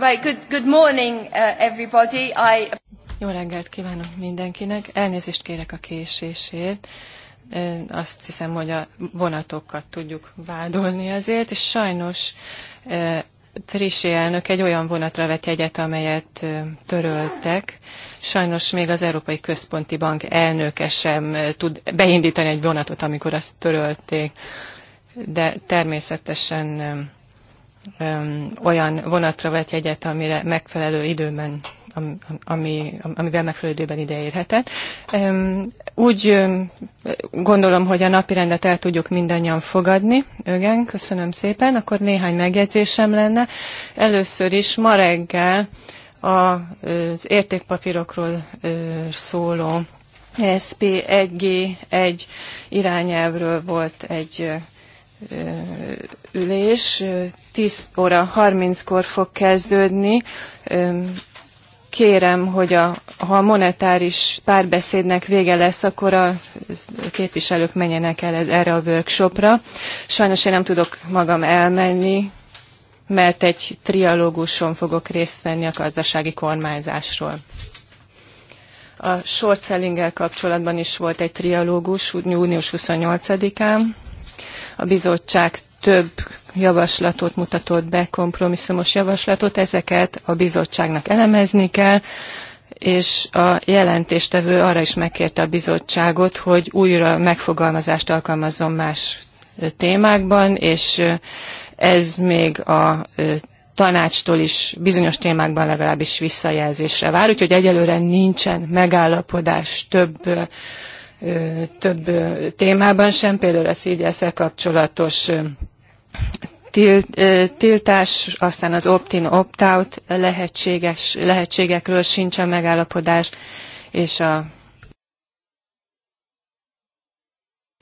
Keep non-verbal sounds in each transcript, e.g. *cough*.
Right, good, good morning uh, everybody. I... Jó reggelt kívánok mindenkinek. Elnézést kérek a késésért. Azt hiszem, hogy a vonatokat tudjuk vádolni azért, és sajnos Trisi elnök egy olyan vonatra vett jegyet, amelyet töröltek. Sajnos még az Európai Központi Bank elnöke sem tud beindítani egy vonatot, amikor azt törölték. De természetesen olyan vonatra vett jegyet, amire megfelelő időben, ami, amivel megfelelő időben ide érhetett. Úgy gondolom, hogy a napi rendet el tudjuk mindannyian fogadni. Igen, köszönöm szépen. Akkor néhány megjegyzésem lenne. Először is ma reggel az értékpapírokról szóló SP1G1 irányelvről volt egy ülés 10 óra 30-kor fog kezdődni. Kérem, hogy a, ha a monetáris párbeszédnek vége lesz, akkor a képviselők menjenek el erre a workshopra. Sajnos én nem tudok magam elmenni, mert egy trialóguson fogok részt venni a gazdasági kormányzásról. A short kapcsolatban is volt egy trialógus, június 28-án. A bizottság több javaslatot mutatott be, kompromisszumos javaslatot, ezeket a bizottságnak elemezni kell, és a jelentéstevő arra is megkérte a bizottságot, hogy újra megfogalmazást alkalmazzon más témákban, és ez még a tanácstól is bizonyos témákban legalábbis visszajelzésre vár, úgyhogy egyelőre nincsen megállapodás több több témában sem, például a cds kapcsolatos tiltás, aztán az opt-in, opt-out lehetséges, lehetségekről megállapodás, és a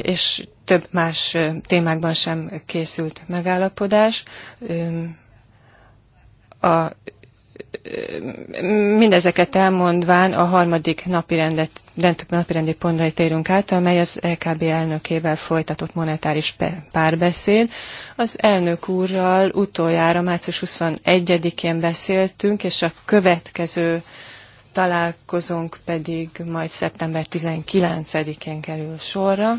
és több más témákban sem készült megállapodás. A mindezeket elmondván a harmadik napi rendet, napirendi pontra térünk át, amely az LKB e elnökével folytatott monetáris párbeszéd. Az elnök úrral utoljára március 21-én beszéltünk, és a következő találkozónk pedig majd szeptember 19-én kerül sorra.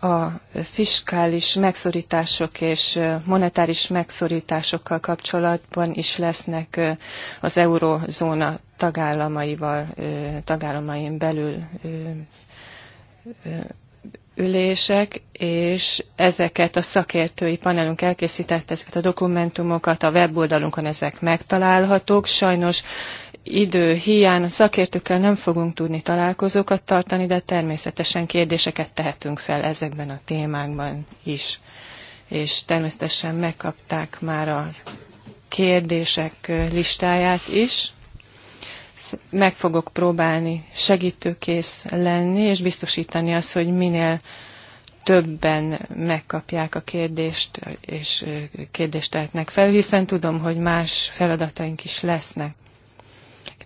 a fiskális megszorítások és monetáris megszorításokkal kapcsolatban is lesznek az eurózóna tagállamaival, tagállamain belül ülések, és ezeket a szakértői panelunk elkészítette, ezeket a dokumentumokat a weboldalunkon ezek megtalálhatók. Sajnos idő hiány szakértőkkel nem fogunk tudni találkozókat tartani, de természetesen kérdéseket tehetünk fel ezekben a témákban is. És természetesen megkapták már a kérdések listáját is. Meg fogok próbálni segítőkész lenni, és biztosítani azt, hogy minél többen megkapják a kérdést, és kérdést tehetnek fel, hiszen tudom, hogy más feladataink is lesznek.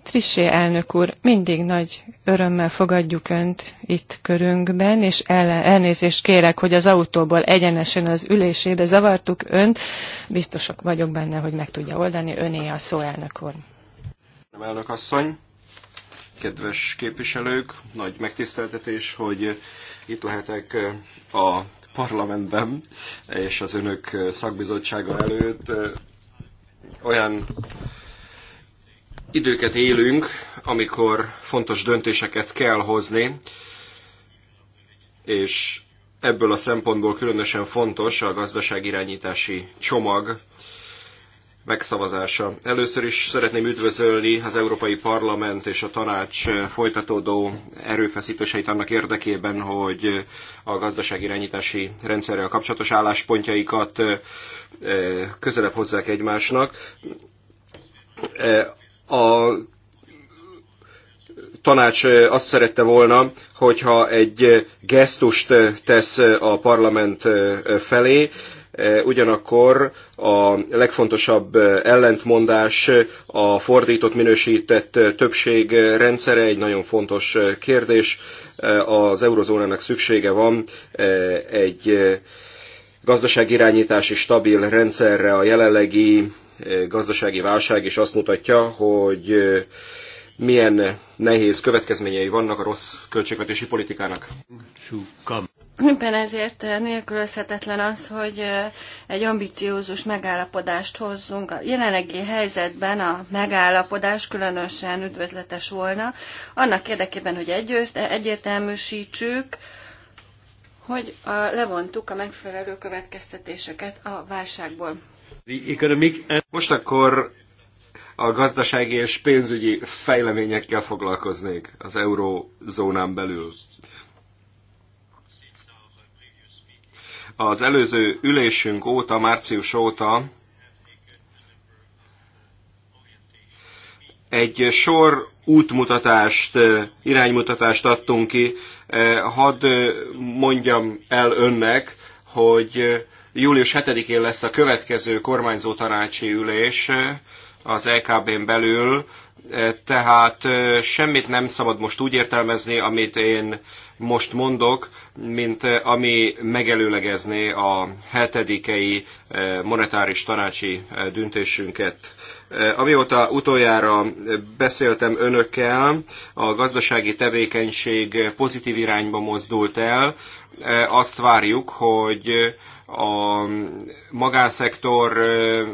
Trissé elnök úr, mindig nagy örömmel fogadjuk Önt itt körünkben, és el, elnézést kérek, hogy az autóból egyenesen az ülésébe zavartuk Önt. Biztosak vagyok benne, hogy meg tudja oldani. Öné a szó, elnök úr. Elnök asszony, kedves képviselők, nagy megtiszteltetés, hogy itt lehetek eh, a parlamentben és az önök szakbizottsága előtt eh, olyan időket élünk, amikor fontos döntéseket kell hozni, és ebből a szempontból különösen fontos a gazdaságirányítási csomag megszavazása. Először is szeretném üdvözölni az Európai Parlament és a Tanács folytatódó erőfeszítéseit annak érdekében, hogy a gazdaságirányítási rendszerrel kapcsolatos álláspontjaikat eh, közelebb hozzák egymásnak eh, a tanács azt szerette volna, hogyha egy gesztust tesz a parlament felé, ugyanakkor a legfontosabb ellentmondás a fordított minősített többség rendszere, egy nagyon fontos kérdés. Az eurozónának szüksége van egy gazdaságirányítási stabil rendszerre a jelenlegi gazdasági válság, és azt mutatja, hogy milyen nehéz következményei vannak a rossz költségvetési politikának. Éppen ezért nélkülözhetetlen az, hogy egy ambiciózus megállapodást hozzunk. A jelenlegi helyzetben a megállapodás különösen üdvözletes volna, annak érdekében, hogy egyértelműsítsük, hogy a, levontuk a megfelelő következtetéseket a válságból. Most akkor a gazdasági és pénzügyi fejleményekkel foglalkoznék az eurózónán belül. Az előző ülésünk óta, március óta egy sor útmutatást, iránymutatást adtunk ki. Hadd mondjam el önnek, hogy Július 7-én lesz a következő kormányzó tanácsi ülés eh, az LKB-n belül, eh, tehát eh, semmit nem szabad most úgy értelmezni, amit én most mondok, mint ami megelőlegezné a hetedikei monetáris tanácsi döntésünket. Amióta utoljára beszéltem önökkel, a gazdasági tevékenység pozitív irányba mozdult el. Azt várjuk, hogy a magánszektor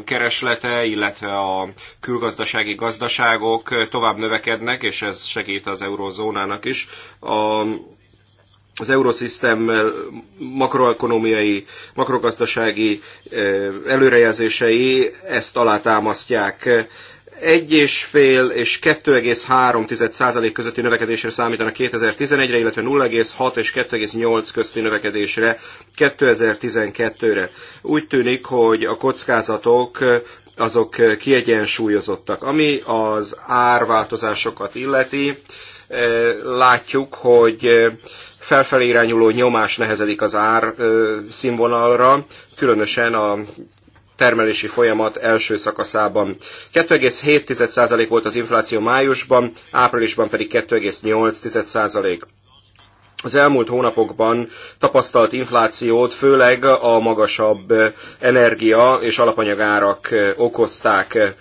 kereslete, illetve a külgazdasági gazdaságok tovább növekednek, és ez segít az eurozónának is. A az Eurosystem makroekonomiai, makrogazdasági előrejelzései ezt alátámasztják. 1,5 és 2,3% közötti növekedésre számítanak 2011-re, illetve 0,6 és 2,8 közti növekedésre 2012-re. Úgy tűnik, hogy a kockázatok azok kiegyensúlyozottak. Ami az árváltozásokat illeti, látjuk, hogy felfelé irányuló nyomás nehezedik az ár színvonalra, különösen a termelési folyamat első szakaszában. 2,7% volt az infláció májusban, áprilisban pedig 2,8%. Az elmúlt hónapokban tapasztalt inflációt főleg a magasabb energia és alapanyagárak eh, okozták.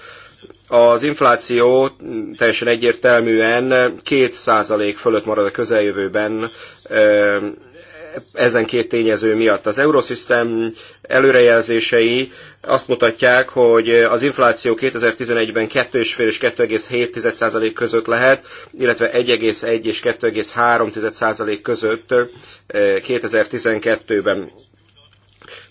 Az infláció teljesen egyértelműen 2% fölött marad a közeljövőben eh, ezen két tényező miatt. Az Eurosystem előrejelzései azt mutatják, hogy az infláció 2011-ben 2,5 és 2,7% között lehet, illetve 1,1 és 2,3% között 2012-ben. Eh,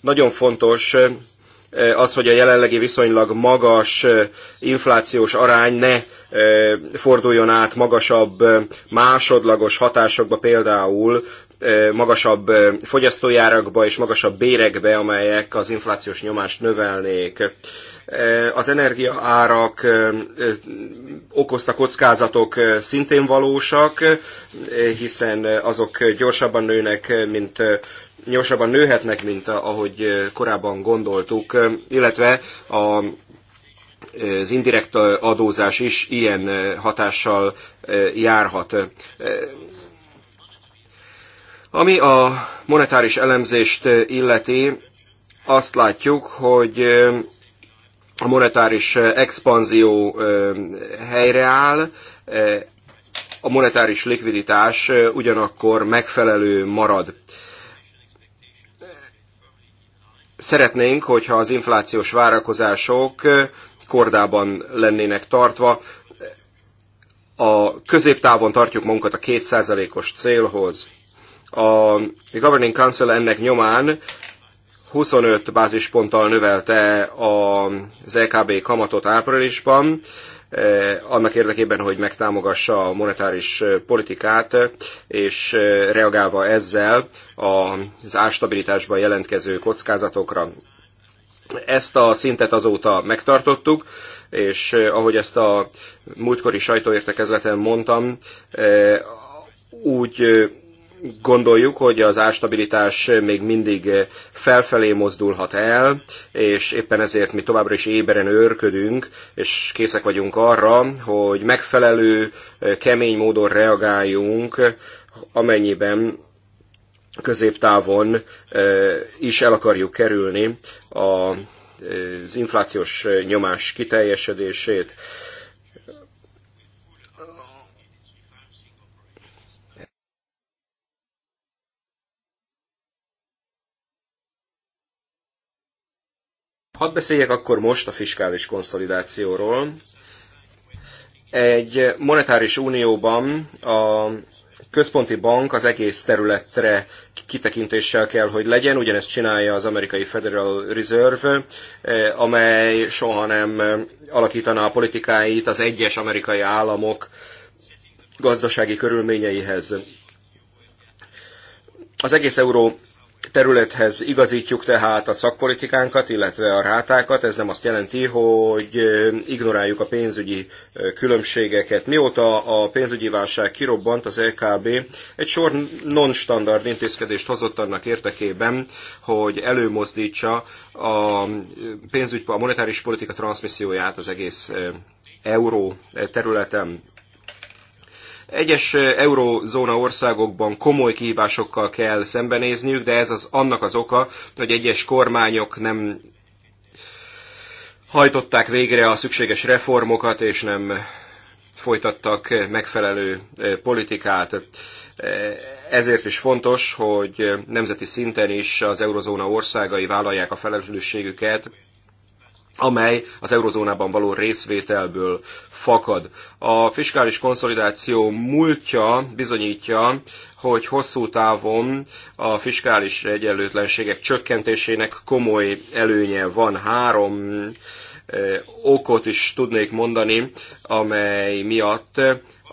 Nagyon fontos eh, az, hogy a jelenlegi viszonylag magas eh, inflációs arány ne forduljon át magasabb másodlagos hatásokba, például magasabb fogyasztójárakba és magasabb bérekbe, amelyek az inflációs nyomást növelnék. Az energiaárak okozta kockázatok szintén valósak, hiszen azok gyorsabban nőnek, mint gyorsabban nőhetnek, mint ahogy korábban gondoltuk, illetve a az indirekt adózás is ilyen hatással járhat. Ami a monetáris elemzést illeti, azt látjuk, hogy a monetáris expanzió helyreáll, a monetáris likviditás ugyanakkor megfelelő marad. Szeretnénk, hogyha az inflációs várakozások kordában lennének tartva. A középtávon tartjuk magunkat a 2%-os célhoz. A Governing Council ennek nyomán 25 bázisponttal növelte az LKB kamatot áprilisban, eh, annak érdekében, hogy megtámogassa a monetáris eh, politikát, és eh, reagálva ezzel az ástabilitásban jelentkező kockázatokra. Ezt a szintet azóta megtartottuk, és ahogy ezt a múltkori sajtóértekezleten mondtam, úgy gondoljuk, hogy az ástabilitás még mindig felfelé mozdulhat el, és éppen ezért mi továbbra is éberen őrködünk, és készek vagyunk arra, hogy megfelelő, kemény módon reagáljunk, amennyiben középtávon is el akarjuk kerülni az inflációs nyomás kiteljesedését. Hadd beszéljek akkor most a fiskális konszolidációról. Egy monetáris unióban a központi bank az egész területre kitekintéssel kell, hogy legyen, ugyanezt csinálja az amerikai Federal Reserve, eh, amely soha nem alakítaná a politikáit az egyes amerikai államok gazdasági körülményeihez. Az egész euró területhez igazítjuk tehát a szakpolitikánkat, illetve a rátákat. Ez nem azt jelenti, hogy ignoráljuk a pénzügyi különbségeket. Mióta a pénzügyi válság kirobbant, az LKB egy sor non-standard intézkedést hozott annak érdekében, hogy előmozdítsa a, pénzügy, a monetáris politika transmisszióját az egész euró területen egyes eurózóna országokban komoly kihívásokkal kell szembenézniük, de ez az, annak az oka, hogy egyes kormányok nem hajtották végre a szükséges reformokat, és nem folytattak megfelelő politikát. Ezért is fontos, hogy nemzeti szinten is az eurozóna országai vállalják a felelősségüket amely az eurozónában való részvételből fakad. A fiskális konszolidáció múltja bizonyítja, hogy hosszú távon a fiskális egyenlőtlenségek csökkentésének komoly előnye van. Három eh, okot is tudnék mondani, amely miatt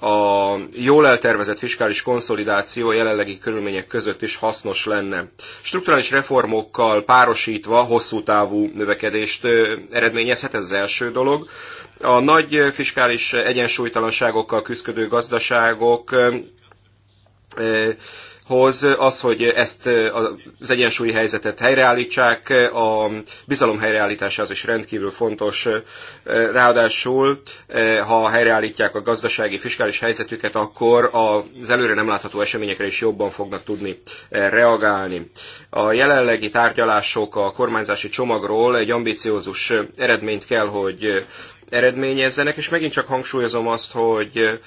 a jól eltervezett fiskális konszolidáció jelenlegi körülmények között is hasznos lenne. Strukturális reformokkal párosítva hosszú távú növekedést eredményezhet, ez az első dolog. A nagy fiskális egyensúlytalanságokkal küzdő gazdaságok hoz az, hogy ezt az egyensúlyi helyzetet helyreállítsák, a bizalom helyreállítása az is rendkívül fontos. Ráadásul, ha helyreállítják a gazdasági, fiskális helyzetüket, akkor az előre nem látható eseményekre is jobban fognak tudni reagálni. A jelenlegi tárgyalások a kormányzási csomagról egy ambiciózus eredményt kell, hogy eredményezzenek, és megint csak hangsúlyozom azt, hogy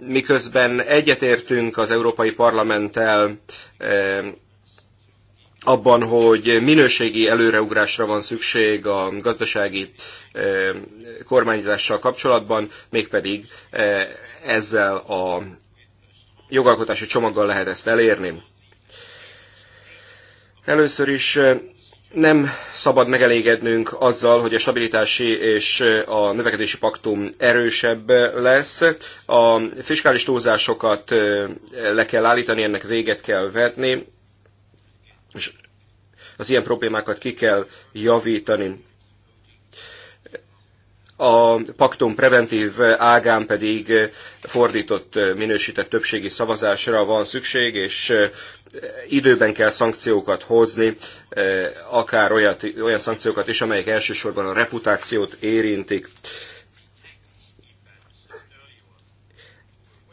miközben egyetértünk az Európai Parlamenttel eh, abban, hogy minőségi előreugrásra van szükség a gazdasági eh, kormányzással kapcsolatban, mégpedig eh, ezzel a jogalkotási csomaggal lehet ezt elérni. Először is nem szabad megelégednünk azzal, hogy a stabilitási és a növekedési paktum erősebb lesz. A fiskális túlzásokat le kell állítani, ennek véget kell vetni, és az ilyen problémákat ki kell javítani a paktum preventív ágán pedig fordított minősített többségi szavazásra van szükség, és e, időben kell szankciókat hozni, e, akár olyat, olyan szankciókat is, amelyek elsősorban a reputációt érintik.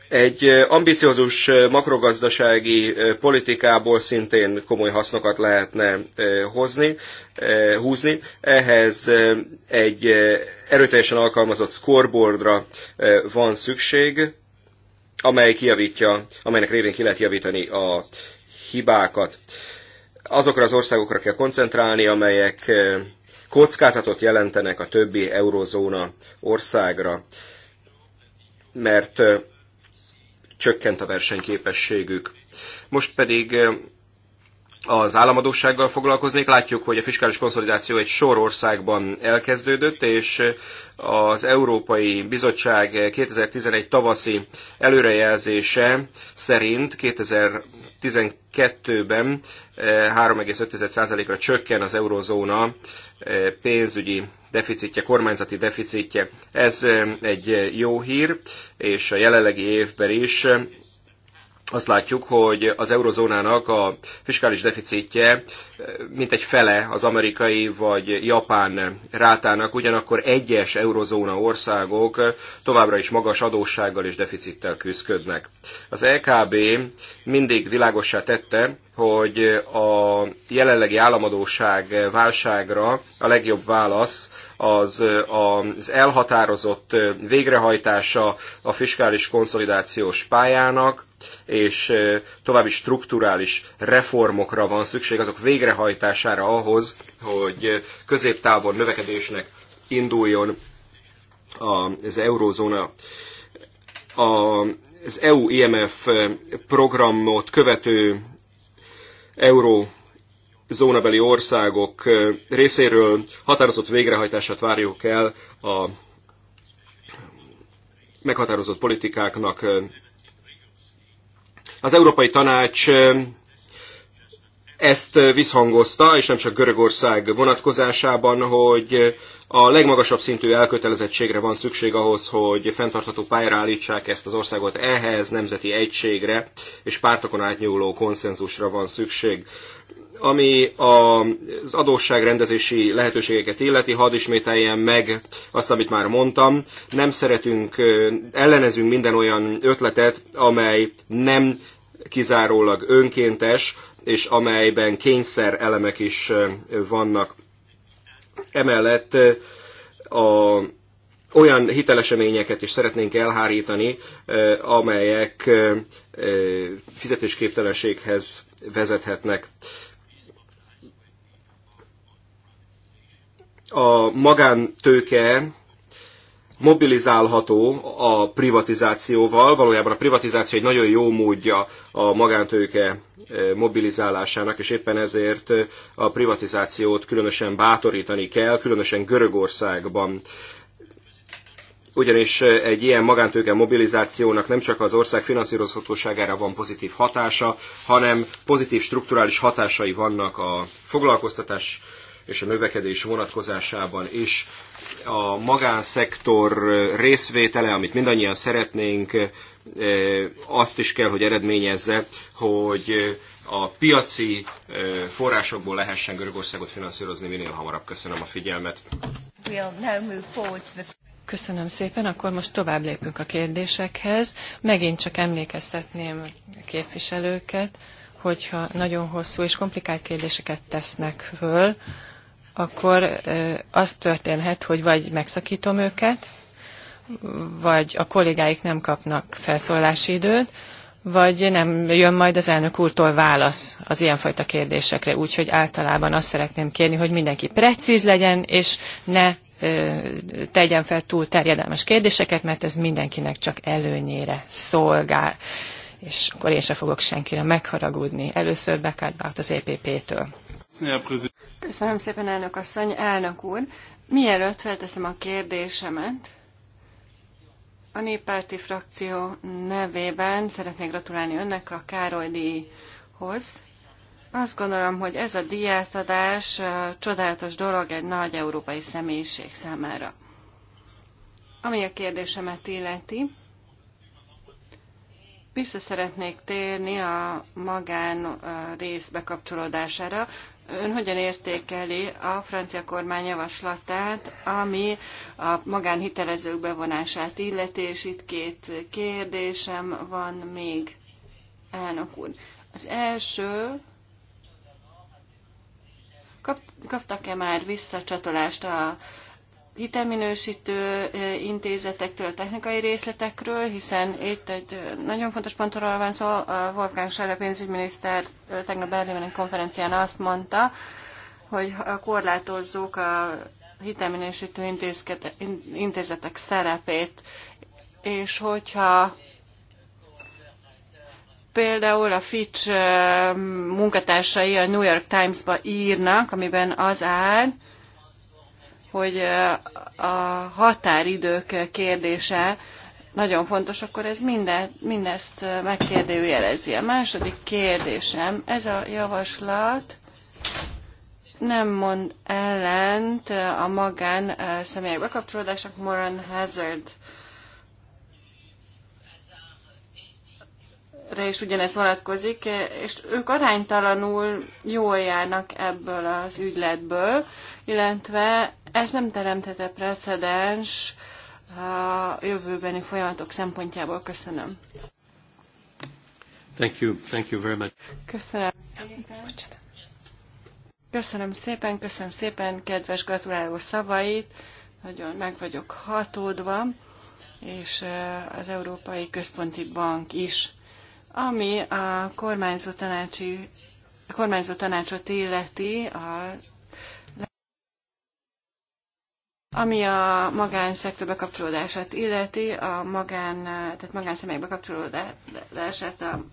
Egy ambiciózus makrogazdasági politikából szintén komoly hasznokat lehetne hozni, húzni. Ehhez egy erőteljesen alkalmazott scoreboardra van szükség, amely kijavítja, amelynek révén ki lehet javítani a hibákat. Azokra az országokra kell koncentrálni, amelyek kockázatot jelentenek a többi eurozóna országra, mert csökkent a versenyképességük. Most pedig az államadósággal foglalkoznék. Látjuk, hogy a fiskális konszolidáció egy sor országban elkezdődött, és az Európai Bizottság 2011 tavaszi előrejelzése szerint 2012-ben 3,5%-ra eh, csökken az eurozóna eh, pénzügyi deficitje, kormányzati deficitje. Ez eh, egy jó hír, és a jelenlegi évben is azt látjuk, hogy az eurozónának a fiskális deficitje eh, mint egy fele az amerikai vagy japán rátának, ugyanakkor egyes eurozóna országok eh, továbbra is magas adóssággal és deficittel küzdködnek. Az LKB e mindig világossá tette, hogy a jelenlegi államadóság válságra a legjobb válasz az, az elhatározott végrehajtása a fiskális konszolidációs pályának, és további strukturális reformokra van szükség, azok végrehajtására ahhoz, hogy középtávon növekedésnek induljon az eurózóna. Az EU-IMF programot követő euró zónabeli országok részéről határozott végrehajtását várjuk el a meghatározott politikáknak. Az Európai Tanács ezt visszhangozta, és nem csak Görögország vonatkozásában, hogy a legmagasabb szintű elkötelezettségre van szükség ahhoz, hogy fenntartható pályára állítsák ezt az országot. Ehhez nemzeti egységre és pártokon átnyúló konszenzusra van szükség. Ami az adósságrendezési lehetőségeket illeti, hadd ismételjen meg azt, amit már mondtam. Nem szeretünk, ellenezünk minden olyan ötletet, amely nem kizárólag önkéntes, és amelyben kényszer elemek is vannak. Emellett a, olyan hiteleseményeket is szeretnénk elhárítani, amelyek fizetésképtelenséghez vezethetnek. a magántőke mobilizálható a privatizációval. Valójában a privatizáció egy nagyon jó módja a magántőke eh, mobilizálásának, és éppen ezért eh, a privatizációt különösen bátorítani kell, különösen Görögországban ugyanis eh, egy ilyen magántőke mobilizációnak nem csak az ország finanszírozhatóságára van pozitív hatása, hanem pozitív strukturális hatásai vannak a foglalkoztatás és a növekedés vonatkozásában is. A magánszektor részvétele, amit mindannyian szeretnénk, eh, azt is kell, hogy eredményezze, hogy a piaci eh, forrásokból lehessen Görögországot finanszírozni minél hamarabb. Köszönöm a figyelmet. Köszönöm szépen, akkor most tovább lépünk a kérdésekhez. Megint csak emlékeztetném a képviselőket, hogyha nagyon hosszú és komplikált kérdéseket tesznek föl, akkor az történhet, hogy vagy megszakítom őket, vagy a kollégáik nem kapnak felszólási időt, vagy nem jön majd az elnök úrtól válasz az ilyenfajta kérdésekre. Úgyhogy általában azt szeretném kérni, hogy mindenki precíz legyen, és ne tegyen fel túl terjedelmes kérdéseket, mert ez mindenkinek csak előnyére szolgál. És akkor én sem fogok senkire megharagudni. Először Bekárt az EPP-től. Köszönöm szépen, elnök asszony. Elnök úr, mielőtt felteszem a kérdésemet, a néppárti frakció nevében szeretnék gratulálni önnek a Károly díjhoz. Azt gondolom, hogy ez a díjátadás csodálatos dolog egy nagy európai személyiség számára. Ami a kérdésemet illeti, vissza szeretnék térni a magán részbe bekapcsolódására. Ön hogyan értékeli a francia kormány javaslatát, ami a magánhitelezők bevonását illeti, és itt két kérdésem van még, elnök úr. Az első, kaptak-e már visszacsatolást a hitelminősítő intézetektől, a technikai részletekről, hiszen itt egy nagyon fontos pontról van szó. A Wolfgang Schäuble pénzügyminiszter tegnap Berlinben egy konferencián azt mondta, hogy korlátozzuk a hitelminősítő intézetek szerepét, és hogyha például a Fitch munkatársai a New York Times-ba írnak, amiben az áll, hogy a határidők kérdése nagyon fontos, akkor ez minden, mindezt megkérdőjelezi. A második kérdésem, ez a javaslat nem mond ellent a magán személyek bekapcsolódásnak Moran Hazard re is ugyanez vonatkozik, és ők aránytalanul jól járnak ebből az ügyletből, illetve ez nem teremtette precedens a jövőbeni folyamatok szempontjából. Köszönöm. Thank you. Thank you very much. Köszönöm Köszönöm szépen, köszönöm szépen kedves gratuláló szavait. Nagyon meg vagyok hatódva, és az Európai Központi Bank is. Ami a kormányzó tanácsi a kormányzó tanácsot illeti, a Ami a magánszektorbe kapcsolódását illeti, a magán, tehát magánszemélyekbe kapcsolódását a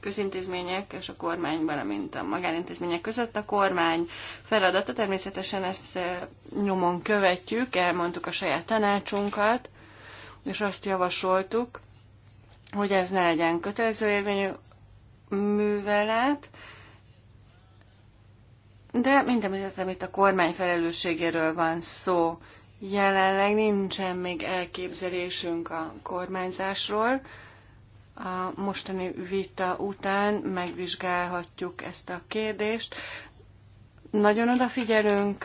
közintézmények és a kormány, valamint a magánintézmények között a kormány feladata. Természetesen ezt eh, nyomon követjük, elmondtuk a saját tanácsunkat, és azt javasoltuk, hogy ez ne legyen kötelező érvényű művelet, de mint amit a kormány felelősségéről van szó. Jelenleg nincsen még elképzelésünk a kormányzásról. A mostani vita után megvizsgálhatjuk ezt a kérdést. Nagyon odafigyelünk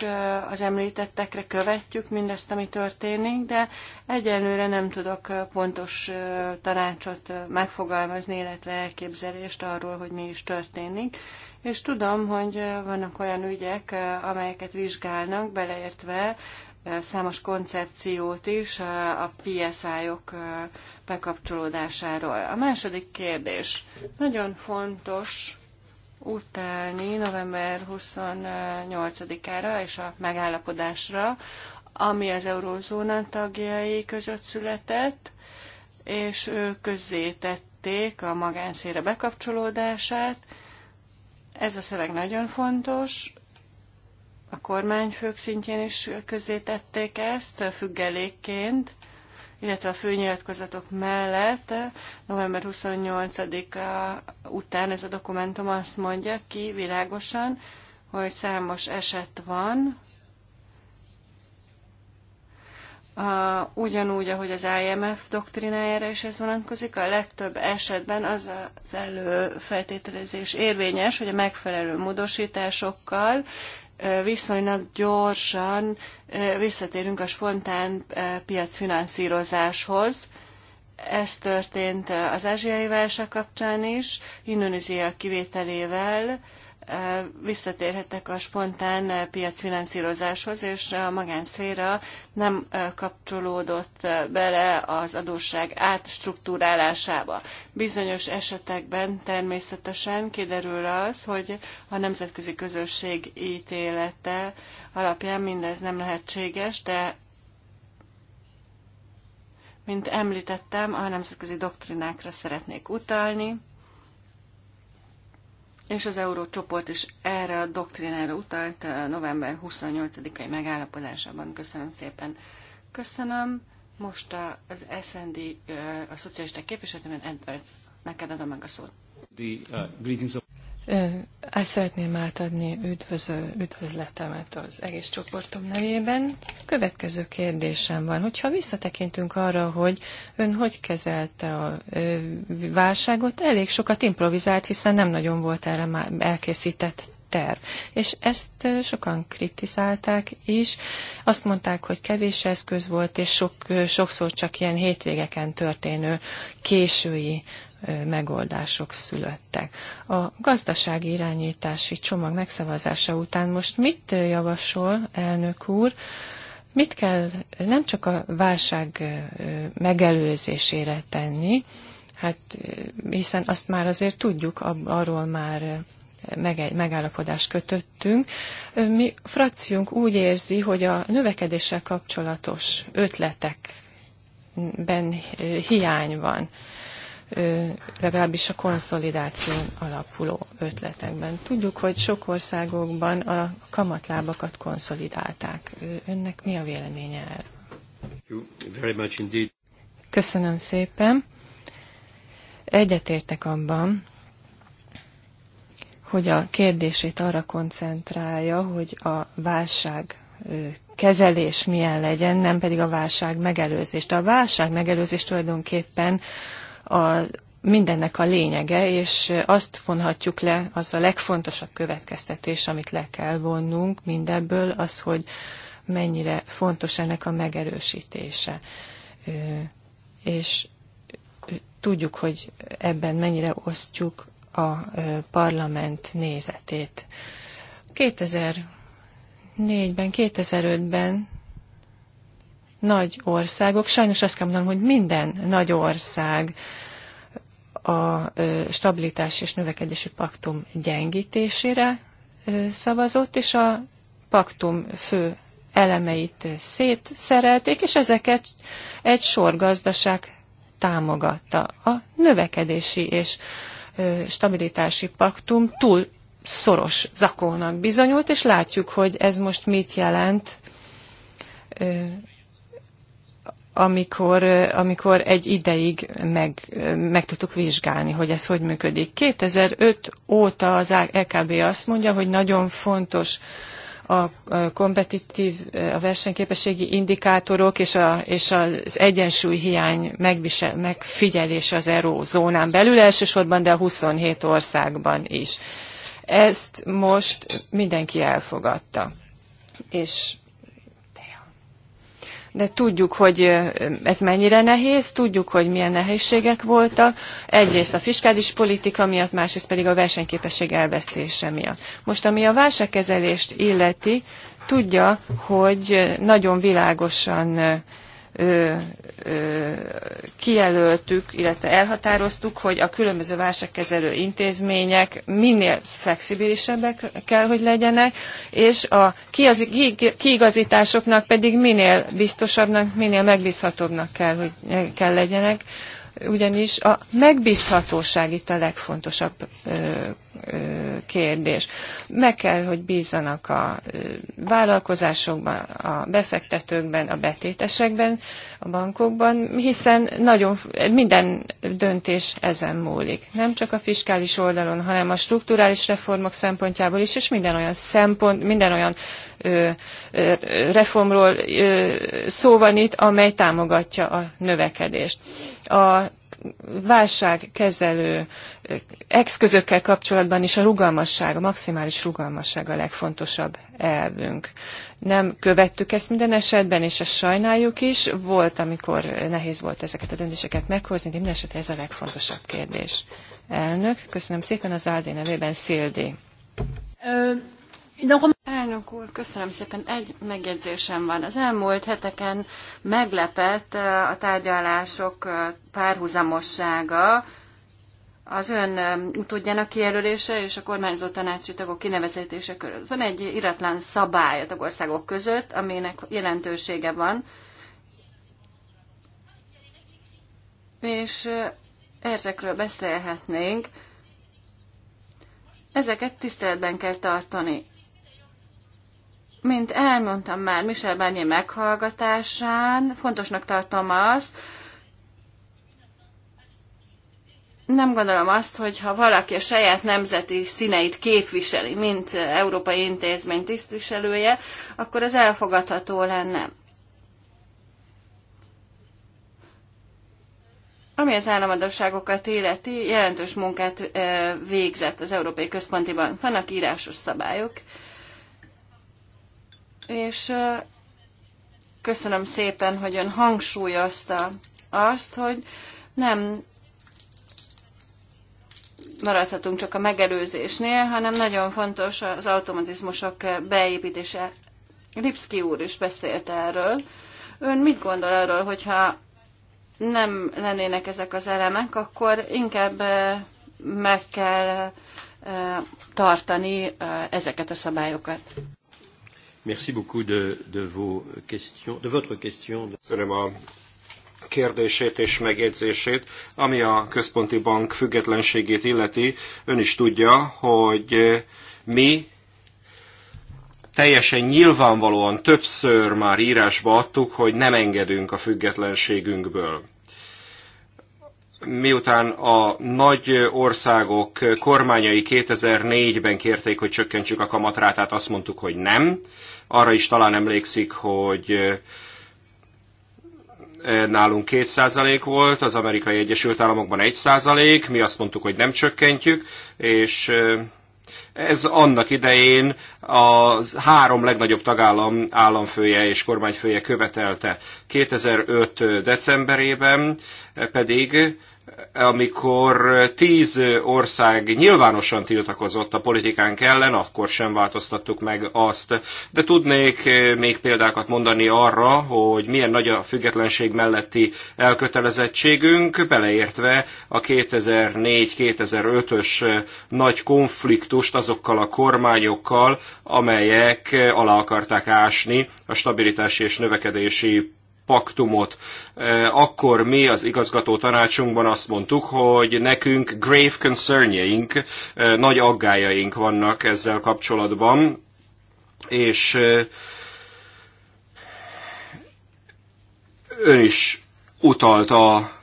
az említettekre, követjük mindezt, ami történik, de egyelőre nem tudok pontos tanácsot megfogalmazni, illetve elképzelést arról, hogy mi is történik. És tudom, hogy vannak olyan ügyek, amelyeket vizsgálnak, beleértve számos koncepciót is a PSI-ok bekapcsolódásáról. A második kérdés. Nagyon fontos utáni november 28-ára és a megállapodásra, ami az eurózóna tagjai között született, és ők tették a magánszére bekapcsolódását. Ez a szöveg nagyon fontos, a kormányfők szintjén is közzétették ezt függelékként, illetve a főnyilatkozatok mellett november 28-a után ez a dokumentum azt mondja ki világosan, hogy számos eset van, a, ugyanúgy, ahogy az IMF doktrinájára is ez vonatkozik, a legtöbb esetben az az előfeltételezés érvényes, hogy a megfelelő módosításokkal viszonylag gyorsan visszatérünk a spontán piacfinanszírozáshoz. Ez történt az ázsiai válság kapcsán is, Indonézia kivételével visszatérhetek a spontán piacfinanszírozáshoz, és a magánszféra nem kapcsolódott bele az adósság átstruktúrálásába. Bizonyos esetekben természetesen kiderül az, hogy a nemzetközi közösség ítélete alapján mindez nem lehetséges, de mint említettem, a nemzetközi doktrinákra szeretnék utalni és az Eurócsoport is erre a doktrinára utalt a eh, november 28-ai megállapodásában. Köszönöm szépen. Köszönöm. Most az SND, eh, a szocialisták képviselőjében, Edward, neked adom meg a szót. The, uh, el szeretném átadni üdvöző, üdvözletemet az egész csoportom nevében. Következő kérdésem van, hogyha visszatekintünk arra, hogy ön hogy kezelte a válságot, elég sokat improvizált, hiszen nem nagyon volt erre már elkészített terv. És ezt sokan kritizálták is. Azt mondták, hogy kevés eszköz volt, és sok, sokszor csak ilyen hétvégeken történő késői megoldások születtek. A gazdasági irányítási csomag megszavazása után most mit javasol, elnök úr? Mit kell nem csak a válság megelőzésére tenni, hát hiszen azt már azért tudjuk, arról már megállapodást kötöttünk. Mi frakciónk úgy érzi, hogy a növekedéssel kapcsolatos ötletekben hiány van legalábbis a konszolidáción alapuló ötletekben. Tudjuk, hogy sok országokban a kamatlábakat konszolidálták. Önnek mi a véleménye erről? Köszönöm szépen. Egyetértek abban, hogy a kérdését arra koncentrálja, hogy a válság kezelés milyen legyen, nem pedig a válság megelőzés. De a válság megelőzés tulajdonképpen a mindennek a lényege, és azt vonhatjuk le, az a legfontosabb következtetés, amit le kell vonnunk mindebből, az, hogy mennyire fontos ennek a megerősítése. És tudjuk, hogy ebben mennyire osztjuk a parlament nézetét. 2004-ben, 2005-ben nagy országok, sajnos azt kell mondanom, hogy minden nagy ország a stabilitás és növekedési paktum gyengítésére szavazott, és a paktum fő elemeit szétszerelték, és ezeket egy sor gazdaság támogatta. A növekedési és stabilitási paktum túl szoros zakónak bizonyult, és látjuk, hogy ez most mit jelent amikor, eh, amikor egy ideig meg, eh, meg tudtuk vizsgálni, hogy ez hogy működik. 2005 óta az EKB azt mondja, hogy nagyon fontos a kompetitív, eh, a versenyképességi indikátorok és, a, és az egyensúlyhiány megvisel, megfigyelése az eurózónán belül elsősorban, de a 27 országban is. Ezt most mindenki elfogadta. És de tudjuk, hogy ez mennyire nehéz, tudjuk, hogy milyen nehézségek voltak, egyrészt a fiskális politika miatt, másrészt pedig a versenyképesség elvesztése miatt. Most, ami a válságkezelést illeti, tudja, hogy nagyon világosan kijelöltük, illetve elhatároztuk, hogy a különböző válságkezelő intézmények minél flexibilisebbek kell, hogy legyenek, és a kiigazításoknak pedig minél biztosabbnak, minél megbízhatóbbnak kell, hogy kell legyenek, ugyanis a megbízhatóság itt a legfontosabb kérdés. Meg kell, hogy bízzanak a vállalkozásokban, a befektetőkben, a betétesekben, a bankokban, hiszen nagyon minden döntés ezen múlik. Nem csak a fiskális oldalon, hanem a strukturális reformok szempontjából is, és minden olyan szempont, minden olyan ö, ö, reformról ö, szó van itt, amely támogatja a növekedést. A válságkezelő eszközökkel kapcsolatban is a rugalmasság, a maximális rugalmasság a legfontosabb elvünk. Nem követtük ezt minden esetben, és ezt sajnáljuk is. Volt, amikor nehéz volt ezeket a döntéseket meghozni, de minden esetre ez a legfontosabb kérdés. Elnök, köszönöm szépen az Áldé nevében, Szildi. Ö Elnök úr, köszönöm szépen. Egy megjegyzésem van. Az elmúlt heteken meglepett a tárgyalások párhuzamossága, az ön utódjának kijelölése és a kormányzó tanácsi tagok kinevezetése körül. Van egy iratlan szabály a tagországok között, aminek jelentősége van. És ezekről beszélhetnénk. Ezeket tiszteletben kell tartani. Mint elmondtam már Michel Barnier meghallgatásán, fontosnak tartom azt, nem gondolom azt, hogy ha valaki a saját nemzeti színeit képviseli, mint európai intézmény tisztviselője, akkor ez elfogadható lenne. Ami az államadóságokat illeti, jelentős munkát végzett az Európai Központiban. Vannak írásos szabályok, és köszönöm szépen, hogy ön hangsúlyozta azt, hogy nem maradhatunk csak a megelőzésnél, hanem nagyon fontos az automatizmusok beépítése. Lipski úr is beszélt erről. Ön mit gondol arról, hogyha nem lennének ezek az elemek, akkor inkább meg kell tartani ezeket a szabályokat? Merci beaucoup de, de, vos de votre question. Köszönöm a kérdését és megjegyzését. Ami a központi bank függetlenségét illeti, ön is tudja, hogy mi teljesen nyilvánvalóan többször már írásba adtuk, hogy nem engedünk a függetlenségünkből miután a nagy országok kormányai 2004-ben kérték, hogy csökkentsük a kamatrátát, azt mondtuk, hogy nem. Arra is talán emlékszik, hogy e, nálunk 2% volt, az amerikai Egyesült Államokban 1%, mi azt mondtuk, hogy nem csökkentjük, és e, ez annak idején a három legnagyobb tagállam államfője és kormányfője követelte. 2005. decemberében pedig amikor tíz ország nyilvánosan tiltakozott a politikánk ellen, akkor sem változtattuk meg azt. De tudnék még példákat mondani arra, hogy milyen nagy a függetlenség melletti elkötelezettségünk, beleértve a 2004-2005-ös nagy konfliktust azokkal a kormányokkal, amelyek alá akarták ásni a stabilitási és növekedési paktumot, e, akkor mi az igazgató tanácsunkban azt mondtuk, hogy nekünk grave concernjeink, e, nagy aggájaink vannak ezzel kapcsolatban, és e, ön is utalt a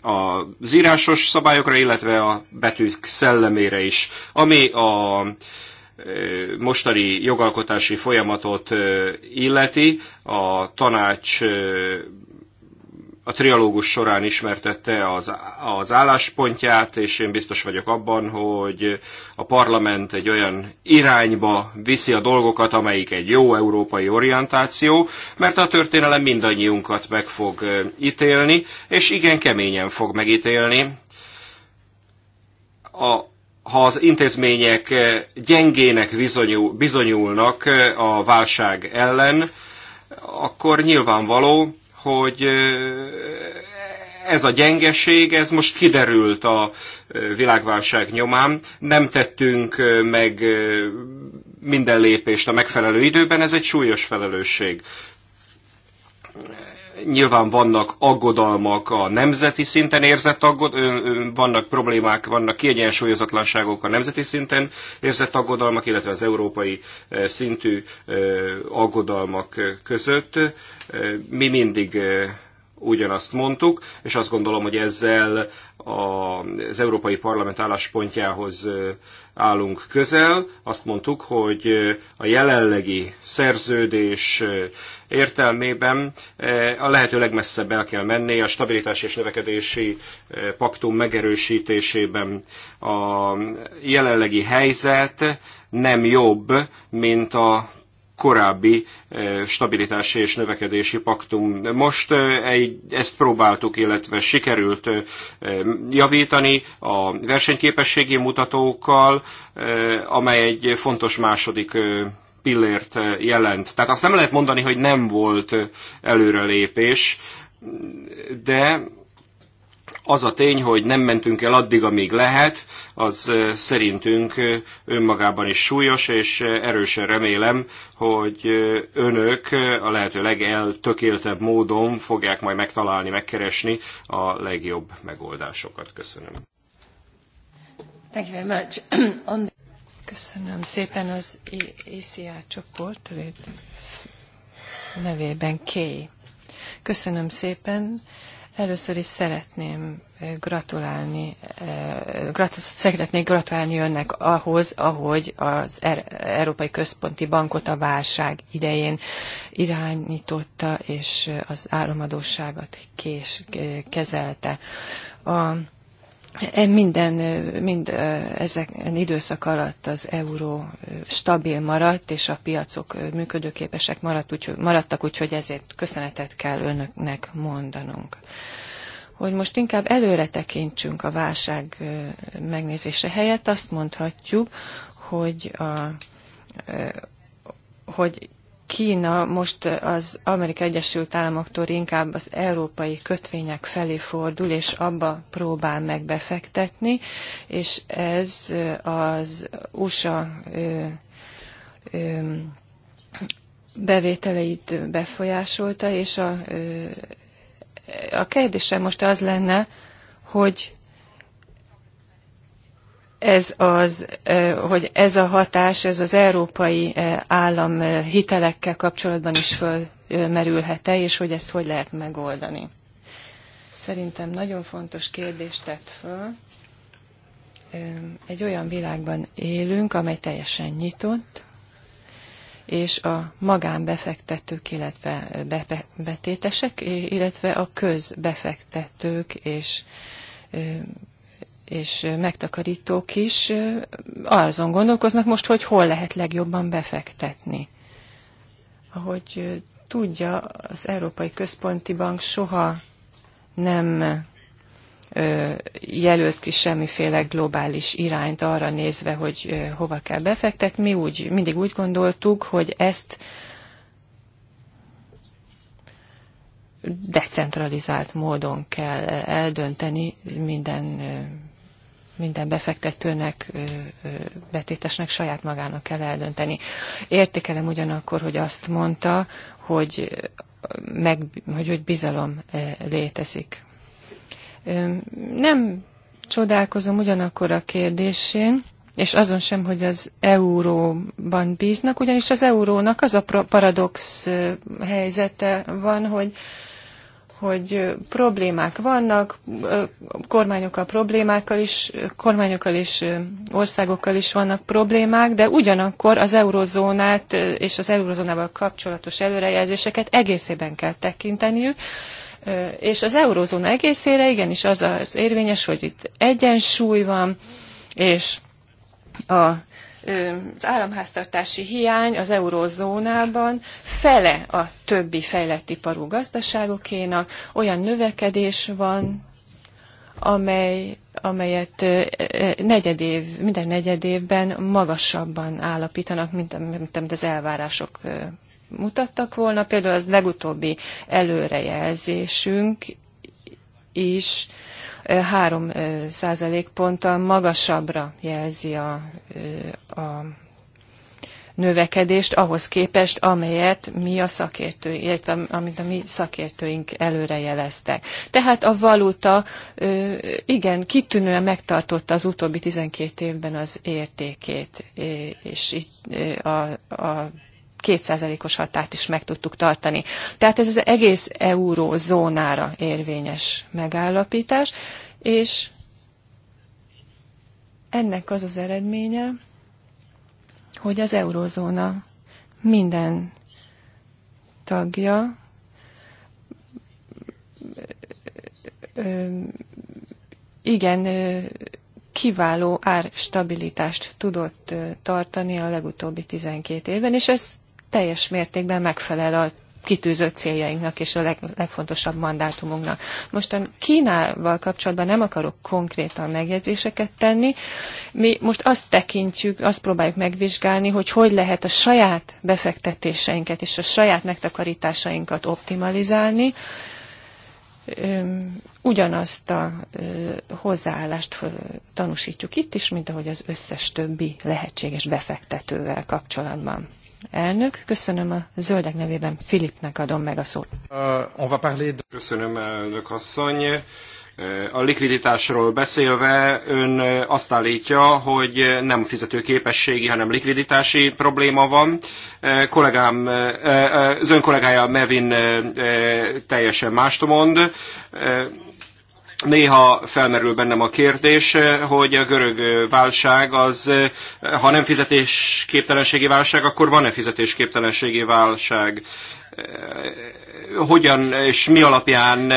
az írásos szabályokra, illetve a betűk szellemére is. Ami a mostani jogalkotási folyamatot illeti. A tanács a trialógus során ismertette az, az álláspontját, és én biztos vagyok abban, hogy a parlament egy olyan irányba viszi a dolgokat, amelyik egy jó európai orientáció, mert a történelem mindannyiunkat meg fog ítélni, és igen keményen fog megítélni. A ha az intézmények eh, gyengének bizonyul, bizonyulnak eh, a válság ellen, akkor nyilvánvaló, hogy eh, ez a gyengeség, ez most kiderült a világválság nyomán. Nem tettünk meg minden lépést a megfelelő időben, ez egy súlyos felelősség. Nyilván vannak aggodalmak a nemzeti szinten érzett aggod, vannak problémák, vannak kiegyensúlyozatlanságok a nemzeti szinten érzett aggodalmak, illetve az európai szintű aggodalmak között. Mi mindig ugyanazt mondtuk, és azt gondolom, hogy ezzel az Európai Parlament álláspontjához állunk közel. Azt mondtuk, hogy a jelenlegi szerződés értelmében a lehető legmesszebb el kell menni a stabilitási és növekedési paktum megerősítésében. A jelenlegi helyzet nem jobb, mint a korábbi eh, stabilitási és növekedési paktum. Most eh, ezt próbáltuk, illetve sikerült eh, javítani a versenyképességi mutatókkal, amely egy fontos második pillért jelent. Tehát azt nem lehet mondani, hogy nem volt előrelépés, de az a tény, hogy nem mentünk el addig, amíg lehet, az szerintünk önmagában is súlyos, és erősen remélem, hogy önök a lehető legeltökéltebb módon fogják majd megtalálni, megkeresni a legjobb megoldásokat. Köszönöm. Thank you very much. *clears throat* On... Köszönöm szépen az ICA csoport nevében K. Köszönöm szépen. Először is szeretném eh, gratulálni, eh, gratul, szeretnék gratulálni önnek ahhoz, ahogy az er- Európai Központi Bankot a válság idején irányította, és az államadóságot kés, eh, kezelte. A E, minden, mind ezek időszak alatt az euró stabil maradt, és a piacok működőképesek maradt, úgy, maradtak, úgyhogy ezért köszönetet kell önöknek mondanunk. Hogy most inkább előre tekintsünk a válság megnézése helyett, azt mondhatjuk, hogy a, hogy Kína most az Amerikai Egyesült Államoktól inkább az európai kötvények felé fordul, és abba próbál meg befektetni, és ez az USA ö, ö, bevételeit befolyásolta, és a, ö, a kérdésem most az lenne, hogy ez az, hogy ez a hatás, ez az európai állam hitelekkel kapcsolatban is fölmerülhet-e, és hogy ezt hogy lehet megoldani. Szerintem nagyon fontos kérdést tett föl. Egy olyan világban élünk, amely teljesen nyitott, és a magánbefektetők, illetve betétesek, illetve a közbefektetők és és megtakarítók is azon gondolkoznak most, hogy hol lehet legjobban befektetni. Ahogy tudja, az Európai Központi Bank soha nem jelölt ki semmiféle globális irányt arra nézve, hogy hova kell befektetni. Mi úgy, mindig úgy gondoltuk, hogy ezt decentralizált módon kell eldönteni minden minden befektetőnek, betétesnek saját magának kell eldönteni. Értékelem ugyanakkor, hogy azt mondta, hogy, meg, hogy, hogy bizalom létezik. Nem csodálkozom ugyanakkor a kérdésén, és azon sem, hogy az euróban bíznak, ugyanis az eurónak az a paradox helyzete van, hogy hogy problémák vannak, kormányokkal problémákkal is, kormányokkal és országokkal is vannak problémák, de ugyanakkor az eurozónát és az eurozónával kapcsolatos előrejelzéseket egészében kell tekinteniük, és az eurozóna egészére igenis az az érvényes, hogy itt egyensúly van, és a az államháztartási hiány az eurózónában fele a többi fejlett iparú gazdaságokénak, olyan növekedés van, amely, amelyet negyed év, minden negyed évben magasabban állapítanak, mint, mint amit az elvárások mutattak volna. Például az legutóbbi előrejelzésünk is 3 százalékponttal magasabbra jelzi a, a növekedést ahhoz képest, amelyet mi a szakértő, illetve amit a mi szakértőink előre jeleztek. Tehát a valuta igen, kitűnően megtartotta az utóbbi 12 évben az értékét, és itt a, a kétszázalékos határt is meg tudtuk tartani. Tehát ez az egész eurózónára érvényes megállapítás, és ennek az az eredménye, hogy az eurózóna minden tagja igen kiváló árstabilitást tudott tartani a legutóbbi 12 évben, és ez teljes mértékben megfelel a kitűzött céljainknak és a leg, legfontosabb mandátumunknak. Most a Kínával kapcsolatban nem akarok konkrétan megjegyzéseket tenni. Mi most azt tekintjük, azt próbáljuk megvizsgálni, hogy hogy lehet a saját befektetéseinket és a saját megtakarításainkat optimalizálni, ugyanazt a hozzáállást tanúsítjuk itt is, mint ahogy az összes többi lehetséges befektetővel kapcsolatban. Elnök, köszönöm a zöldek nevében Filipnek adom meg a szót. Uh, köszönöm, elnök asszony. Uh, a likviditásról beszélve ön uh, azt állítja, hogy nem fizetőképességi, hanem likviditási probléma van. Kollégám, az ön kollégája Mevin teljesen mást mond Néha felmerül bennem a kérdés, eh, hogy a görög eh, válság az, eh, ha nem fizetésképtelenségi válság, akkor van-e fizetésképtelenségi válság? Hogyan és mi alapján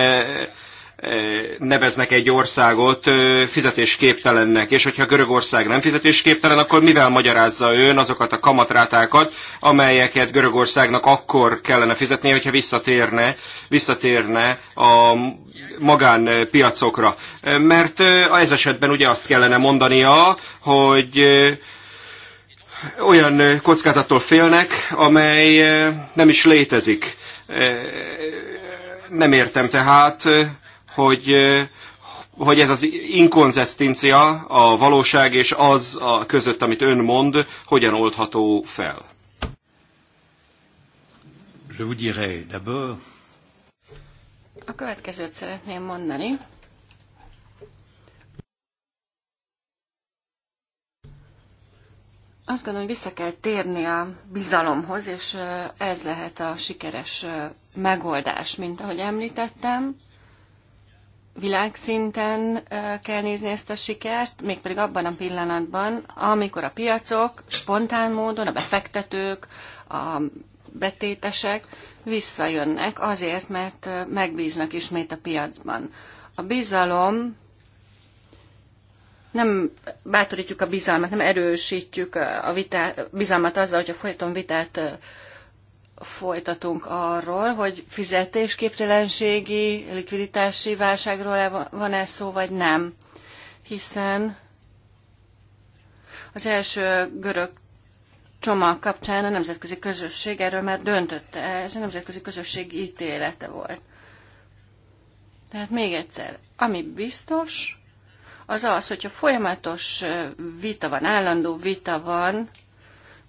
neveznek egy országot fizetésképtelennek, és hogyha Görögország nem fizetésképtelen, akkor mivel magyarázza ön azokat a kamatrátákat, amelyeket Görögországnak akkor kellene fizetnie, hogyha visszatérne, visszatérne a magánpiacokra. Mert ez esetben ugye azt kellene mondania, hogy olyan kockázattól félnek, amely nem is létezik. Nem értem tehát, hogy hogy ez az inkonzisztencia a valóság és az a között, amit ön mond, hogyan oldható fel? Je vous dirai d'abord. A következőt szeretném mondani. Azt gondolom, hogy vissza kell térni a bizalomhoz, és ez lehet a sikeres megoldás, mint ahogy említettem világszinten kell nézni ezt a sikert, mégpedig abban a pillanatban, amikor a piacok spontán módon, a befektetők, a betétesek visszajönnek azért, mert megbíznak ismét a piacban. A bizalom nem bátorítjuk a bizalmat, nem erősítjük a vitát, bizalmat azzal, hogyha folyton vitát folytatunk arról, hogy fizetésképtelenségi, likviditási válságról van-e szó, vagy nem. Hiszen az első görög csomag kapcsán a nemzetközi közösség erről már döntötte. Ez a nemzetközi közösség ítélete volt. Tehát még egyszer, ami biztos, az az, hogyha folyamatos vita van, állandó vita van,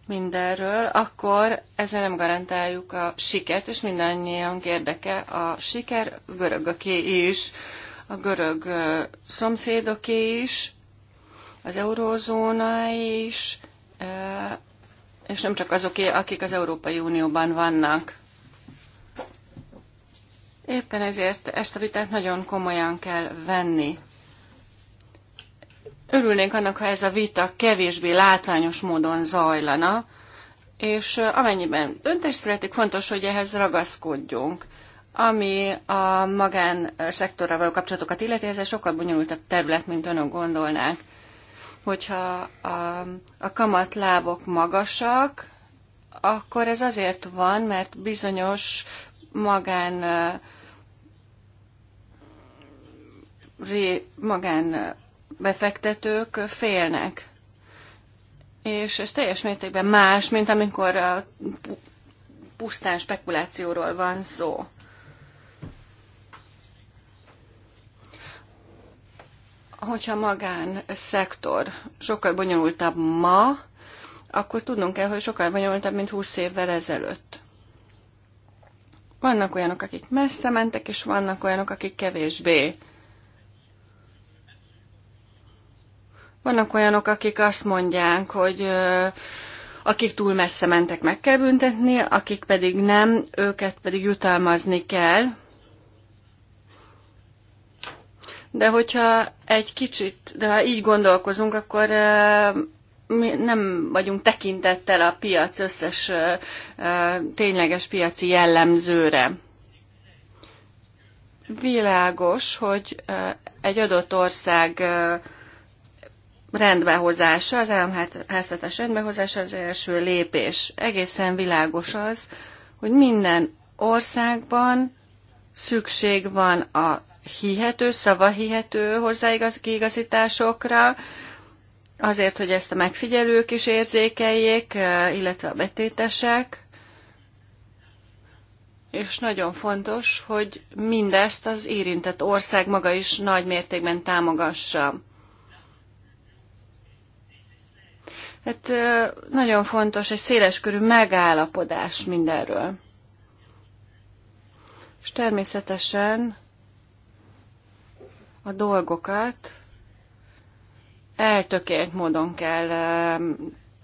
mindenről, akkor ezzel nem garantáljuk a sikert, és mindannyian érdeke a siker, a görögöké is, a görög szomszédoké is, az eurózóna is, és nem csak azoké, akik az Európai Unióban vannak. Éppen ezért ezt a vitát nagyon komolyan kell venni. Örülnénk annak, ha ez a vita kevésbé látványos módon zajlana, és amennyiben döntés születik, fontos, hogy ehhez ragaszkodjunk. Ami a szektorral való kapcsolatokat illeti, ez egy sokkal bonyolultabb terület, mint önök gondolnák. Hogyha a, a kamatlábok magasak, akkor ez azért van, mert bizonyos magán magán befektetők félnek. És ez teljes mértékben más, mint amikor a pusztán spekulációról van szó. Hogyha magán szektor sokkal bonyolultabb ma, akkor tudnunk kell, hogy sokkal bonyolultabb, mint 20 évvel ezelőtt. Vannak olyanok, akik messze mentek, és vannak olyanok, akik kevésbé. Vannak olyanok, akik azt mondják, hogy akik túl messze mentek, meg kell büntetni, akik pedig nem, őket pedig jutalmazni kell. De hogyha egy kicsit, de ha így gondolkozunk, akkor mi nem vagyunk tekintettel a piac összes tényleges piaci jellemzőre. Világos, hogy egy adott ország rendbehozása, az államháztatás rendbehozása az első lépés. Egészen világos az, hogy minden országban szükség van a hihető, szavahihető hozzáigazításokra, azért, hogy ezt a megfigyelők is érzékeljék, illetve a betétesek. És nagyon fontos, hogy mindezt az érintett ország maga is nagy mértékben támogassa. Hát nagyon fontos egy széleskörű megállapodás mindenről. És természetesen a dolgokat eltökélt módon kell,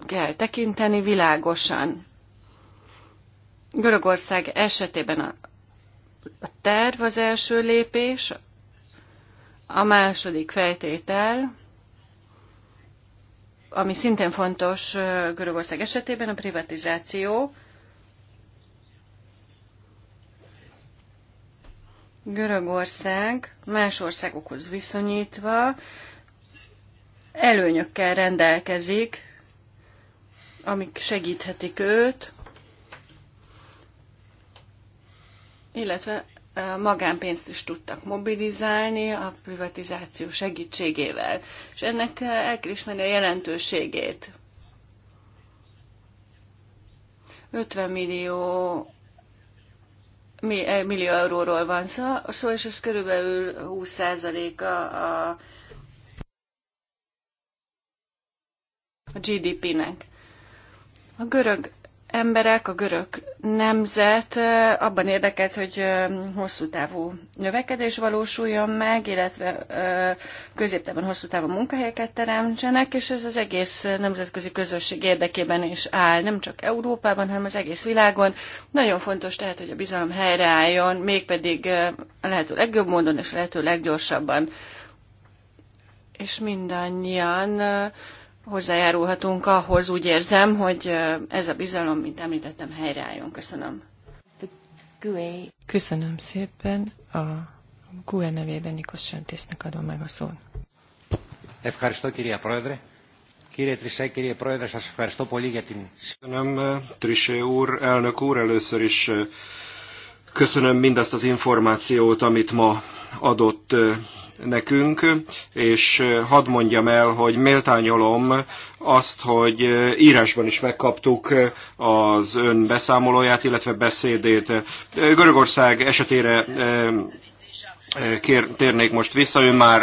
kell tekinteni világosan. Görögország esetében a, a terv az első lépés, a második feltétel, ami szintén fontos Görögország esetében, a privatizáció. Görögország más országokhoz viszonyítva előnyökkel rendelkezik, amik segíthetik őt, illetve magánpénzt is tudtak mobilizálni a privatizáció segítségével, és ennek el kell ismerni a jelentőségét. 50 millió eh, millió euróról van szó, szóval és ez körülbelül 20%-a a, a GDP-nek. A görög emberek, a görög nemzet abban érdekelt, hogy hosszú távú növekedés valósuljon meg, illetve középtávon hosszú távú munkahelyeket teremtsenek, és ez az egész nemzetközi közösség érdekében is áll, nem csak Európában, hanem az egész világon. Nagyon fontos tehát, hogy a bizalom helyreálljon, mégpedig a lehető legjobb módon és a lehető leggyorsabban. És mindannyian hozzájárulhatunk ahhoz, úgy érzem, hogy ez a bizalom, mint említettem, helyreálljon. Köszönöm. Köszönöm szépen. A GUE nevében Nikos Söntésznek adom meg a szót. Köszönöm, Trisé úr, elnök úr, először is köszönöm mindazt az információt, amit ma adott nekünk, és hadd mondjam el, hogy méltányolom azt, hogy írásban is megkaptuk az ön beszámolóját, illetve beszédét. Görögország esetére kér, térnék most vissza, ő már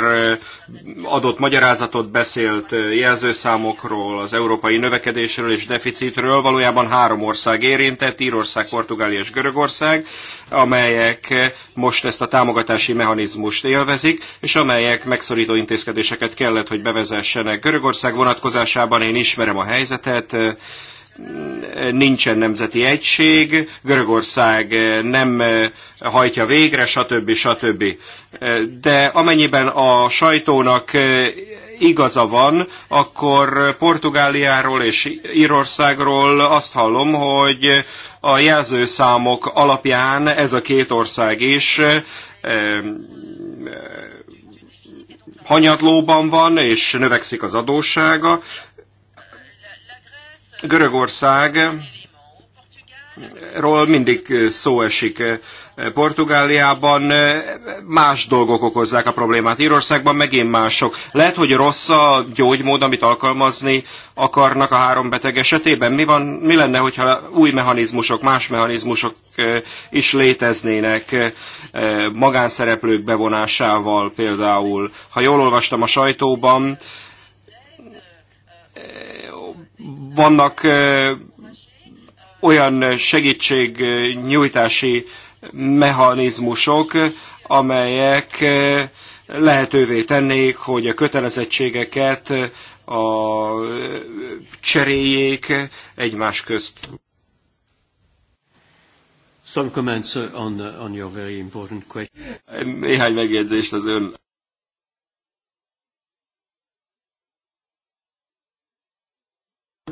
adott magyarázatot, beszélt jelzőszámokról, az európai növekedésről és deficitről. Valójában három ország érintett, Írország, Portugália és Görögország, amelyek most ezt a támogatási mechanizmust élvezik, és amelyek megszorító intézkedéseket kellett, hogy bevezessenek. Görögország vonatkozásában én ismerem a helyzetet, nincsen nemzeti egység, Görögország eh, nem eh, hajtja végre, stb. stb. Eh, de amennyiben a sajtónak igaza van, akkor Portugáliáról és Írországról azt hallom, hogy a jelzőszámok alapján ez a két ország is hanyatlóban van, és növekszik az adóssága. Görögországról mindig szó esik. Portugáliában más dolgok okozzák a problémát. Írországban megint mások. Lehet, hogy rossz a gyógymód, amit alkalmazni akarnak a három beteg esetében. Mi, van, mi lenne, hogyha új mechanizmusok, más mechanizmusok is léteznének magánszereplők bevonásával például. Ha jól olvastam a sajtóban, vannak olyan segítségnyújtási mechanizmusok, amelyek lehetővé tennék, hogy a kötelezettségeket a cseréjék egymás közt. Some comments on, on your very important question. Néhány megjegyzést az ön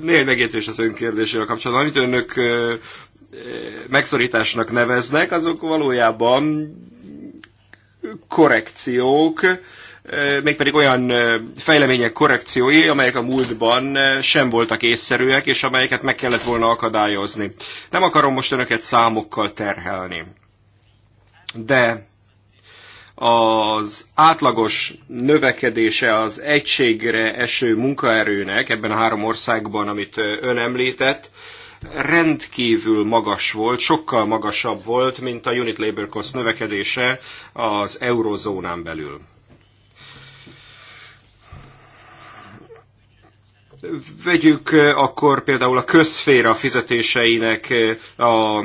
Néhány megjegyzés az önkérdésével kapcsolatban. Amit önök megszorításnak neveznek, azok valójában korrekciók, mégpedig olyan fejlemények korrekciói, amelyek a múltban sem voltak észszerűek, és amelyeket meg kellett volna akadályozni. Nem akarom most önöket számokkal terhelni. De az átlagos növekedése az egységre eső munkaerőnek ebben a három országban, amit ön említett, rendkívül magas volt, sokkal magasabb volt, mint a unit labor cost növekedése az eurozónán belül. Vegyük akkor például a közféra fizetéseinek a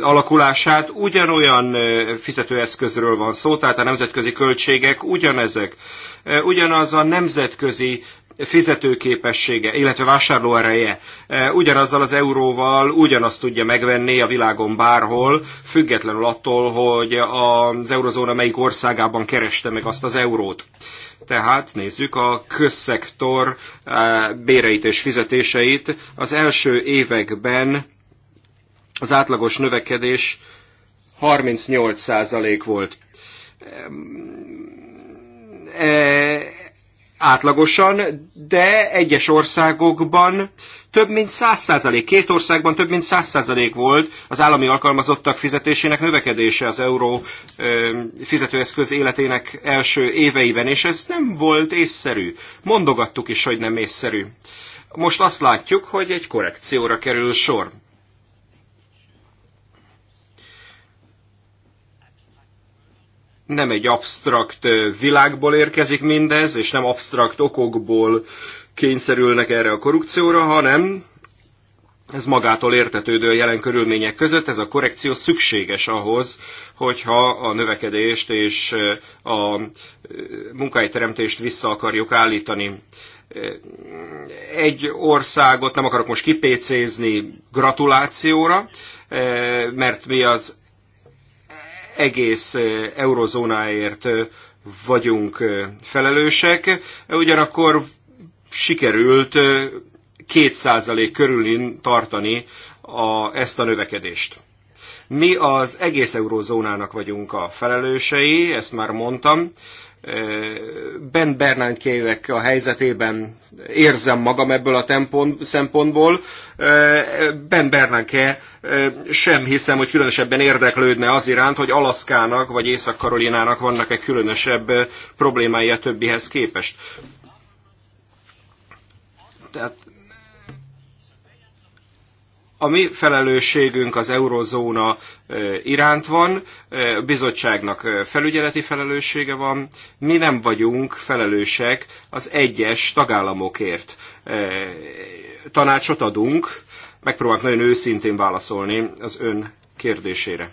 alakulását. Ugyanolyan fizetőeszközről van szó, tehát a nemzetközi költségek ugyanezek. Ugyanaz a nemzetközi fizetőképessége, illetve vásárlóereje e, ugyanazzal az euróval ugyanazt tudja megvenni a világon bárhol, függetlenül attól, hogy az eurozóna melyik országában kereste meg azt az eurót. Tehát nézzük a közszektor e, béreit és fizetéseit. Az első években az átlagos növekedés 38% volt e, átlagosan, de egyes országokban több mint 100%, két országban több mint 100% volt az állami alkalmazottak fizetésének növekedése az euró fizetőeszköz életének első éveiben, és ez nem volt észszerű. Mondogattuk is, hogy nem észszerű. Most azt látjuk, hogy egy korrekcióra kerül sor. nem egy absztrakt világból érkezik mindez, és nem absztrakt okokból kényszerülnek erre a korrupcióra, hanem ez magától értetődő jelen körülmények között, ez a korrekció szükséges ahhoz, hogyha a növekedést és a munkahelyteremtést vissza akarjuk állítani. Egy országot nem akarok most kipécézni gratulációra, mert mi az egész eurozónáért vagyunk felelősek, ugyanakkor sikerült 2% körülin tartani a, ezt a növekedést. Mi az egész eurozónának vagyunk a felelősei, ezt már mondtam, Ben Bernánkének a helyzetében érzem magam ebből a tempont, szempontból. Ben Bernánke sem hiszem, hogy különösebben érdeklődne az iránt, hogy Alaszkának vagy Észak-Karolinának vannak-e különösebb problémái a többihez képest. Tehát a mi felelősségünk az eurozóna iránt van, a bizottságnak felügyeleti felelőssége van, mi nem vagyunk felelősek az egyes tagállamokért. Tanácsot adunk, megpróbálok nagyon őszintén válaszolni az ön kérdésére.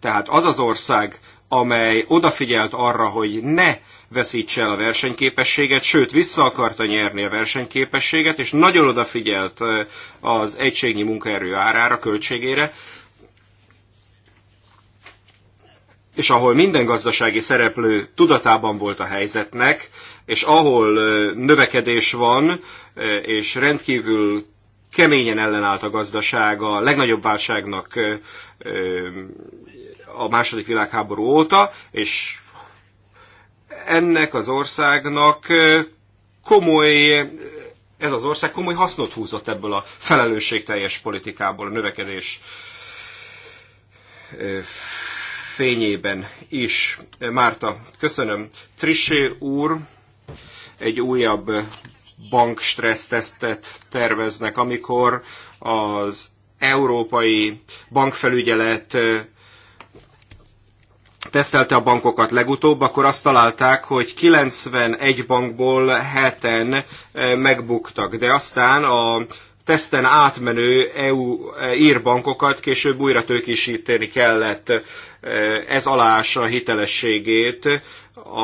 Tehát az az ország, amely odafigyelt arra, hogy ne veszítse el a versenyképességet, sőt, vissza akarta nyerni a versenyképességet, és nagyon odafigyelt eh, az egységnyi munkaerő árára, költségére, és ahol minden gazdasági szereplő tudatában volt a helyzetnek, és ahol eh, növekedés van, eh, és rendkívül keményen ellenállt a gazdaság a legnagyobb válságnak a második világháború óta, és ennek az országnak komoly, ez az ország komoly hasznot húzott ebből a felelősségteljes politikából, a növekedés fényében is. Márta, köszönöm. Trissé úr egy újabb bankstressztesztet terveznek, amikor az európai bankfelügyelet tesztelte a bankokat legutóbb, akkor azt találták, hogy 91 bankból 7-en eh, megbuktak, de aztán a teszten átmenő EU eh, írbankokat később újra tőkisíteni kellett. Eh, ez alása a hitelességét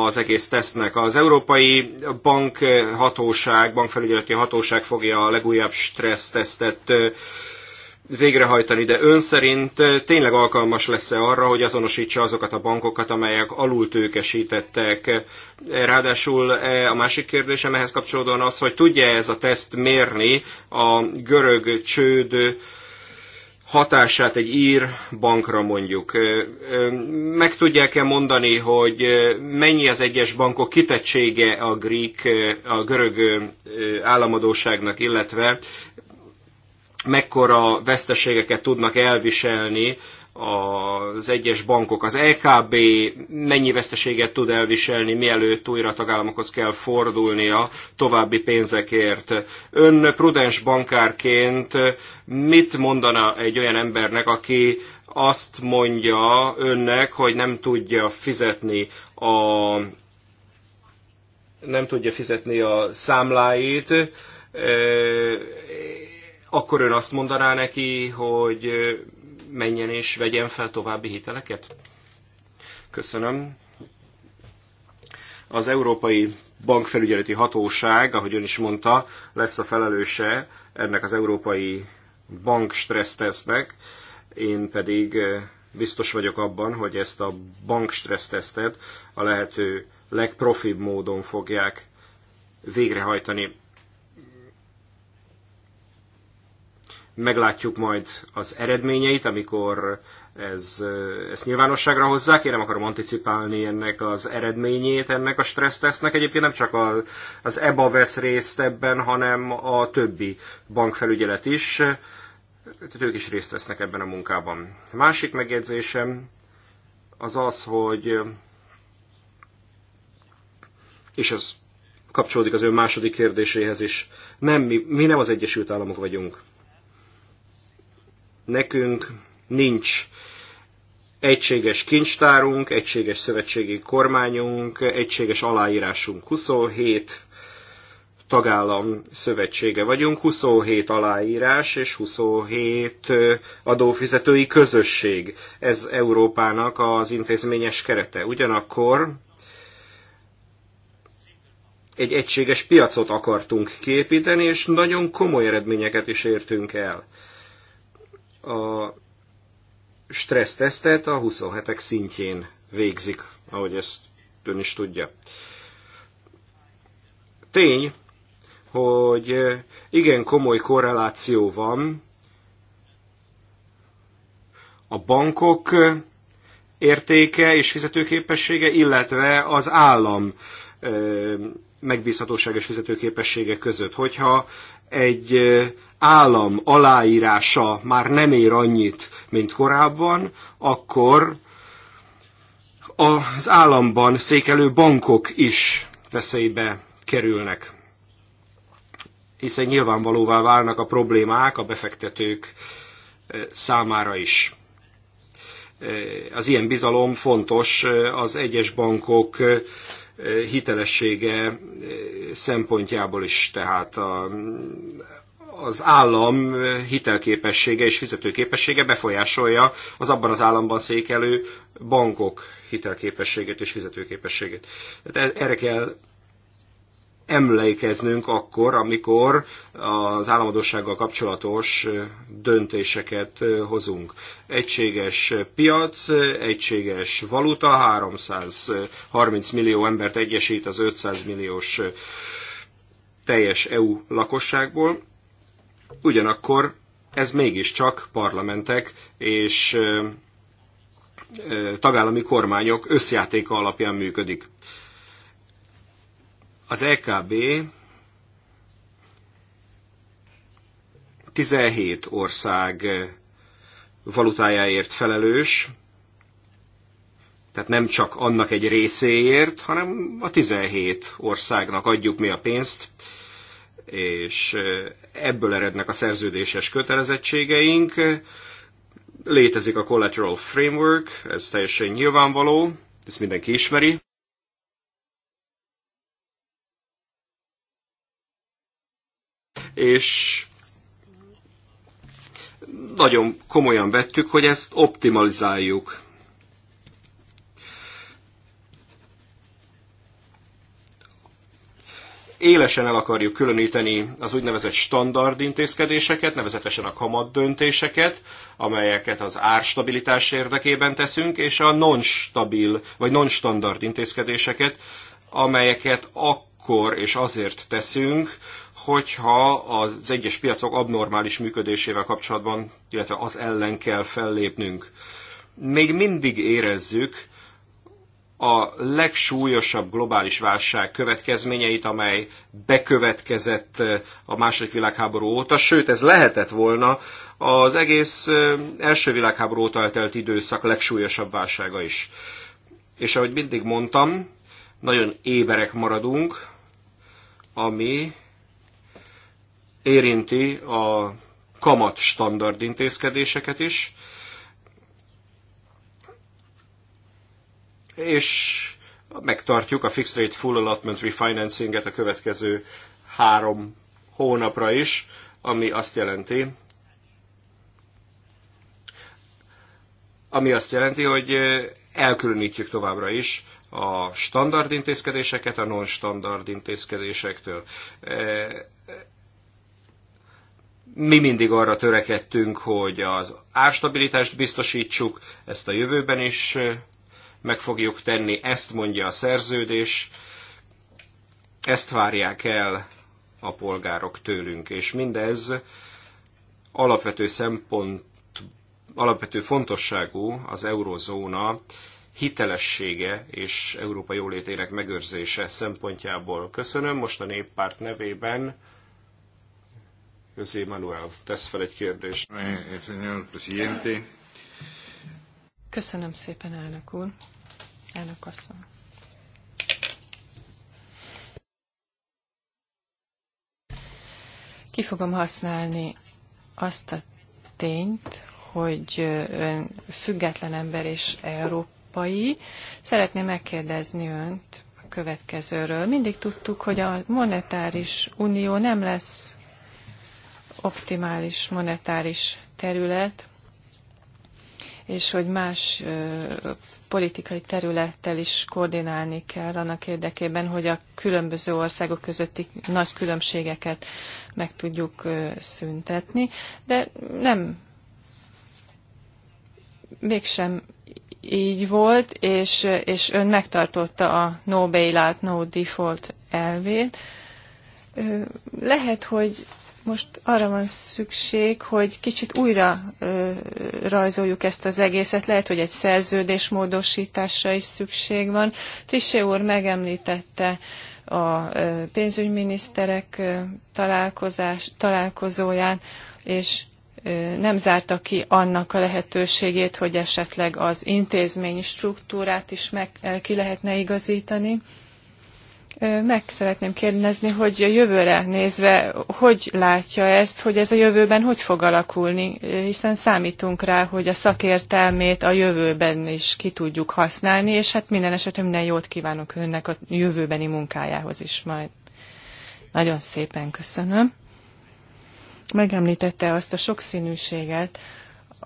az egész tesznek. Az Európai Bankhatóság, Bankfelügyeleti Hatóság fogja a legújabb stressztesztet tesztet végrehajtani, de ön szerint tényleg alkalmas lesz-e arra, hogy azonosítsa azokat a bankokat, amelyek alultőkesítettek? Ráadásul a másik kérdésem ehhez kapcsolódóan az, hogy tudja ez a teszt mérni a görög csőd hatását egy ír bankra mondjuk. Meg tudják-e mondani, hogy mennyi az egyes bankok kitettsége a, grík, a görög államadóságnak, illetve mekkora veszteségeket tudnak elviselni az egyes bankok. Az LKB e mennyi veszteséget tud elviselni, mielőtt újra a tagállamokhoz kell fordulnia további pénzekért. Ön prudens bankárként mit mondana egy olyan embernek, aki azt mondja önnek, hogy nem tudja fizetni a nem tudja fizetni a számláit, akkor ön azt mondaná neki, hogy menjen és vegyen fel további hiteleket? Köszönöm. Az Európai Bankfelügyeleti Hatóság, ahogy ön is mondta, lesz a felelőse ennek az Európai Bank stressztesznek. Én pedig biztos vagyok abban, hogy ezt a bank stressztesztet a lehető legprofibb módon fogják végrehajtani. meglátjuk majd az eredményeit, amikor ez, ezt nyilvánosságra hozzák. Én nem akarom anticipálni ennek az eredményét, ennek a stressztesznek. Egyébként nem csak a, az EBA vesz részt ebben, hanem a többi bankfelügyelet is. Tehát ők is részt vesznek ebben a munkában. A másik megjegyzésem az az, hogy és ez kapcsolódik az ön második kérdéséhez is. Nem, mi, mi nem az Egyesült Államok vagyunk Nekünk nincs egységes kincstárunk, egységes szövetségi kormányunk, egységes aláírásunk. 27 tagállam szövetsége vagyunk, 27 aláírás és 27 adófizetői közösség. Ez Európának az intézményes kerete. Ugyanakkor egy egységes piacot akartunk képíteni, és nagyon komoly eredményeket is értünk el a stressztesztet a 27-ek szintjén végzik, ahogy ezt ön is tudja. Tény, hogy igen komoly korreláció van a bankok értéke és fizetőképessége, illetve az állam megbízhatóságos és fizetőképessége között. Hogyha egy állam aláírása már nem ér annyit, mint korábban, akkor az államban székelő bankok is veszélybe kerülnek. Hiszen nyilvánvalóvá válnak a problémák a befektetők eh, számára is. Eh, az ilyen bizalom fontos eh, az egyes bankok hitelessége szempontjából is, tehát a, az állam hitelképessége és fizetőképessége befolyásolja az abban az államban székelő bankok hitelképességét és fizetőképességét. Tehát e- erre kell emlékeznünk akkor, amikor az államadósággal kapcsolatos döntéseket hozunk. Egységes piac, egységes valuta, 330 millió embert egyesít az 500 milliós teljes EU lakosságból. Ugyanakkor ez mégiscsak parlamentek és tagállami kormányok összjátéka alapján működik. Az EKB 17 ország valutájáért felelős, tehát nem csak annak egy részéért, hanem a 17 országnak adjuk mi a pénzt, és ebből erednek a szerződéses kötelezettségeink. Létezik a Collateral Framework, ez teljesen nyilvánvaló, ezt mindenki ismeri. És nagyon komolyan vettük, hogy ezt optimalizáljuk. élesen el akarjuk különíteni az úgynevezett standard intézkedéseket, nevezetesen a kamat döntéseket, amelyeket az árstabilitás érdekében teszünk, és a non-stabil vagy non-standard intézkedéseket, amelyeket akkor és azért teszünk, hogyha az egyes piacok abnormális működésével kapcsolatban, illetve az ellen kell fellépnünk. Még mindig érezzük, a legsúlyosabb globális válság következményeit, amely bekövetkezett eh, a második világháború óta, sőt ez lehetett volna az egész eh, első világháború óta eltelt időszak legsúlyosabb válsága is. És ahogy mindig mondtam, nagyon éberek maradunk, ami érinti a kamat standard intézkedéseket is, és megtartjuk a Fixed Rate Full Allotment Refinancing-et a következő három hónapra is, ami azt jelenti, ami azt jelenti, hogy elkülönítjük továbbra is a standard intézkedéseket a non-standard intézkedésektől. Mi mindig arra törekedtünk, hogy az árstabilitást biztosítsuk, ezt a jövőben is meg fogjuk tenni, ezt mondja a szerződés, ezt várják el a polgárok tőlünk, és mindez alapvető szempont, alapvető fontosságú az eurozóna hitelessége és Európa jólétének megőrzése szempontjából. Köszönöm most a néppárt nevében. José Manuel, tesz fel egy kérdést. Köszönöm szépen, elnök úr elnök asszony. Ki fogom használni azt a tényt, hogy ön független ember és európai. Szeretném megkérdezni önt a következőről. Mindig tudtuk, hogy a monetáris unió nem lesz optimális monetáris terület, és hogy más politikai területtel is koordinálni kell annak érdekében, hogy a különböző országok közötti nagy különbségeket meg tudjuk szüntetni, de nem mégsem így volt, és, és ön megtartotta a no bailout, no default elvét. Lehet, hogy most arra van szükség, hogy kicsit újra ö, rajzoljuk ezt az egészet. Lehet, hogy egy szerződés módosításra is szükség van. Trissé úr megemlítette a ö, pénzügyminiszterek ö, találkozás, találkozóján, és ö, nem zárta ki annak a lehetőségét, hogy esetleg az intézményi struktúrát is meg, ö, ki lehetne igazítani. Meg szeretném kérdezni, hogy a jövőre nézve, hogy látja ezt, hogy ez a jövőben hogy fog alakulni, hiszen számítunk rá, hogy a szakértelmét a jövőben is ki tudjuk használni, és hát minden esetre minden jót kívánok önnek a jövőbeni munkájához is majd. Nagyon szépen köszönöm. Megemlítette azt a sokszínűséget,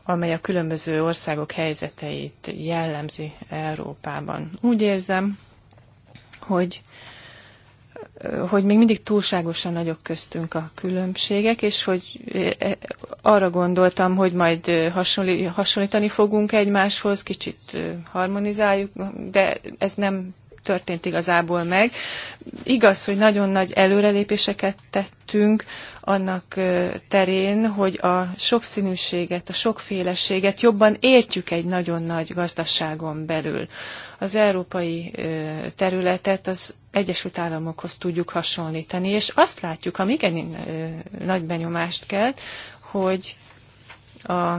amely a különböző országok helyzeteit jellemzi Európában. Úgy érzem, hogy hogy még mindig túlságosan nagyok köztünk a különbségek, és hogy e, e, arra gondoltam, hogy majd hasonlítani fogunk egymáshoz, kicsit harmonizáljuk, de ez nem történt igazából meg. Igaz, hogy nagyon nagy előrelépéseket tettünk annak terén, hogy a sokszínűséget, a sokféleséget jobban értjük egy nagyon nagy gazdaságon belül. Az európai területet az Egyesült Államokhoz tudjuk hasonlítani, és azt látjuk, ha igen nagy benyomást kell, hogy, a,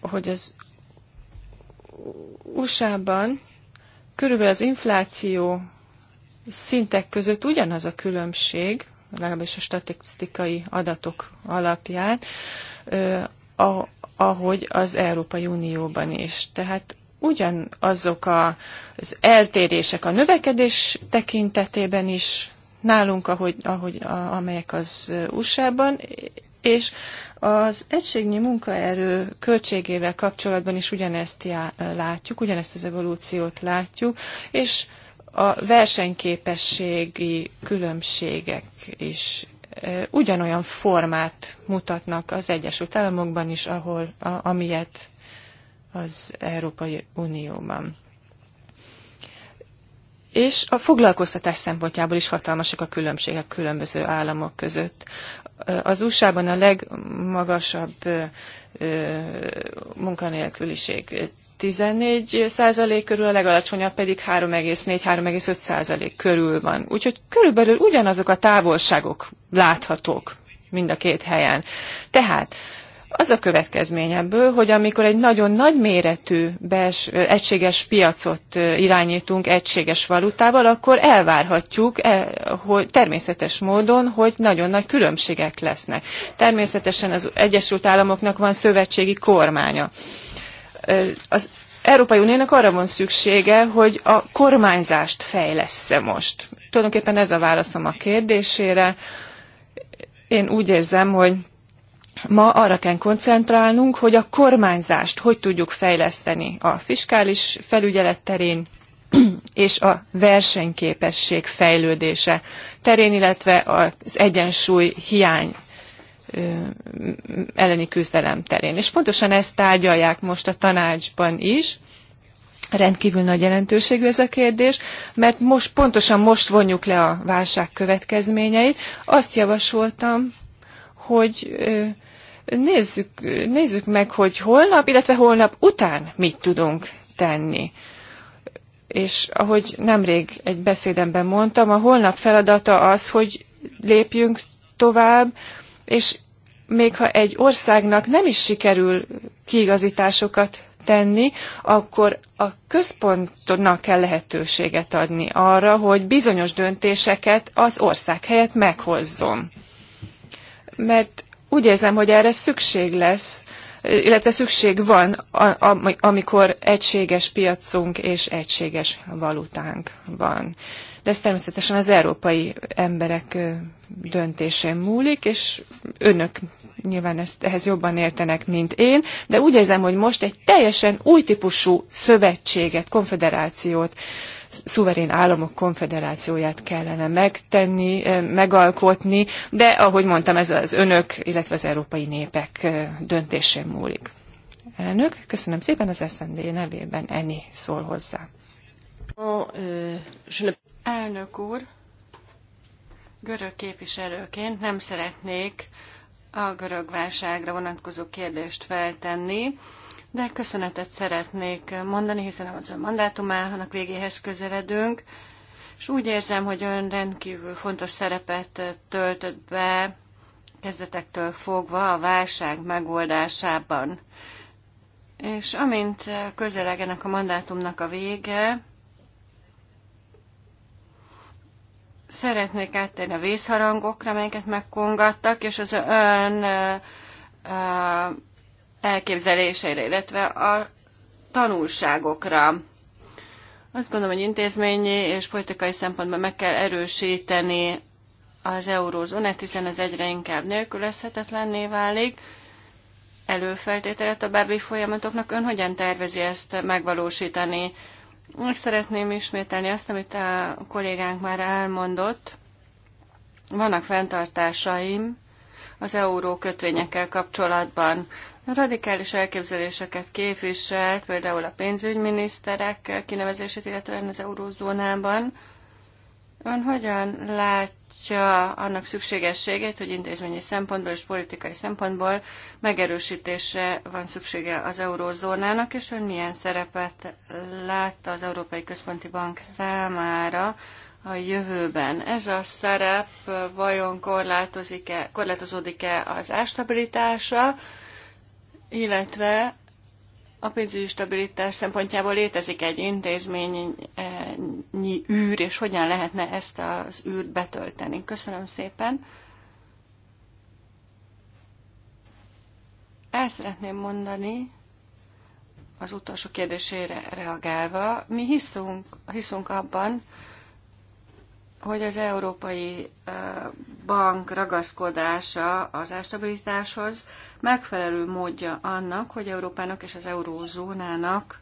hogy az USA-ban körülbelül az infláció szintek között ugyanaz a különbség, legalábbis a statisztikai adatok alapján, ahogy az Európai Unióban is. Tehát ugyanazok az eltérések a növekedés tekintetében is nálunk, ahogy, ahogy, amelyek az USA-ban, és az egységnyi munkaerő költségével kapcsolatban is ugyanezt já, látjuk, ugyanezt az evolúciót látjuk, és a versenyképességi különbségek is ugyanolyan formát mutatnak az Egyesült Államokban is, ahol a, amilyet az Európai Unióban. És a foglalkoztatás szempontjából is hatalmasak a különbségek különböző államok között az USA-ban a legmagasabb munkanélküliség 14 százalék körül, a legalacsonyabb pedig 3,4-3,5 százalék körül van. Úgyhogy körülbelül ugyanazok a távolságok láthatók mind a két helyen. Tehát az a következmény ebből, hogy amikor egy nagyon nagy méretű bels, egységes piacot irányítunk egységes valutával, akkor elvárhatjuk e, hogy természetes módon, hogy nagyon nagy különbségek lesznek. Természetesen az Egyesült Államoknak van szövetségi kormánya. Az Európai Uniónak arra van szüksége, hogy a kormányzást fejlessze most. Tulajdonképpen ez a válaszom a kérdésére. Én úgy érzem, hogy ma arra kell koncentrálnunk, hogy a kormányzást hogy tudjuk fejleszteni a fiskális felügyelet terén, *clears throat* és a versenyképesség fejlődése terén, illetve az egyensúly hiány elleni küzdelem terén. És pontosan ezt tárgyalják most a tanácsban is. Rendkívül nagy jelentőségű ez a kérdés, mert most pontosan most vonjuk le a válság következményeit. Azt javasoltam, hogy nézzük, nézzük meg, hogy holnap, illetve holnap után mit tudunk tenni. És ahogy nemrég egy beszédemben mondtam, a holnap feladata az, hogy lépjünk tovább, és még ha egy országnak nem is sikerül kiigazításokat tenni, akkor a központnak kell lehetőséget adni arra, hogy bizonyos döntéseket az ország helyett meghozzon mert úgy érzem, hogy erre szükség lesz, illetve szükség van, amikor egységes piacunk és egységes valutánk van. De ez természetesen az európai emberek döntésén múlik, és önök nyilván ezt, ehhez jobban értenek, mint én, de úgy érzem, hogy most egy teljesen új típusú szövetséget, konfederációt szuverén államok konfederációját kellene megtenni, eh, megalkotni, de ahogy mondtam, ez az önök, illetve az európai népek eh, döntésén múlik. Elnök, köszönöm szépen az SZND nevében, Eni szól hozzá. Elnök úr, görög képviselőként nem szeretnék a görög válságra vonatkozó kérdést feltenni, de köszönetet szeretnék mondani, hiszen az ön mandátumának végéhez közeledünk, és úgy érzem, hogy ön rendkívül fontos szerepet töltött be kezdetektől fogva a válság megoldásában. És amint közelegenek a mandátumnak a vége, szeretnék áttérni a vészharangokra, melyeket megkongattak, és az ön elképzeléseire, illetve a tanulságokra. Azt gondolom, hogy intézményi és politikai szempontból meg kell erősíteni az eurózónát, hiszen ez egyre inkább nélkülözhetetlenné válik. Előfeltétele további folyamatoknak ön hogyan tervezi ezt megvalósítani? Meg szeretném ismételni azt, amit a kollégánk már elmondott. Vannak fenntartásaim az euró kötvényekkel kapcsolatban radikális elképzeléseket képviselt, például a pénzügyminiszterek kinevezését, illetően az eurózónában. Ön hogyan látja annak szükségességét, hogy intézményi szempontból és politikai szempontból megerősítése van szüksége az eurózónának, és ön milyen szerepet látta az Európai Központi Bank számára a jövőben? Ez a szerep vajon korlátozik-e, korlátozódik-e az ástabilitásra, illetve a pénzügyi stabilitás szempontjából létezik egy intézményi űr, és hogyan lehetne ezt az űrt betölteni. Köszönöm szépen. El szeretném mondani, az utolsó kérdésére reagálva, mi hiszünk, hiszünk abban, hogy az Európai Bank ragaszkodása az ástabilitáshoz megfelelő módja annak, hogy Európának és az eurózónának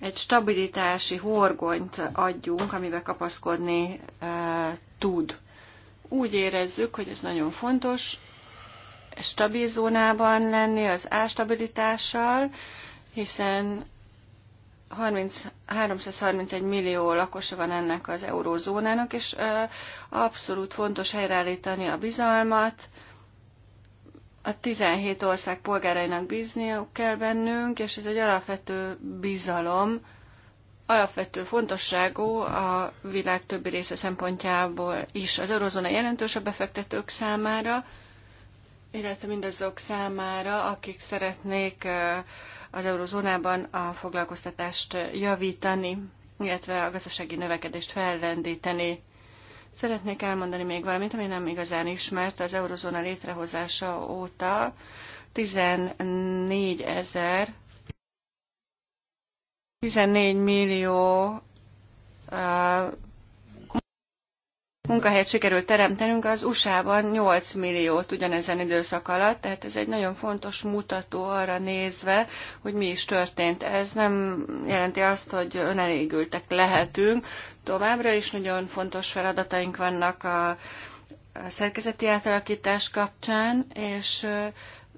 egy stabilitási horgonyt adjunk, amivel kapaszkodni tud. Úgy érezzük, hogy ez nagyon fontos, stabil zónában lenni az ástabilitással, hiszen 30, 331 millió lakosa van ennek az eurózónának, és abszolút fontos helyreállítani a bizalmat, a 17 ország polgárainak bízni kell bennünk, és ez egy alapvető bizalom, alapvető fontosságú a világ többi része szempontjából is. Az eurózóna jelentős a befektetők számára, illetve mindazok számára, akik szeretnék az eurozónában a foglalkoztatást javítani, illetve a gazdasági növekedést fellendíteni. Szeretnék elmondani még valamit, ami nem igazán ismert az eurozóna létrehozása óta. 14 ezer 14 millió munkahelyet sikerült teremtenünk, az USA-ban 8 milliót ugyanezen időszak alatt, tehát ez egy nagyon fontos mutató arra nézve, hogy mi is történt. Ez nem jelenti azt, hogy önelégültek lehetünk. Továbbra is nagyon fontos feladataink vannak a szerkezeti átalakítás kapcsán, és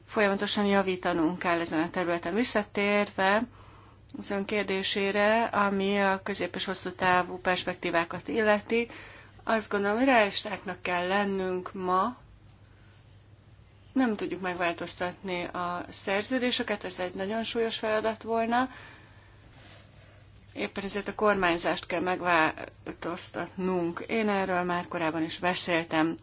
folyamatosan javítanunk kell ezen a területen. Visszatérve, az ön kérdésére, ami a közép és hosszú távú perspektívákat illeti. Azt gondolom, hogy realistáknak kell lennünk ma, nem tudjuk megváltoztatni a szerződéseket, ez egy nagyon súlyos feladat volna. Éppen ezért a kormányzást kell megváltoztatnunk. Én erről már korábban is beszéltem.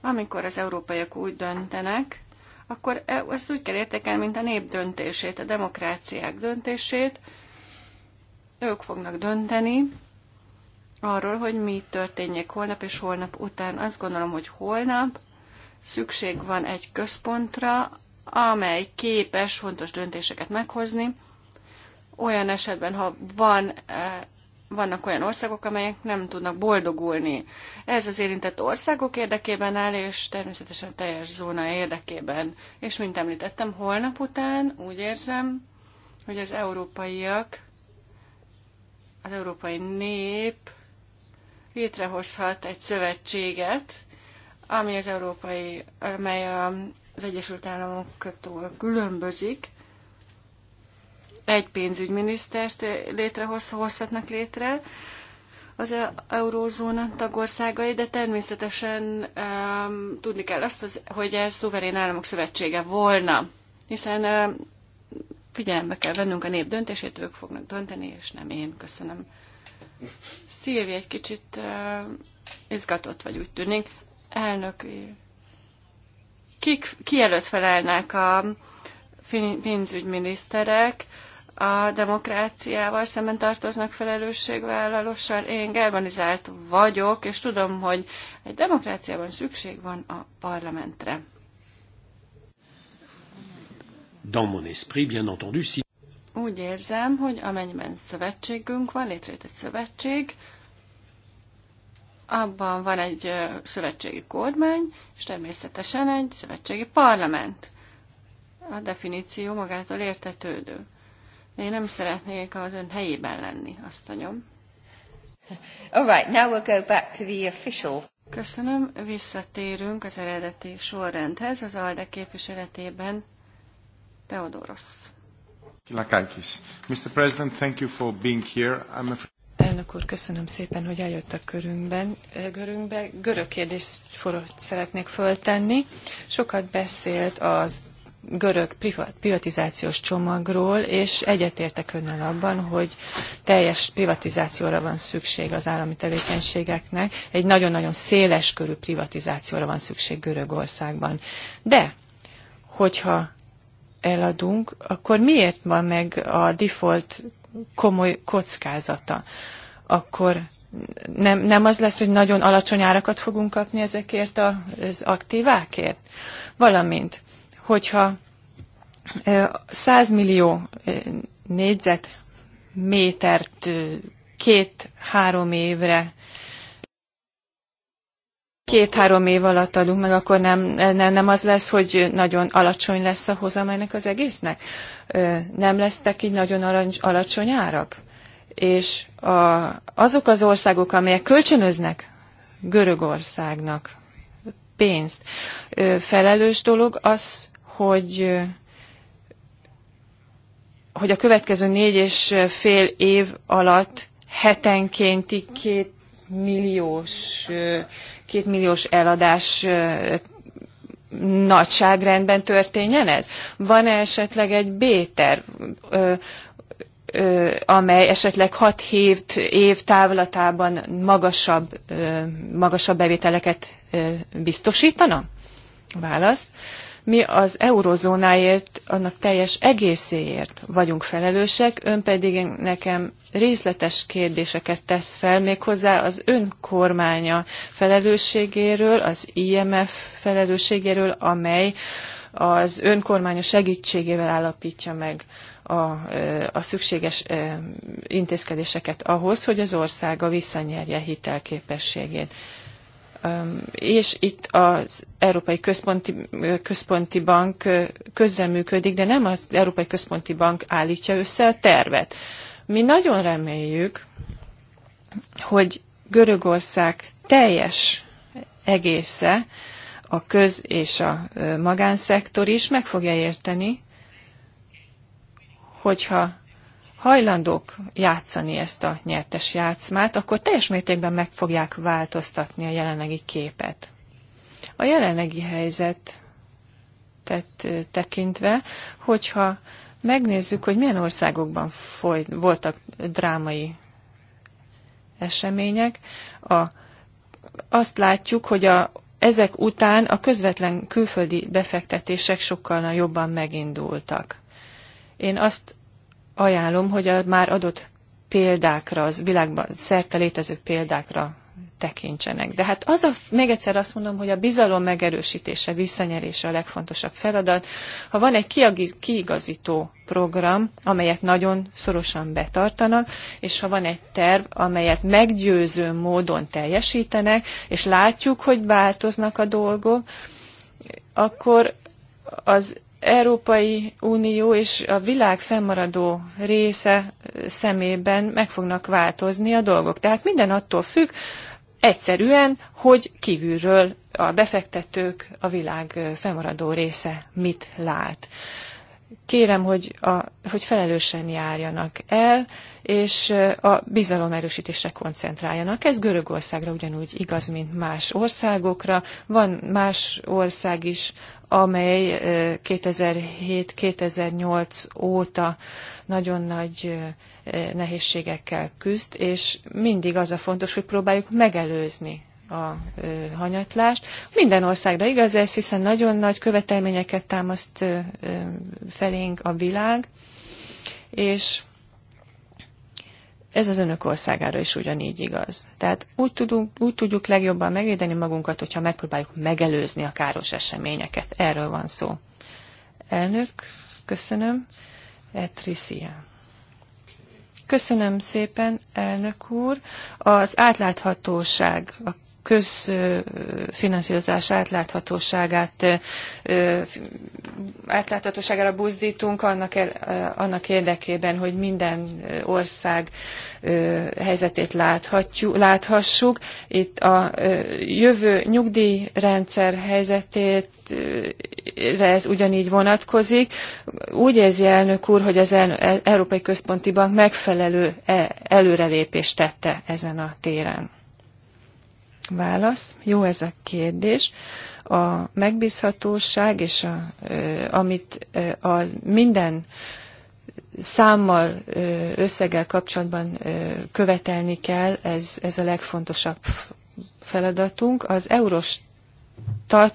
Amikor az európaiak úgy döntenek, akkor ezt úgy kell értékelni, mint a nép döntését, a demokráciák döntését. Ők fognak dönteni, arról, hogy mi történjék holnap és holnap után. Azt gondolom, hogy holnap szükség van egy központra, amely képes fontos döntéseket meghozni. Olyan esetben, ha van, eh, vannak olyan országok, amelyek nem tudnak boldogulni. Ez az érintett országok érdekében áll, és természetesen a teljes zóna érdekében. És mint említettem, holnap után úgy érzem, hogy az európaiak, az európai nép létrehozhat egy szövetséget, ami az európai, amely az Egyesült Államoktól különbözik, egy pénzügyminisztert létrehozhatnak létre az eurózóna tagországai, de természetesen um, tudni kell azt, hogy ez szuverén államok szövetsége volna, hiszen um, figyelembe kell vennünk a nép döntését, ők fognak dönteni, és nem én. Köszönöm. Szilvi, egy kicsit uh, izgatott vagy úgy tűnik. Elnök, kik, ki előtt felelnek a pénzügyminiszterek? A demokráciával szemben tartoznak felelősségvállalóssal. Én germanizált vagyok, és tudom, hogy egy demokráciában szükség van a parlamentre. Dans mon esprit, bien entendu, si úgy érzem, hogy amennyiben szövetségünk van, létrejött egy szövetség, abban van egy szövetségi kormány, és természetesen egy szövetségi parlament. A definíció magától értetődő. De én nem szeretnék az ön helyében lenni, azt anyom. All right, now we'll go back to the official. Köszönöm, visszatérünk az eredeti sorrendhez, az ALDE képviseletében Teodorosz. Lakakis. Mr. President, thank you for being here. I'm Elnök úr, köszönöm szépen, hogy a körünkben, eh, görünkbe. Görög kérdést szeretnék föltenni. Sokat beszélt az görög privatizációs csomagról, és egyetértek önnel abban, hogy teljes privatizációra van szükség az állami tevékenységeknek, egy nagyon-nagyon széles körű privatizációra van szükség Görögországban. De, hogyha eladunk, akkor miért van meg a default komoly kockázata? Akkor nem, nem az lesz, hogy nagyon alacsony árakat fogunk kapni ezekért az aktívákért? Valamint, hogyha 100 millió négyzetmétert két-három évre két-három év alatt adunk meg, akkor nem, nem, nem az lesz, hogy nagyon alacsony lesz a hozam ennek az egésznek? Nem lesztek így nagyon alacsony árak? És a, azok az országok, amelyek kölcsönöznek Görögországnak pénzt, felelős dolog az, hogy hogy a következő négy és fél év alatt hetenkénti két milliós, két milliós eladás nagyságrendben történjen ez? van -e esetleg egy B-terv, amely esetleg 6 év, év távlatában magasabb, magasabb bevételeket biztosítana? Válasz. Mi az eurozónáért, annak teljes egészéért vagyunk felelősek, ön pedig nekem részletes kérdéseket tesz fel, méghozzá az ön kormánya felelősségéről, az IMF felelősségéről, amely az önkormánya segítségével állapítja meg a, a szükséges intézkedéseket ahhoz, hogy az országa visszanyerje hitelképességét és itt az Európai Központi, Központi Bank közreműködik, de nem az Európai Központi Bank állítja össze a tervet. Mi nagyon reméljük, hogy Görögország teljes egésze, a köz és a magánszektor is meg fogja érteni, hogyha hajlandók játszani ezt a nyertes játszmát, akkor teljes mértékben meg fogják változtatni a jelenlegi képet. A jelenlegi helyzet tehát tekintve, hogyha megnézzük, hogy milyen országokban foly, voltak drámai események, a, azt látjuk, hogy a, ezek után a közvetlen külföldi befektetések sokkal jobban megindultak. Én azt ajánlom, hogy a már adott példákra, az világban szerte létező példákra tekintsenek. De hát az a, még egyszer azt mondom, hogy a bizalom megerősítése, visszanyerése a legfontosabb feladat. Ha van egy kiigazító program, amelyet nagyon szorosan betartanak, és ha van egy terv, amelyet meggyőző módon teljesítenek, és látjuk, hogy változnak a dolgok, akkor az Európai Unió és a világ fennmaradó része szemében meg fognak változni a dolgok. Tehát minden attól függ, egyszerűen, hogy kívülről a befektetők a világ fennmaradó része mit lát. Kérem, hogy, a, hogy felelősen járjanak el, és a bizalomerősítésre koncentráljanak. Ez Görögországra ugyanúgy igaz, mint más országokra. Van más ország is, amely 2007-2008 óta nagyon nagy nehézségekkel küzd, és mindig az a fontos, hogy próbáljuk megelőzni a hanyatlást. Minden országra igaz ez, hiszen nagyon nagy követelményeket támaszt felénk a világ, és ez az önök országára is ugyanígy igaz. Tehát úgy, tudunk, úgy tudjuk legjobban megvédeni magunkat, hogyha megpróbáljuk megelőzni a káros eseményeket. Erről van szó. Elnök, köszönöm. Etricia. Köszönöm szépen, elnök úr. Az átláthatóság, a közfinanszírozás átláthatóságát átláthatóságára buzdítunk annak, annak érdekében, hogy minden ország helyzetét láthatjuk, láthassuk. Itt a jövő nyugdíjrendszer helyzetét ez ugyanígy vonatkozik. Úgy érzi elnök úr, hogy az Európai Központi Bank megfelelő e, előrelépést tette ezen a téren. Válasz. Jó ez a kérdés. A megbízhatóság és a, amit a minden számmal, összeggel kapcsolatban követelni kell, ez, ez a legfontosabb feladatunk. Az Eurostat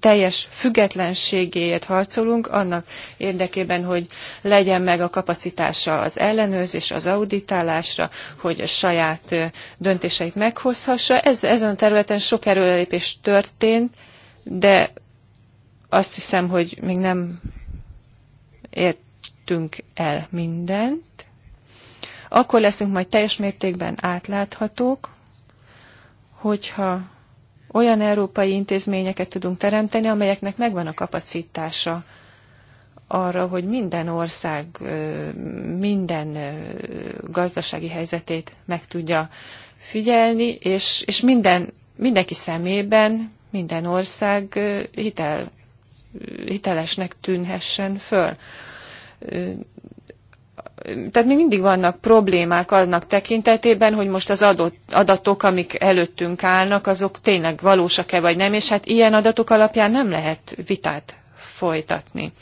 teljes függetlenségéért harcolunk, annak érdekében, hogy legyen meg a kapacitása az ellenőrzés, az auditálásra, hogy a saját döntéseit meghozhassa. Ez, ezen a területen sok erőlépés történt, de azt hiszem, hogy még nem értünk el mindent. Akkor leszünk majd teljes mértékben átláthatók, hogyha olyan európai intézményeket tudunk teremteni, amelyeknek megvan a kapacitása arra, hogy minden ország minden gazdasági helyzetét meg tudja figyelni, és, és minden, mindenki szemében minden ország hitel, hitelesnek tűnhessen föl tehát még mindig vannak problémák annak tekintetében, hogy most az adott adatok, amik előttünk állnak, azok tényleg valósak-e vagy nem, és hát ilyen adatok alapján nem lehet vitát folytatni.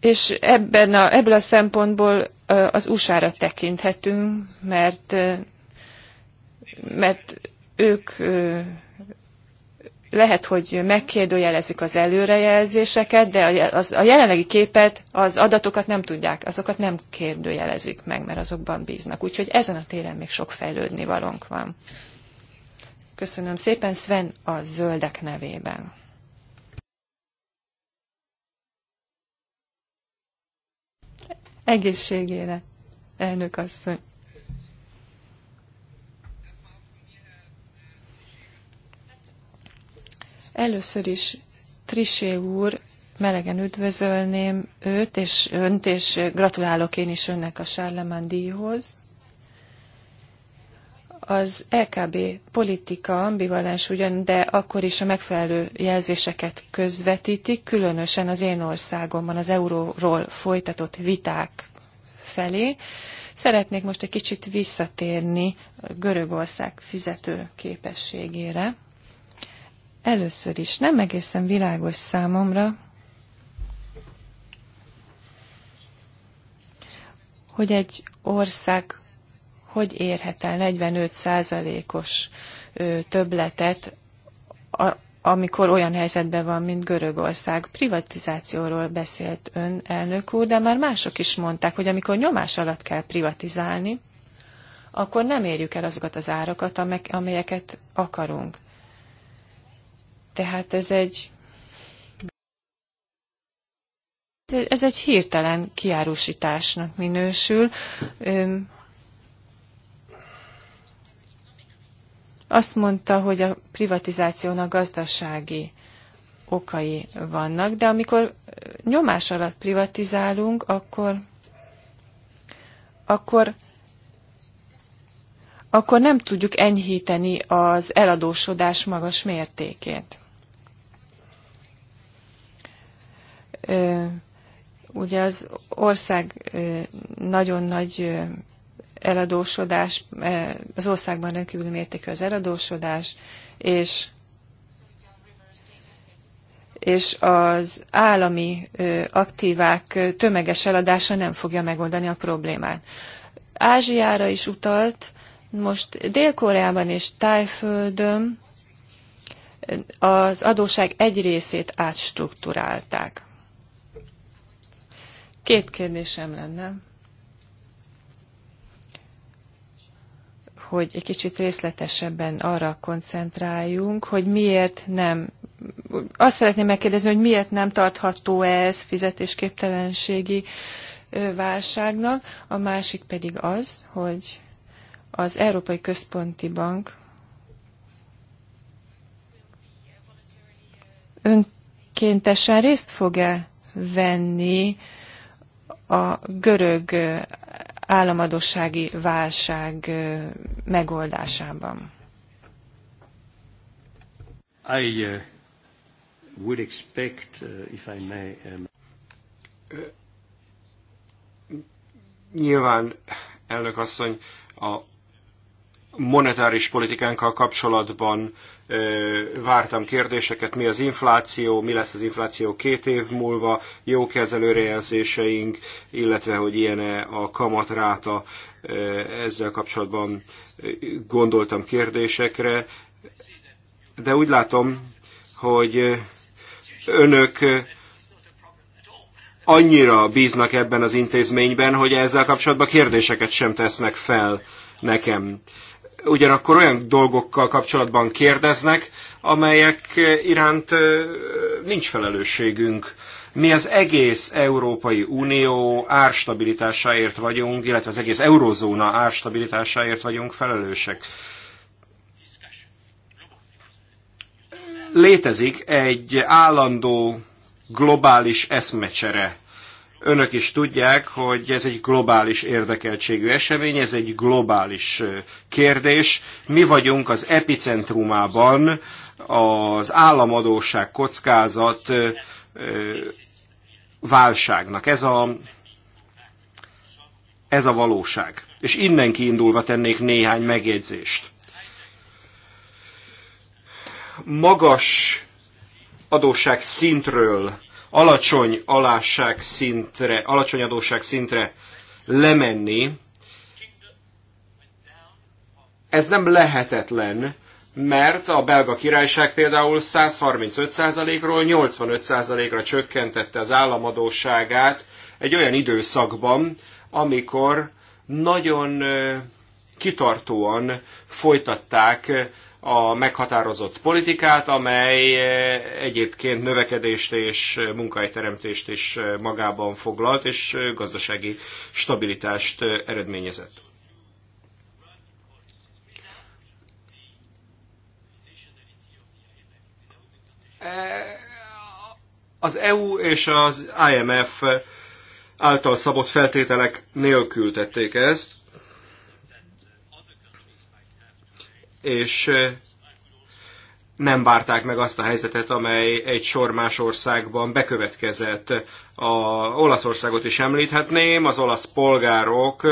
És ebben a, ebből a szempontból az USA-ra tekinthetünk, mert, mert ők lehet, hogy megkérdőjelezik az előrejelzéseket, de a jelenlegi képet, az adatokat nem tudják, azokat nem kérdőjelezik meg, mert azokban bíznak. Úgyhogy ezen a téren még sok fejlődni valónk van. Köszönöm szépen Sven a zöldek nevében. Egészségére, elnök asszony. Először is Trisé úr, melegen üdvözölném őt és önt, és gratulálok én is önnek a Sárlemán díjhoz. Az LKB politika ambivalens ugyan, de akkor is a megfelelő jelzéseket közvetítik, különösen az én országomban az euróról folytatott viták felé. Szeretnék most egy kicsit visszatérni Görögország fizető képességére. Először is nem egészen világos számomra, hogy egy ország hogy érhet el 45%-os többletet, a, amikor olyan helyzetben van, mint Görögország. Privatizációról beszélt ön, elnök úr, de már mások is mondták, hogy amikor nyomás alatt kell privatizálni, akkor nem érjük el azokat az árakat, amelyeket akarunk. Tehát ez egy ez egy hirtelen kiárusításnak minősül. Azt mondta, hogy a privatizációnak gazdasági okai vannak, de amikor nyomás alatt privatizálunk, akkor, akkor, akkor nem tudjuk enyhíteni az eladósodás magas mértékét. Ugye az ország nagyon nagy eladósodás, az országban rendkívül mértékű az eladósodás, és és az állami aktívák tömeges eladása nem fogja megoldani a problémát. Ázsiára is utalt, most Dél-Koreában és Tájföldön az adóság egy részét átstruktúrálták. Két kérdésem lenne. hogy egy kicsit részletesebben arra koncentráljunk, hogy miért nem, azt szeretném megkérdezni, hogy miért nem tartható ez fizetésképtelenségi válságnak, a másik pedig az, hogy az Európai Központi Bank önkéntesen részt fog-e venni a görög államadossági válság megoldásában. I uh, would expect, uh, if I may, um... Nyilván, elnök asszony, a monetáris politikánkkal kapcsolatban vártam kérdéseket, mi az infláció, mi lesz az infláció két év múlva, jó az előrejelzéseink, illetve hogy ilyen-e a kamatráta, ezzel kapcsolatban gondoltam kérdésekre, de úgy látom, hogy önök annyira bíznak ebben az intézményben, hogy ezzel kapcsolatban kérdéseket sem tesznek fel nekem ugyanakkor olyan dolgokkal kapcsolatban kérdeznek, amelyek iránt nincs felelősségünk. Mi az egész Európai Unió árstabilitásáért vagyunk, illetve az egész eurozóna árstabilitásáért vagyunk felelősek. Létezik egy állandó globális eszmecsere Önök is tudják, hogy ez egy globális érdekeltségű esemény, ez egy globális kérdés. Mi vagyunk az epicentrumában az államadóság kockázat válságnak. Ez a, ez a valóság. És innen kiindulva tennék néhány megjegyzést. Magas adósság szintről alacsony alásság szintre, alacsony adósság szintre lemenni, ez nem lehetetlen, mert a belga királyság például 135%-ról 85%-ra csökkentette az államadóságát egy olyan időszakban, amikor nagyon kitartóan folytatták a meghatározott politikát, amely eh, egyébként növekedést és munkahelyteremtést is eh, magában foglalt, és eh, gazdasági stabilitást eredményezett. Az EU és az IMF által szabott feltételek nélkül tették ezt, és nem várták meg azt a helyzetet, amely egy sor más országban bekövetkezett. A Olaszországot is említhetném, az olasz polgárok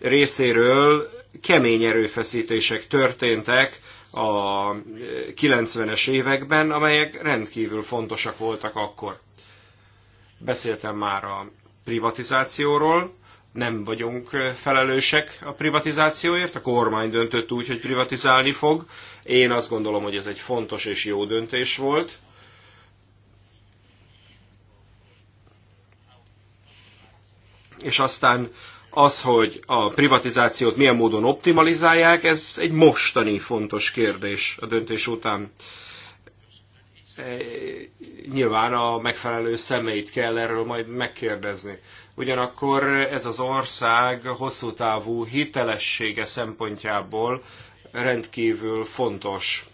részéről kemény erőfeszítések történtek a 90-es években, amelyek rendkívül fontosak voltak akkor. Beszéltem már a privatizációról, nem vagyunk felelősek a privatizációért, a kormány döntött úgy, hogy privatizálni fog. Én azt gondolom, hogy ez egy fontos és jó döntés volt. És aztán az, hogy a privatizációt milyen módon optimalizálják, ez egy mostani fontos kérdés a döntés után. Eh, nyilván a megfelelő szemeit kell erről majd megkérdezni. Ugyanakkor ez az ország hosszú távú hitelessége szempontjából rendkívül fontos.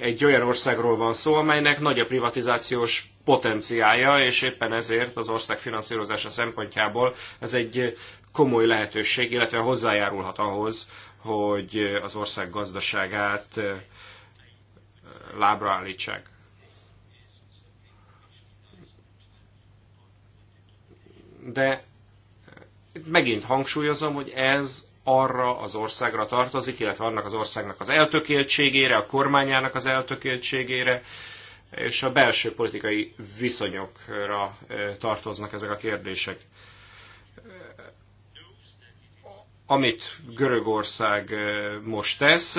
Egy olyan országról van szó, amelynek nagy a privatizációs potenciája, és éppen ezért az ország finanszírozása szempontjából ez egy komoly lehetőség, illetve hozzájárulhat ahhoz, hogy az ország gazdaságát lábra állítsák. De megint hangsúlyozom, hogy ez arra az országra tartozik, illetve annak az országnak az eltökéltségére, a kormányának az eltökéltségére, és a belső politikai viszonyokra eh, tartoznak ezek a kérdések. amit Görögország most tesz,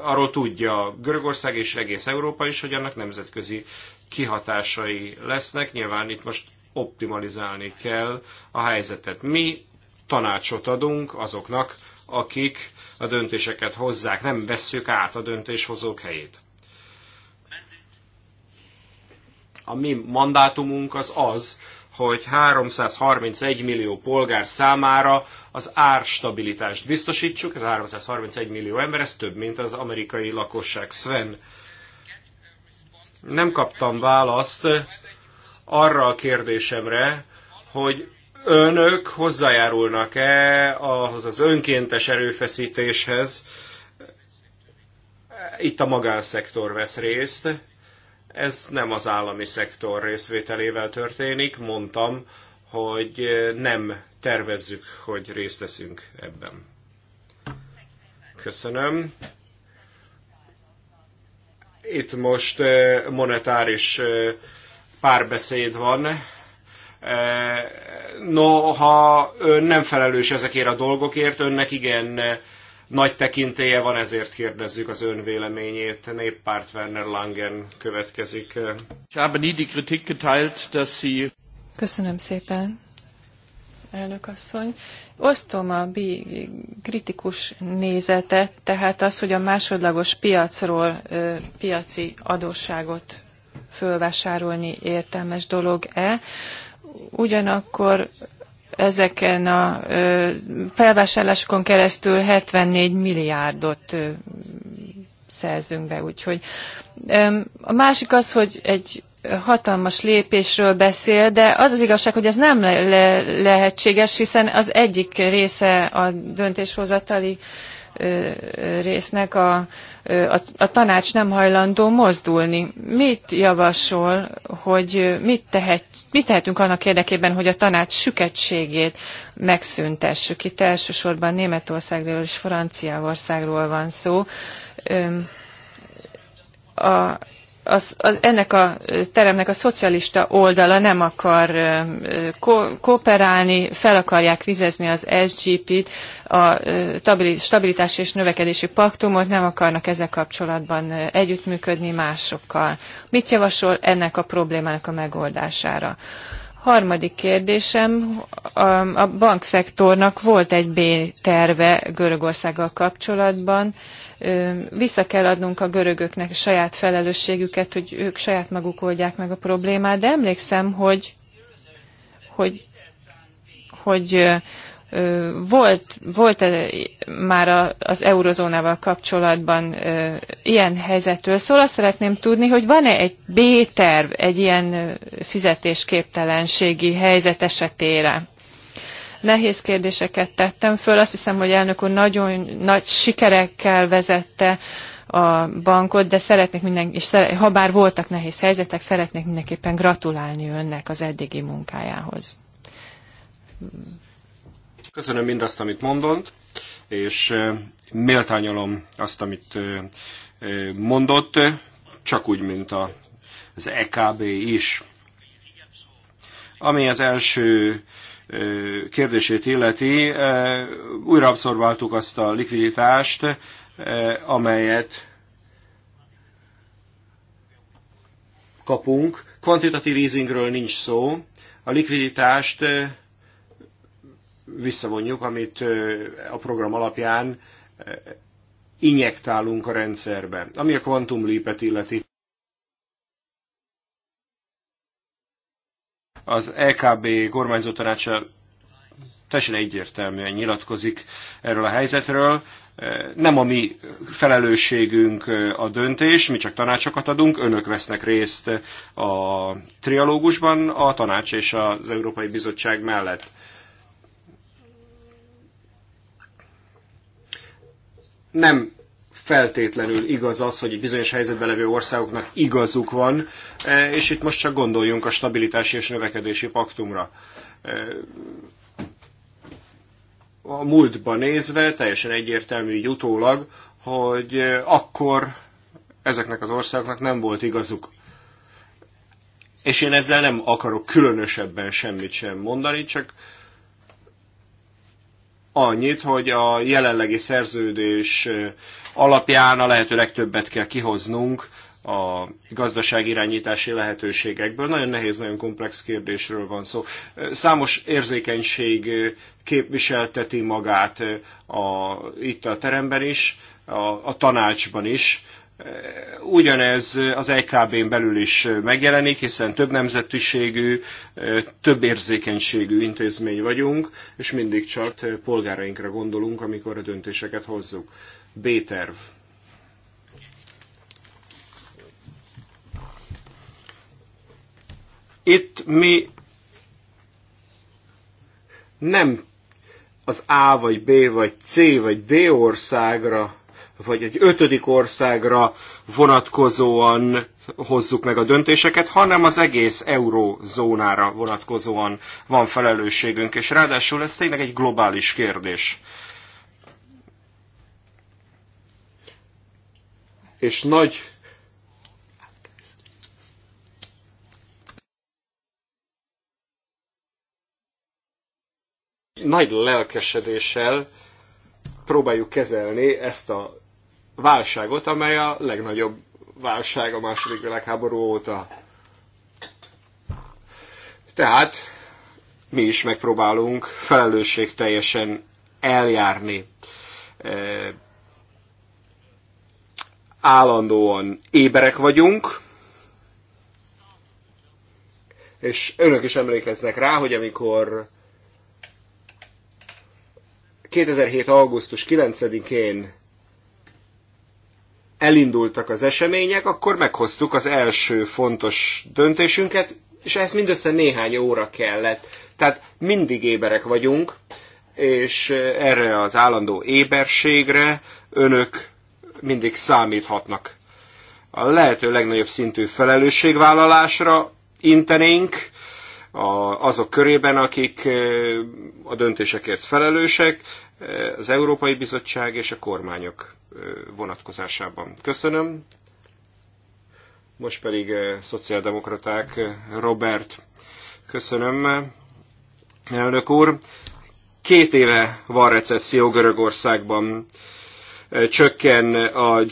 arról tudja Görögország és egész Európa is, hogy annak nemzetközi kihatásai lesznek. Nyilván itt most optimalizálni kell a helyzetet. Mi tanácsot adunk azoknak, akik a döntéseket hozzák, nem vesszük át a döntéshozók helyét. A mi mandátumunk az az, hogy 331 millió polgár számára az árstabilitást biztosítsuk. Ez 331 millió ember, ez több, mint az amerikai lakosság. Sven, nem kaptam választ arra a kérdésemre, hogy önök hozzájárulnak-e ahhoz az önkéntes erőfeszítéshez, itt a magánszektor vesz részt, ez nem az állami szektor részvételével történik, mondtam, hogy nem tervezzük, hogy részt veszünk ebben. Köszönöm. Itt most eh, monetáris eh, párbeszéd van. Eh, no, ha ön nem felelős ezekért a dolgokért, önnek igen nagy tekintélye van, ezért kérdezzük az ön véleményét. Néppárt Werner Langen következik. Köszönöm szépen, elnök asszony. Osztom a bi- kritikus nézetet, tehát az, hogy a másodlagos piacról piaci adósságot fölvásárolni értelmes dolog-e. Ugyanakkor ezeken a felvásárlásokon keresztül 74 milliárdot szerzünk be. Úgyhogy a másik az, hogy egy hatalmas lépésről beszél, de az az igazság, hogy ez nem le- le- lehetséges, hiszen az egyik része a döntéshozatali résznek a, a, a tanács nem hajlandó mozdulni. Mit javasol, hogy mit, tehet, mit tehetünk annak érdekében, hogy a tanács süketségét megszüntessük? Itt elsősorban Németországról és Franciaországról van szó. A, az, az, ennek a teremnek a szocialista oldala nem akar ko, kooperálni, fel akarják vizezni az SGP-t, a stabilitási és növekedési paktumot, nem akarnak ezzel kapcsolatban együttműködni másokkal. Mit javasol ennek a problémának a megoldására? Harmadik kérdésem, a bankszektornak volt egy B-terve Görögországgal kapcsolatban. Vissza kell adnunk a görögöknek a saját felelősségüket, hogy ők saját maguk oldják meg a problémát, de emlékszem, hogy, hogy, hogy volt, volt -e már az eurozónával kapcsolatban ilyen helyzetről szól, azt szeretném tudni, hogy van-e egy B-terv egy ilyen fizetésképtelenségi helyzet esetére? nehéz kérdéseket tettem föl. Azt hiszem, hogy elnök úr nagyon nagy sikerekkel vezette a bankot, de szeretnék minden, és szere, ha bár voltak nehéz helyzetek, szeretnék mindenképpen gratulálni önnek az eddigi munkájához. Köszönöm mindazt, amit mondott, és méltányolom azt, amit mondott, csak úgy, mint az EKB is. Ami az első kérdését illeti, újra abszorbáltuk azt a likviditást, amelyet kapunk. Kvantitatív easingről nincs szó. A likviditást visszavonjuk, amit a program alapján injektálunk a rendszerbe. Ami a Quantum Leap-et illeti. Az LKB e kormányzó tanácsa teljesen egyértelműen nyilatkozik erről a helyzetről. Nem a mi felelősségünk a döntés, mi csak tanácsokat adunk, önök vesznek részt a trialógusban a tanács és az Európai Bizottság mellett. nem feltétlenül igaz az, hogy bizonyos helyzetben levő országoknak igazuk van, e, és itt most csak gondoljunk a stabilitási és növekedési paktumra. E, a múltba nézve teljesen egyértelmű így utólag, hogy e, akkor ezeknek az országoknak nem volt igazuk. És én ezzel nem akarok különösebben semmit sem mondani, csak annyit, hogy a jelenlegi szerződés alapján a lehető legtöbbet kell kihoznunk a gazdaság irányítási lehetőségekből. Nagyon nehéz, nagyon komplex kérdésről van szó. Számos érzékenység képviselteti magát a, itt a teremben is, a, a tanácsban is. Ugyanez az EKB-n belül is megjelenik, hiszen több nemzetiségű, több érzékenységű intézmény vagyunk, és mindig csak polgárainkra gondolunk, amikor a döntéseket hozzuk. B-terv. Itt mi nem az A vagy B vagy C vagy D országra vagy egy ötödik országra vonatkozóan hozzuk meg a döntéseket, hanem az egész eurózónára vonatkozóan van felelősségünk, és ráadásul ez tényleg egy globális kérdés. És nagy nagy lelkesedéssel próbáljuk kezelni ezt a válságot, amely a legnagyobb válság a második világháború óta. Tehát mi is megpróbálunk teljesen eljárni. E, állandóan éberek vagyunk, és önök is emlékeznek rá, hogy amikor 2007. augusztus 9-én elindultak az események, akkor meghoztuk az első fontos döntésünket, és ehhez mindössze néhány óra kellett. Tehát mindig éberek vagyunk, és erre az állandó éberségre önök mindig számíthatnak. A lehető legnagyobb szintű felelősségvállalásra intenénk, azok körében, akik a döntésekért felelősek, az Európai Bizottság és a kormányok vonatkozásában. Köszönöm. Most pedig szociáldemokraták Robert. Köszönöm, elnök úr. Két éve van recesszió Görögországban csökken a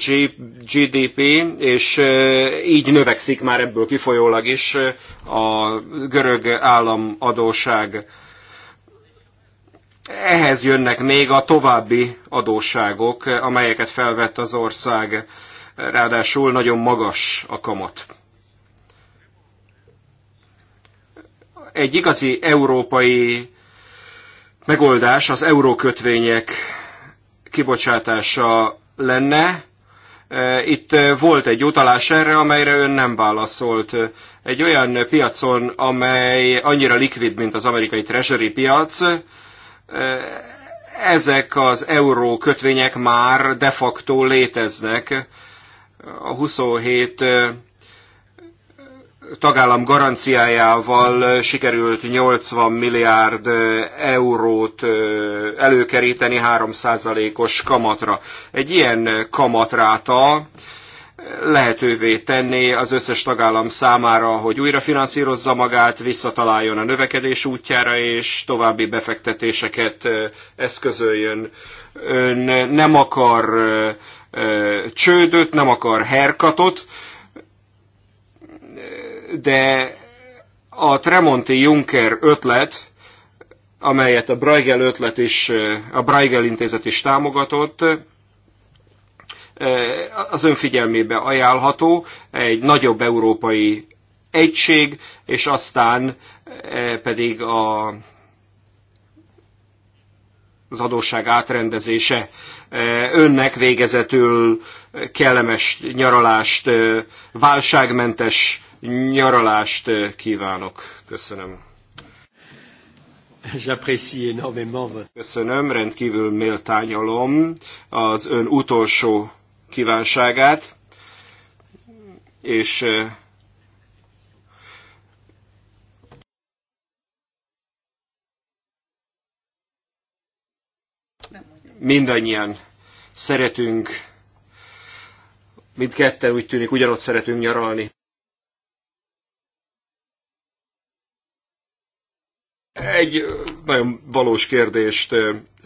GDP, és így növekszik már ebből kifolyólag is a görög állam adóság. Ehhez jönnek még a további adósságok, amelyeket felvett az ország, ráadásul nagyon magas a kamat. Egy igazi európai megoldás az eurókötvények kibocsátása lenne. E, itt e, volt egy utalás erre, amelyre ön nem válaszolt. Egy olyan piacon, amely annyira likvid, mint az amerikai treasury piac, e, ezek az euró kötvények már de facto léteznek. A 27 tagállam garanciájával sikerült 80 milliárd eurót előkeríteni 3%-os kamatra. Egy ilyen kamatráta lehetővé tenni az összes tagállam számára, hogy újra finanszírozza magát, visszataláljon a növekedés útjára, és további befektetéseket eszközöljön. Ön nem akar csődöt, nem akar herkatot, de a Tremonti Juncker ötlet, amelyet a Braigel ötlet is, a Braigel intézet is támogatott, az önfigyelmébe ajánlható, egy nagyobb európai egység, és aztán pedig a, az adósság átrendezése. Önnek végezetül kellemes nyaralást, válságmentes nyaralást eh, kívánok. Köszönöm. Köszönöm, rendkívül méltányolom az ön utolsó kívánságát, és eh, mindannyian szeretünk, mindketten úgy tűnik, ugyanott szeretünk nyaralni. Egy nagyon valós kérdést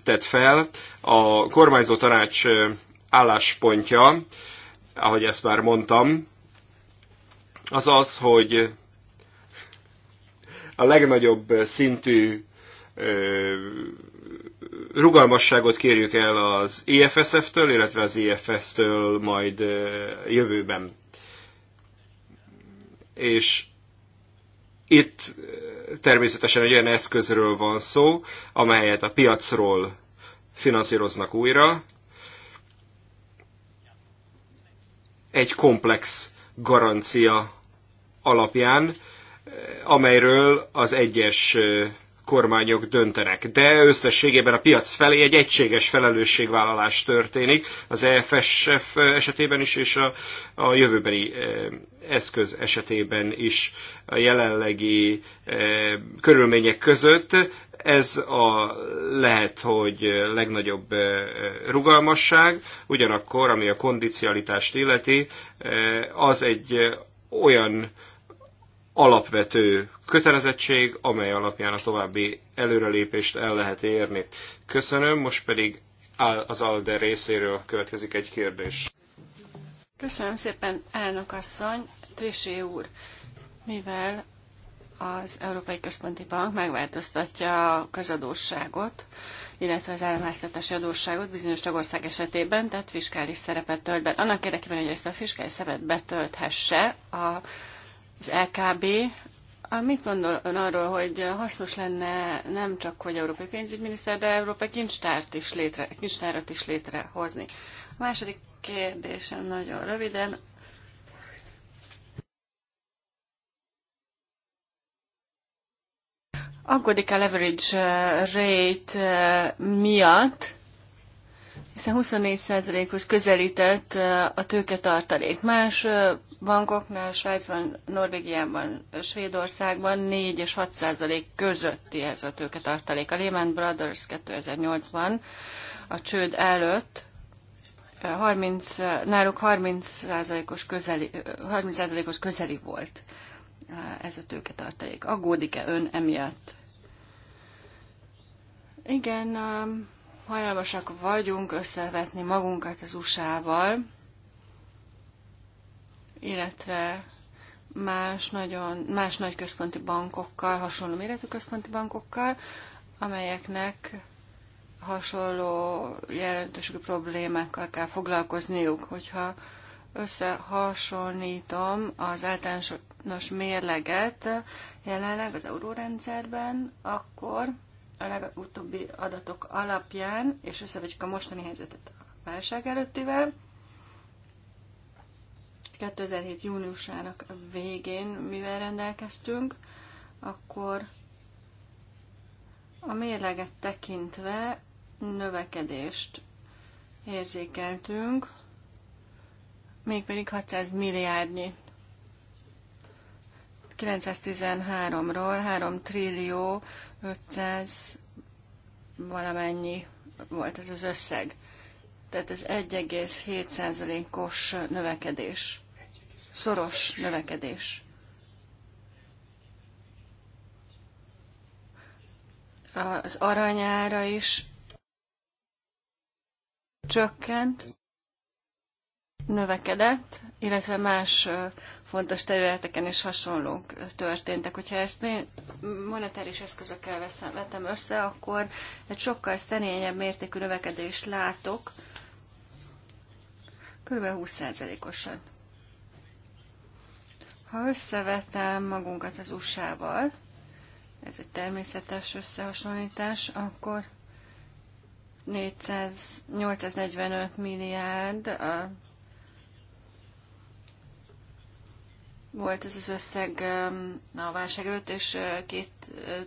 tett fel. A kormányzó tanács álláspontja, ahogy ezt már mondtam, az az, hogy a legnagyobb szintű rugalmasságot kérjük el az EFSF-től, illetve az EFS-től majd jövőben. És itt természetesen egy olyan eszközről van szó, amelyet a piacról finanszíroznak újra. Egy komplex garancia alapján, amelyről az egyes kormányok döntenek. De összességében a piac felé egy egységes felelősségvállalás történik, az EFSF esetében is, és a, a jövőbeni e, eszköz esetében is a jelenlegi e, körülmények között. Ez a lehet, hogy legnagyobb e, rugalmasság, ugyanakkor, ami a kondicionalitást illeti, az egy olyan alapvető kötelezettség, amely alapján a további előrelépést el lehet érni. Köszönöm, most pedig az ALDE részéről következik egy kérdés. Köszönöm szépen, elnök asszony, Trisé úr. Mivel az Európai Központi Bank megváltoztatja a közadósságot, illetve az államháztartási adósságot bizonyos tagország esetében, tehát fiskális szerepet tölt be. Annak érdekében, hogy ezt a fiskális szerepet betölthesse, a az LKB. Mit gondol ön arról, hogy hasznos lenne nem csak, hogy európai pénzügyminiszter, de európai kincstárt is létre, kincstárat is létrehozni? A második kérdésem nagyon röviden. Aggódik a leverage eh, rate eh, miatt, hiszen 24%-hoz közelített a tőketartalék. Más bankoknál, Svájcban, Norvégiában, Svédországban 4 és 6 százalék közötti ez a tőketartalék. A Lehman Brothers 2008-ban a csőd előtt 30, náluk 30%-os közeli, 30%-os közeli volt ez a tőketartalék. Aggódik-e ön emiatt? Igen, hajlamosak vagyunk összevetni magunkat az USA-val, illetve más, nagyon, más nagy központi bankokkal, hasonló méretű központi bankokkal, amelyeknek hasonló jelentőségű problémákkal kell foglalkozniuk. Hogyha összehasonlítom az általános mérleget jelenleg az eurórendszerben, akkor a legutóbbi adatok alapján, és összevetjük a mostani helyzetet a válság előttivel, 2007. júniusának végén, mivel rendelkeztünk, akkor a mérleget tekintve növekedést érzékeltünk, mégpedig 600 milliárdnyi. 913-ról 3 trillió 500 valamennyi volt ez az összeg. Tehát ez 1,7%-os növekedés, szoros növekedés. Az aranyára is csökkent, növekedett, illetve más fontos területeken is hasonlók történtek. Hogyha ezt monetáris eszközökkel veszem, vetem össze, akkor egy sokkal szerényebb mértékű növekedést látok, kb. 20%-osan. Ha összevetem magunkat az USA-val, ez egy természetes összehasonlítás, akkor 400, 845 milliárd a volt ez az összeg um, a válság előtt, és uh, két uh,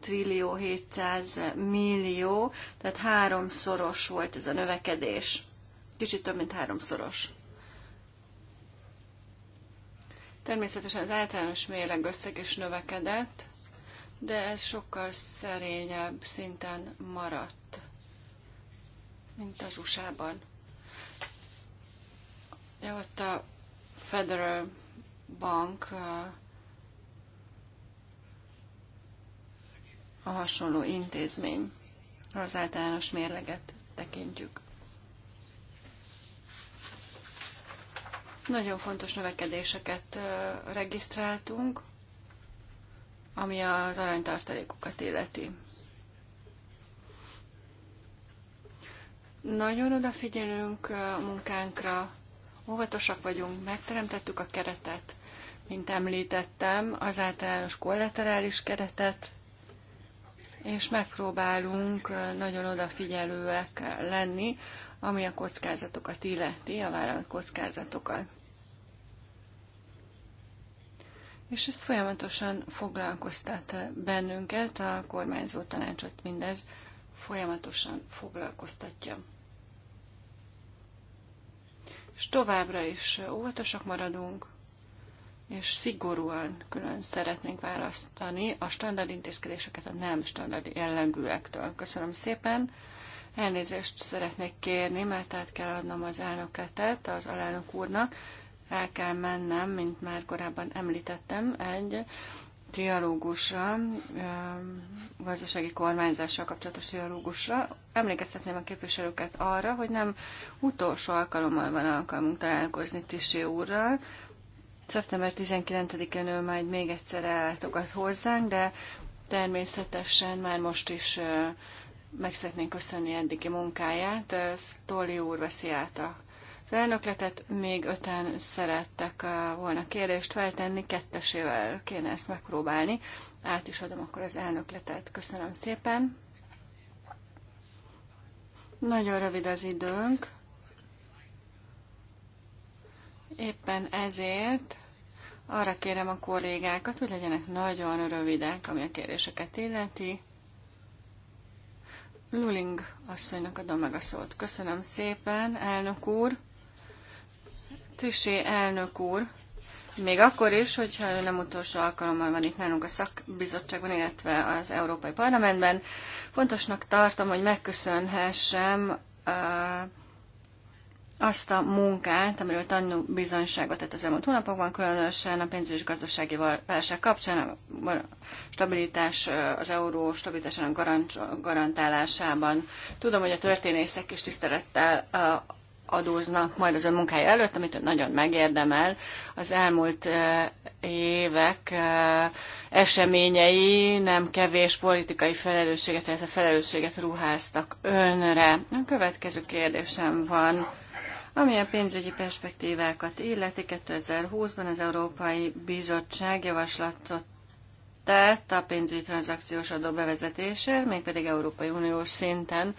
trillió 700 millió, tehát háromszoros volt ez a növekedés. Kicsit több, mint háromszoros. Természetesen az általános összeg is növekedett, de ez sokkal szerényebb szinten maradt, mint az USA-ban. Ja, ott a Federal bank a hasonló intézmény, az általános mérleget tekintjük. Nagyon fontos növekedéseket regisztráltunk, ami az aranytartalékokat illeti. Nagyon odafigyelünk a munkánkra, Óvatosak vagyunk, megteremtettük a keretet, mint említettem, az általános kollaterális keretet, és megpróbálunk nagyon odafigyelőek lenni, ami a kockázatokat illeti, a vállalat kockázatokat. És ez folyamatosan foglalkoztat bennünket, a kormányzó tanácsot mindez folyamatosan foglalkoztatja és továbbra is óvatosak maradunk, és szigorúan külön szeretnénk választani a standard intézkedéseket a nem standard jellegűektől. Köszönöm szépen! Elnézést szeretnék kérni, mert át kell adnom az elnöketet az alelnök úrnak. El kell mennem, mint már korábban említettem, egy trialógusra, um, gazdasági kormányzással kapcsolatos trialógusra. Emlékeztetném a képviselőket arra, hogy nem utolsó alkalommal van alkalmunk találkozni Tisi úrral. Szeptember 19-én ő majd még egyszer ellátogat hozzánk, de természetesen már most is uh, meg szeretnénk köszönni eddigi munkáját. Ez Tóli úr veszi át a az elnökletet, még öten szerettek uh, volna kérdést feltenni, kettesével kéne ezt megpróbálni. Át is adom akkor az elnökletet. Köszönöm szépen. Nagyon rövid az időnk. Éppen ezért arra kérem a kollégákat, hogy legyenek nagyon rövidek, ami a kérdéseket illeti. Luling asszonynak adom meg a szót. Köszönöm szépen, elnök úr! Tüssé elnök úr, még akkor is, hogyha nem utolsó alkalommal van itt nálunk a szakbizottságban, illetve az Európai Parlamentben, fontosnak tartom, hogy megköszönhessem uh, azt a munkát, amiről tanul bizonyságot tett az elmúlt hónapokban, különösen a pénzügyi és gazdasági válság kapcsán, a stabilitás, uh, az euró stabilitásának garantálásában. Tudom, hogy a történészek is tisztelettel uh, adóznak majd az ön munkája előtt, amit ön nagyon megérdemel. Az elmúlt eh, évek eh, eseményei nem kevés politikai felelősséget, illetve felelősséget ruháztak önre. A következő kérdésem van. Ami a pénzügyi perspektívákat illeti, 2020-ban az Európai Bizottság javaslatot tett a pénzügyi tranzakciós adó bevezetésére, mégpedig Európai Uniós szinten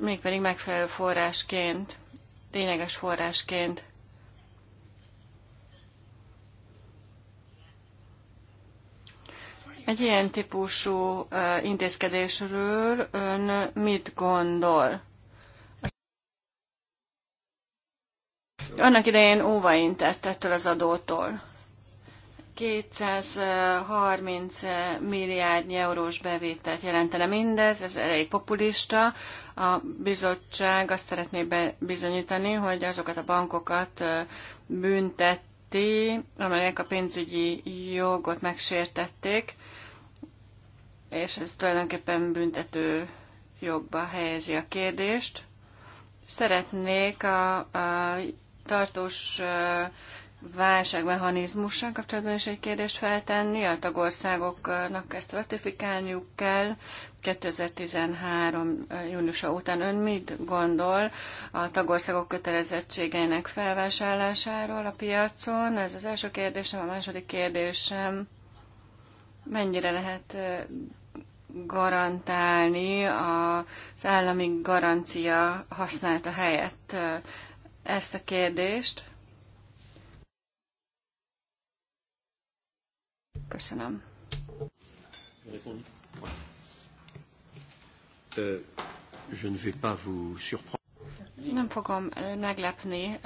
mégpedig megfelelő forrásként, tényleges forrásként. Egy ilyen típusú intézkedésről ön mit gondol? Annak idején óvaintett ettől az adótól. 230 milliárd eurós bevételt jelentene mindez, ez elég populista. A bizottság azt szeretné bizonyítani, hogy azokat a bankokat bünteti, amelyek a pénzügyi jogot megsértették, és ez tulajdonképpen büntető jogba helyezi a kérdést. Szeretnék a, a tartós válságmechanizmussal kapcsolatban is egy kérdést feltenni. A tagországoknak ezt ratifikálniuk kell. 2013. júniusa után ön mit gondol a tagországok kötelezettségeinek felvásárlásáról a piacon? Ez az első kérdésem, a második kérdésem. Mennyire lehet garantálni az állami garancia használta helyett ezt a kérdést? Köszönöm. Nem fogom meglepni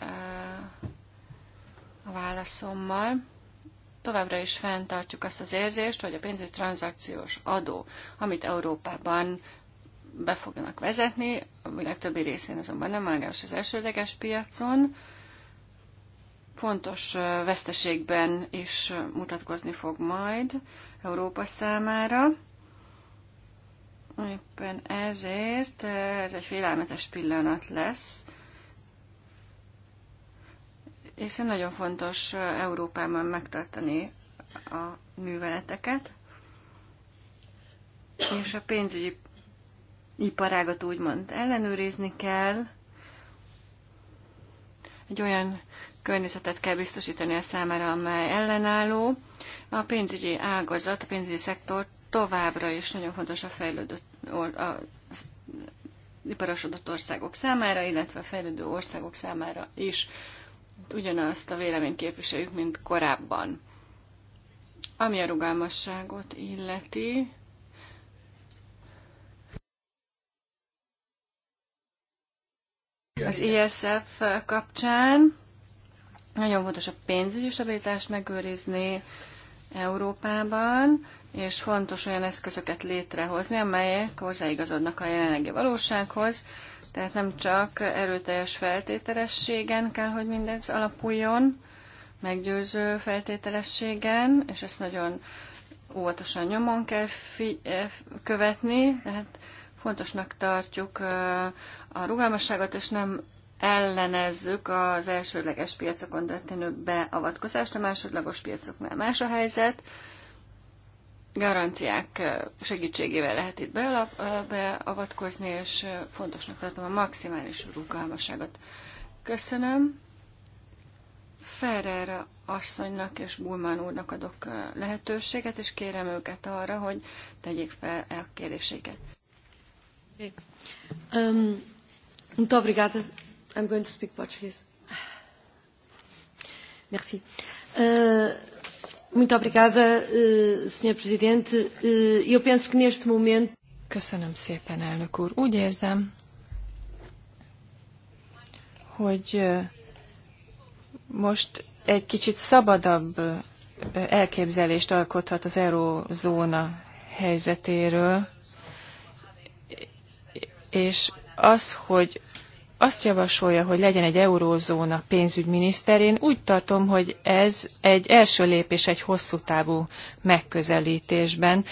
a válaszommal. Továbbra is fenntartjuk azt az érzést, hogy a pénzügyi tranzakciós adó, amit Európában be fognak vezetni, a világ többi részén azonban nem, legalábbis az elsődleges piacon, fontos veszteségben is mutatkozni fog majd Európa számára. Éppen ezért ez egy félelmetes pillanat lesz, hiszen nagyon fontos Európában megtartani a műveleteket, és a pénzügyi iparágat úgymond ellenőrizni kell, egy olyan környezetet kell biztosítani a számára, amely ellenálló. A pénzügyi ágazat, a pénzügyi szektor továbbra is nagyon fontos a fejlődött a iparosodott országok számára, illetve a fejlődő országok számára is. Ugyanazt a véleményt képviseljük, mint korábban. Ami a rugalmasságot illeti, az ISF kapcsán nagyon fontos a pénzügyi stabilitást megőrizni Európában, és fontos olyan eszközöket létrehozni, amelyek hozzáigazodnak a jelenlegi valósághoz, tehát nem csak erőteljes feltételességen kell, hogy mindez alapuljon, meggyőző feltételességen, és ezt nagyon óvatosan nyomon kell eh, követni, tehát fontosnak tartjuk eh, a rugalmasságot, és nem ellenezzük az elsődleges piacokon történő beavatkozást, a másodlagos piacoknál más a helyzet. Garanciák segítségével lehet itt beavatkozni, és fontosnak tartom a maximális rugalmasságot. Köszönöm. Ferrer asszonynak és Bulman úrnak adok lehetőséget, és kérem őket arra, hogy tegyék fel e a kérdéseiket. Um, muito obrigada I'm going to speak Portuguese. Merci. Uh, muito obrigada, uh, eh, Sr. Presidente. Uh, eu penso que neste momento... Köszönöm szépen, elnök úr. Úgy érzem, hogy most egy kicsit szabadabb elképzelést alkothat az eurozóna helyzetéről, és az, hogy azt javasolja, hogy legyen egy eurózóna pénzügyminiszter, én úgy tartom, hogy ez egy első lépés egy hosszú távú megközelítésben,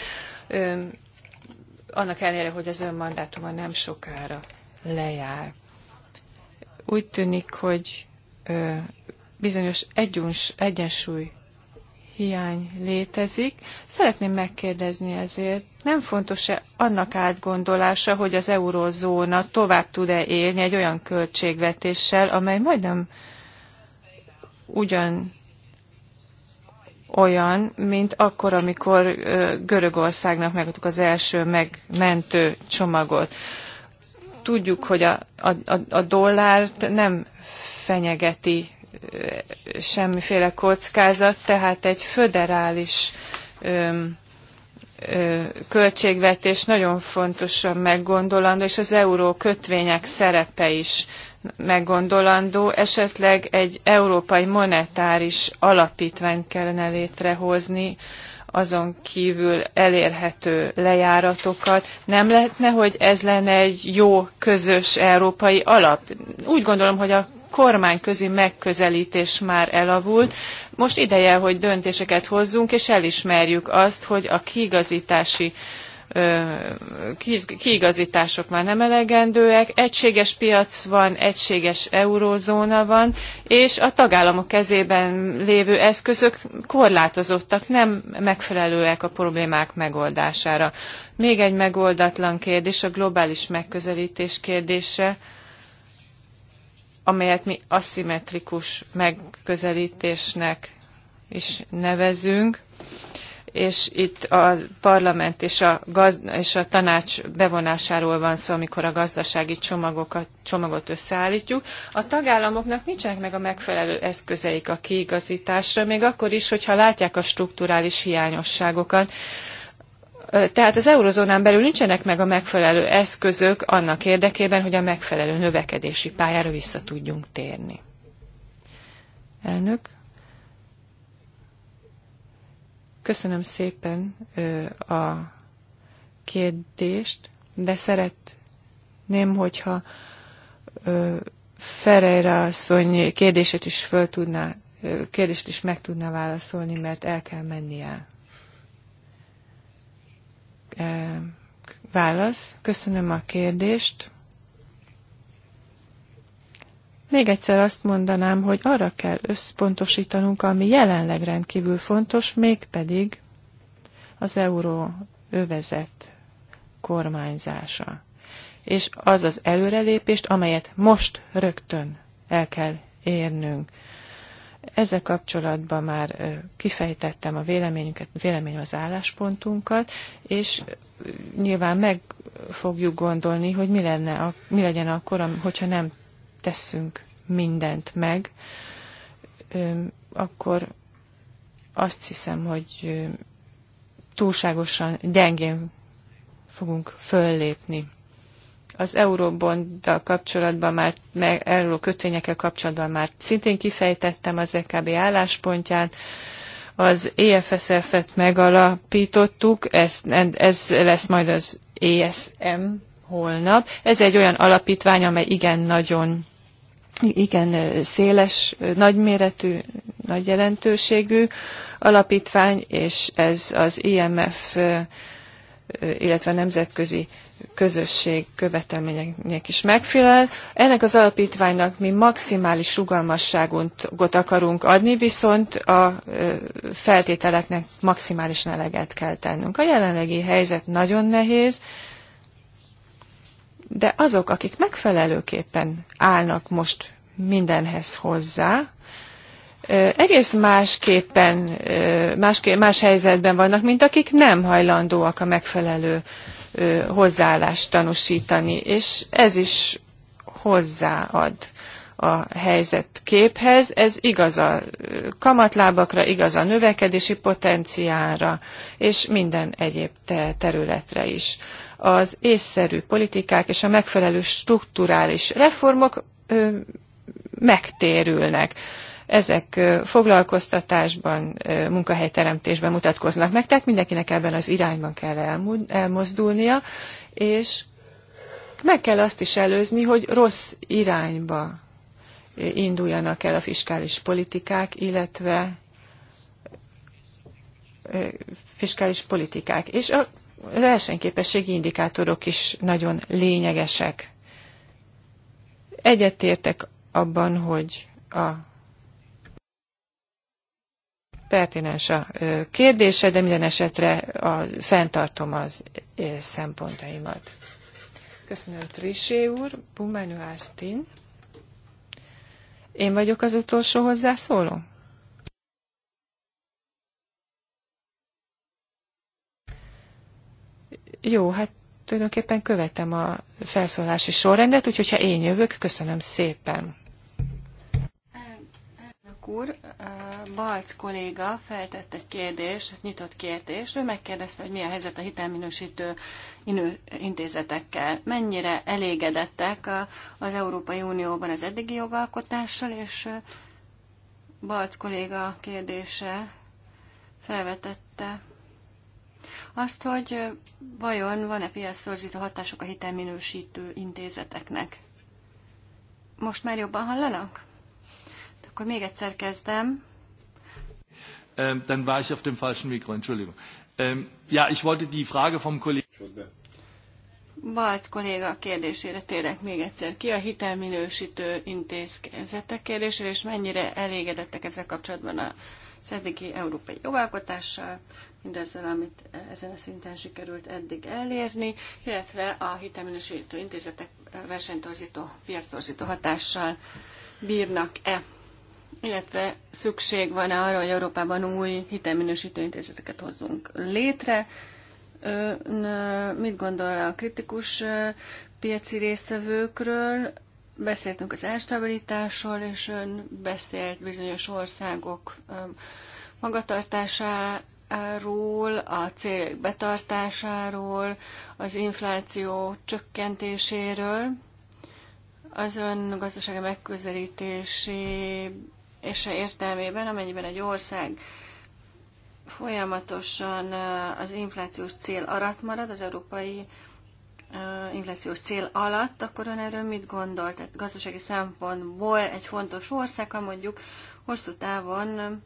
annak ellenére, hogy az ön mandátuma nem sokára lejár. Úgy tűnik, hogy bizonyos egyensúly hiány létezik. Szeretném megkérdezni ezért, nem fontos-e annak átgondolása, hogy az eurozóna tovább tud-e élni egy olyan költségvetéssel, amely majdnem ugyan olyan, mint akkor, amikor Görögországnak megadtuk az első megmentő csomagot. Tudjuk, hogy a, a, a dollárt nem fenyegeti semmiféle kockázat, tehát egy föderális költségvetés nagyon fontosan meggondolandó, és az euró kötvények szerepe is meggondolandó. Esetleg egy európai monetáris alapítványt kellene létrehozni, azon kívül elérhető lejáratokat. Nem lehetne, hogy ez lenne egy jó közös európai alap? Úgy gondolom, hogy a kormányközi megközelítés már elavult. Most ideje, hogy döntéseket hozzunk, és elismerjük azt, hogy a kiigazítási kiigazítások már nem elegendőek, egységes piac van, egységes eurózóna van, és a tagállamok kezében lévő eszközök korlátozottak, nem megfelelőek a problémák megoldására. Még egy megoldatlan kérdés, a globális megközelítés kérdése amelyet mi aszimmetrikus megközelítésnek is nevezünk és itt a parlament és a, gaz, és a tanács bevonásáról van szó, amikor a gazdasági csomagokat, csomagot összeállítjuk. A tagállamoknak nincsenek meg a megfelelő eszközeik a kiigazításra, még akkor is, hogyha látják a strukturális hiányosságokat. Tehát az eurozónán belül nincsenek meg a megfelelő eszközök annak érdekében, hogy a megfelelő növekedési pályára vissza tudjunk térni. Elnök. Köszönöm szépen a kérdést, de szeretném, hogyha Ferreira asszony kérdését is föl tudná, kérdést is meg tudná válaszolni, mert el kell mennie. Válasz. Köszönöm a kérdést. Még egyszer azt mondanám, hogy arra kell összpontosítanunk, ami jelenleg rendkívül fontos, mégpedig az euró övezet kormányzása. És az az előrelépést, amelyet most rögtön el kell érnünk. Ezzel kapcsolatban már kifejtettem a véleményünket, vélemény az álláspontunkat, és nyilván meg fogjuk gondolni, hogy mi, lenne, mi legyen akkor, hogyha nem teszünk mindent meg, akkor azt hiszem, hogy túlságosan gyengén fogunk föllépni. Az euróbonddal kapcsolatban már, meg euró kötvényekkel kapcsolatban már szintén kifejtettem az EKB álláspontját, az EFSF-et megalapítottuk, ez, ez lesz majd az ESM holnap. Ez egy olyan alapítvány, amely igen nagyon igen széles, nagyméretű, nagy jelentőségű alapítvány, és ez az IMF, illetve nemzetközi közösség követelményeknek is megfelel. Ennek az alapítványnak mi maximális rugalmasságot akarunk adni, viszont a feltételeknek maximálisan eleget kell tennünk. A jelenlegi helyzet nagyon nehéz, de azok, akik megfelelőképpen állnak most mindenhez hozzá, egész másképpen, másképp, más helyzetben vannak, mint akik nem hajlandóak a megfelelő hozzáállást tanúsítani, és ez is hozzáad a helyzet képhez. Ez igaz a kamatlábakra, igaz a növekedési potenciára, és minden egyéb területre is az észszerű politikák és a megfelelő strukturális reformok megtérülnek. Ezek foglalkoztatásban, munkahelyteremtésben mutatkoznak meg, tehát mindenkinek ebben az irányban kell elmozdulnia, és meg kell azt is előzni, hogy rossz irányba induljanak el a fiskális politikák, illetve fiskális politikák. És a versenyképességi indikátorok is nagyon lényegesek. Egyetértek abban, hogy a pertinens a kérdése, de minden esetre a, fenntartom az szempontaimat. Köszönöm Trisé úr, Bumányu Ásztin. Én vagyok az utolsó hozzászóló? Jó, hát tulajdonképpen követem a felszólási sorrendet, úgyhogy ha én jövök, köszönöm szépen. Elnök úr, eh, Balc kolléga feltett egy kérdést, ez nyitott kérdés. Ő megkérdezte, hogy mi a helyzet a hitelminősítő intézetekkel. Mennyire elégedettek eh, az Európai Unióban az eddigi jogalkotással, és eh, Balc kolléga kérdése felvetette azt, hogy vajon van-e piactorzító hatások a hitelminősítő intézeteknek. Most már jobban hallanak? Akkor még egyszer kezdem. Ähm, dann war ich auf dem falschen Mikro, Entschuldigung. Ähm, ja, ich wollte die Frage vom Kollegen... Balc kolléga kérdésére térek még egyszer ki, a hitelminősítő intézetek kérdésére, és mennyire elégedettek ezzel kapcsolatban a eddigi európai jogalkotással mindezzel, amit ezen a szinten sikerült eddig elérni, illetve a hitelminősítő intézetek versenytorzító, piactorzító hatással bírnak-e, illetve szükség van-e arra, hogy Európában új hitelminősítő intézeteket hozzunk létre. Ön mit gondol a kritikus piaci résztvevőkről? Beszéltünk az elstabilitásról, és ön beszélt bizonyos országok magatartásáról, ról, a célok betartásáról, az infláció csökkentéséről, az ön gazdasági megközelítési és értelmében, amennyiben egy ország folyamatosan eh, az inflációs cél arat marad, az európai eh, inflációs cél alatt, akkor ön erről mit gondol? Tehát gazdasági szempontból egy fontos ország, ha mondjuk hosszú távon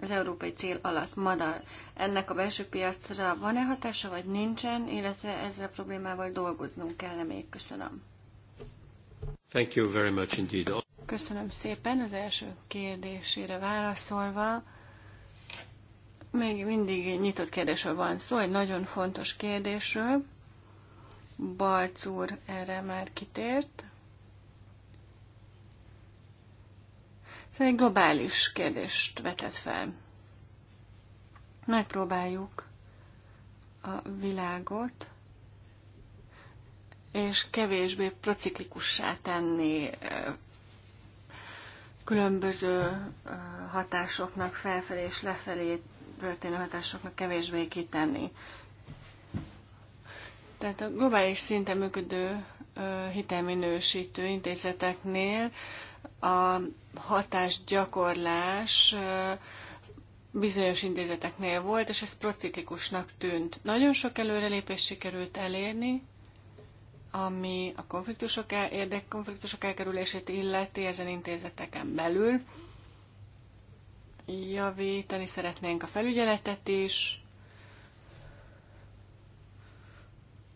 az európai cél alatt madar. Ennek a belső piacra van-e hatása, vagy nincsen, illetve ezzel a problémával dolgoznunk kell -e még? Köszönöm. Thank you very much indeed. Köszönöm szépen az első kérdésére válaszolva. Még mindig nyitott kérdésről van szó, egy nagyon fontos kérdésről. Balc úr erre már kitért. Ez egy globális kérdést vetett fel. Megpróbáljuk a világot, és kevésbé prociklikussá tenni különböző hatásoknak felfelé és lefelé történő hatásoknak kevésbé kitenni. Tehát a globális szinten működő hitelminősítő intézeteknél a hatásgyakorlás bizonyos intézeteknél volt, és ez prociklikusnak tűnt. Nagyon sok előrelépést sikerült elérni, ami a konfliktusok, érdekkonfliktusok elkerülését illeti ezen intézeteken belül. Javítani szeretnénk a felügyeletet is.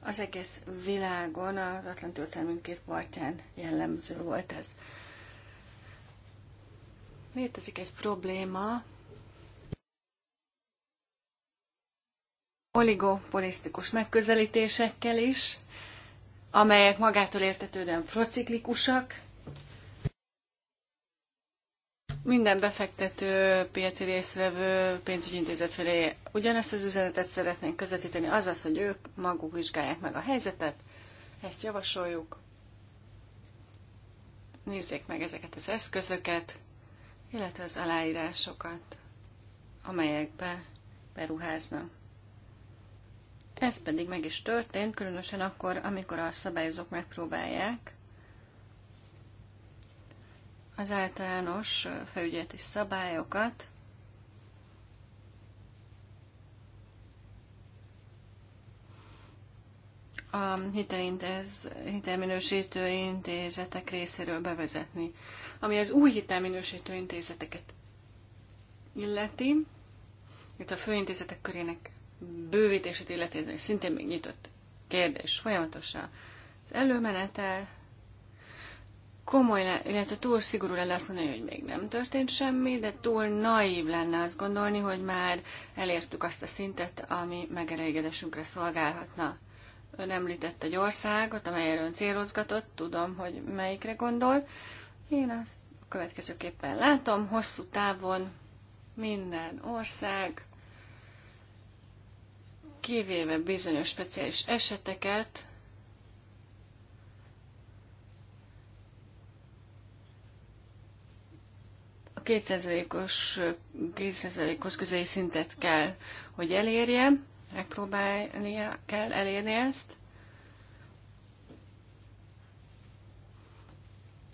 Az egész világon, az Atlanti óceán mindkét partján jellemző volt ez. Létezik egy probléma, oligopolisztikus megközelítésekkel is, amelyek magától értetődően prociklikusak. Minden befektető, piaci részvevő, pénzügyi intézet felé ugyanezt az üzenetet szeretnénk közvetíteni, azaz, hogy ők maguk vizsgálják meg a helyzetet, ezt javasoljuk. Nézzék meg ezeket az eszközöket, illetve az aláírásokat, amelyekbe beruháznak. Ez pedig meg is történt, különösen akkor, amikor a szabályozók megpróbálják az általános felügyeleti szabályokat a hitelintéz, hitelminősítő intézetek részéről bevezetni ami az új hitelminősítő intézeteket illeti, itt a főintézetek körének bővítését illeti, ez szintén még nyitott kérdés folyamatosan. Az előmenete komoly, le, illetve túl szigorú lenne azt mondani, hogy még nem történt semmi, de túl naív lenne azt gondolni, hogy már elértük azt a szintet, ami megelégedésünkre szolgálhatna. Ön említett egy országot, amelyről ön célozgatott, tudom, hogy melyikre gondol. Én azt következőképpen látom, hosszú távon minden ország, kivéve bizonyos speciális eseteket, a 2%-os, 2%-os közeli szintet kell, hogy elérje, megpróbálnia kell elérni ezt.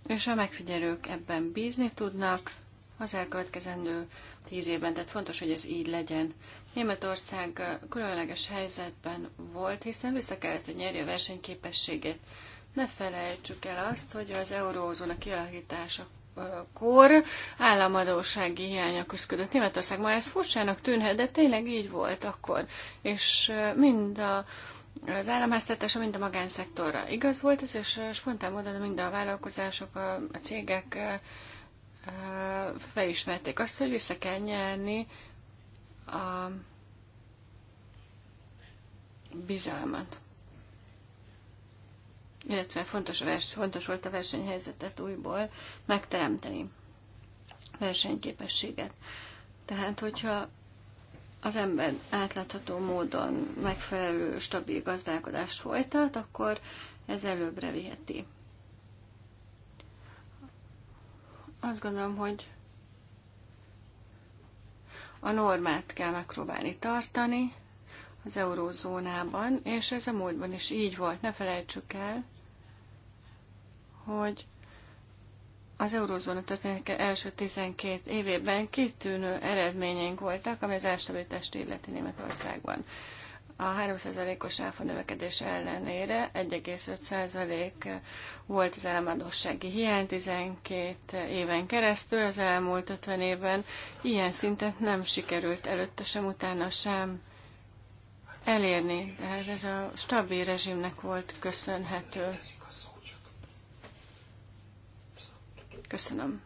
és a megfigyelők ebben bízni tudnak az elkövetkezendő tíz évben, tehát fontos, hogy ez így legyen. Németország különleges helyzetben volt, hiszen vissza kellett, hogy nyerje a versenyképességét. Ne felejtsük el azt, hogy az eurózóna kialakítása kor államadósági hiánya küzdött Németország. Ma ez furcsának tűnhet, de tényleg így volt akkor. És mind a az államháztartása, mind a magánszektorra. Igaz volt ez, és spontán módon mind a vállalkozások, a, a cégek felismerték azt, hogy vissza kell nyerni a bizalmat. Illetve fontos, a vers, fontos volt a versenyhelyzetet újból megteremteni, versenyképességet. Tehát, hogyha az ember átlátható módon megfelelő, stabil gazdálkodást folytat, akkor ez előbbre viheti. Azt gondolom, hogy a normát kell megpróbálni tartani az eurózónában, és ez a múltban is így volt. Ne felejtsük el, hogy az eurózóna történetek első 12 évében kitűnő eredményeink voltak, ami az elstabilitást illeti Németországban. A 3%-os áfa növekedés ellenére 1,5% volt az államadósági hiány 12 éven keresztül, az elmúlt 50 évben ilyen szintet nem sikerült előtte sem, utána sem elérni. Tehát ez a stabil rezsimnek volt köszönhető. Köszönöm.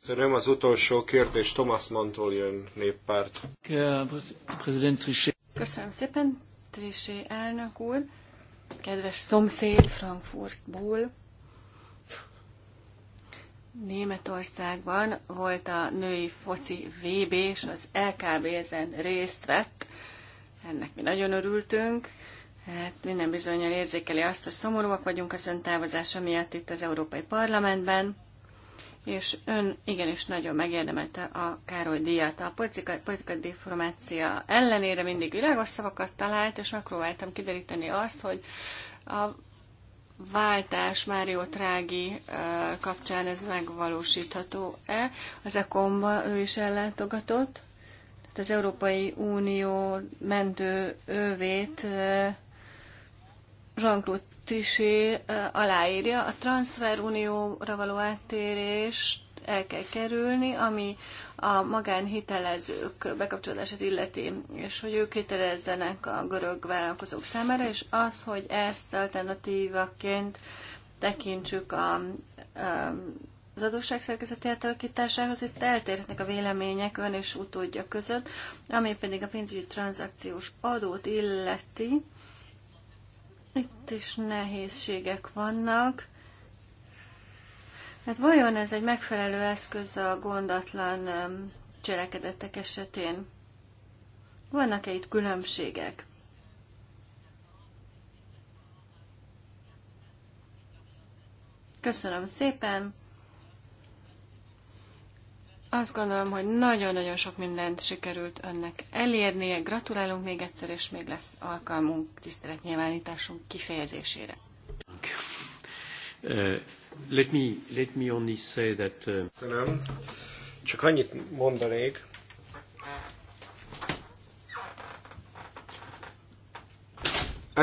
Köszönöm. Az utolsó kérdés Thomas Mantól jön, néppárt. Köszönöm szépen, Trisé elnök úr, kedves szomszéd Frankfurtból. Németországban volt a női foci VB, és az LKB ezen részt vett. Ennek mi nagyon örültünk. Hát minden bizonyal érzékeli azt, hogy szomorúak vagyunk az ön távozása miatt itt az Európai Parlamentben, és ön igenis nagyon megérdemelte a Károly díjat. A politikai politika diplomácia ellenére mindig világos szavakat talált, és megpróbáltam kideríteni azt, hogy a váltás Mário Trági kapcsán ez megvalósítható-e. Az ECOM-ba ő is ellátogatott, tehát az Európai Unió mentő ővét Jean-Claude Trichet aláírja, a transferunióra való áttérést el kell kerülni, ami a magánhitelezők bekapcsolását illeti, és hogy ők hitelezzenek a görög vállalkozók számára, és az, hogy ezt alternatívaként tekintsük a, az szerkezeti átalakításához, itt eltérhetnek a vélemények ön és utódja között, ami pedig a pénzügyi tranzakciós adót illeti, itt is nehézségek vannak. Hát vajon ez egy megfelelő eszköz a gondatlan cselekedetek esetén? Vannak-e itt különbségek? Köszönöm szépen! Azt gondolom, hogy nagyon-nagyon sok mindent sikerült önnek elérnie. Gratulálunk még egyszer, és még lesz alkalmunk tiszteletnyilvánításunk kifejezésére. Uh, let me, let me only say that... Uh... Nem, csak annyit mondanék,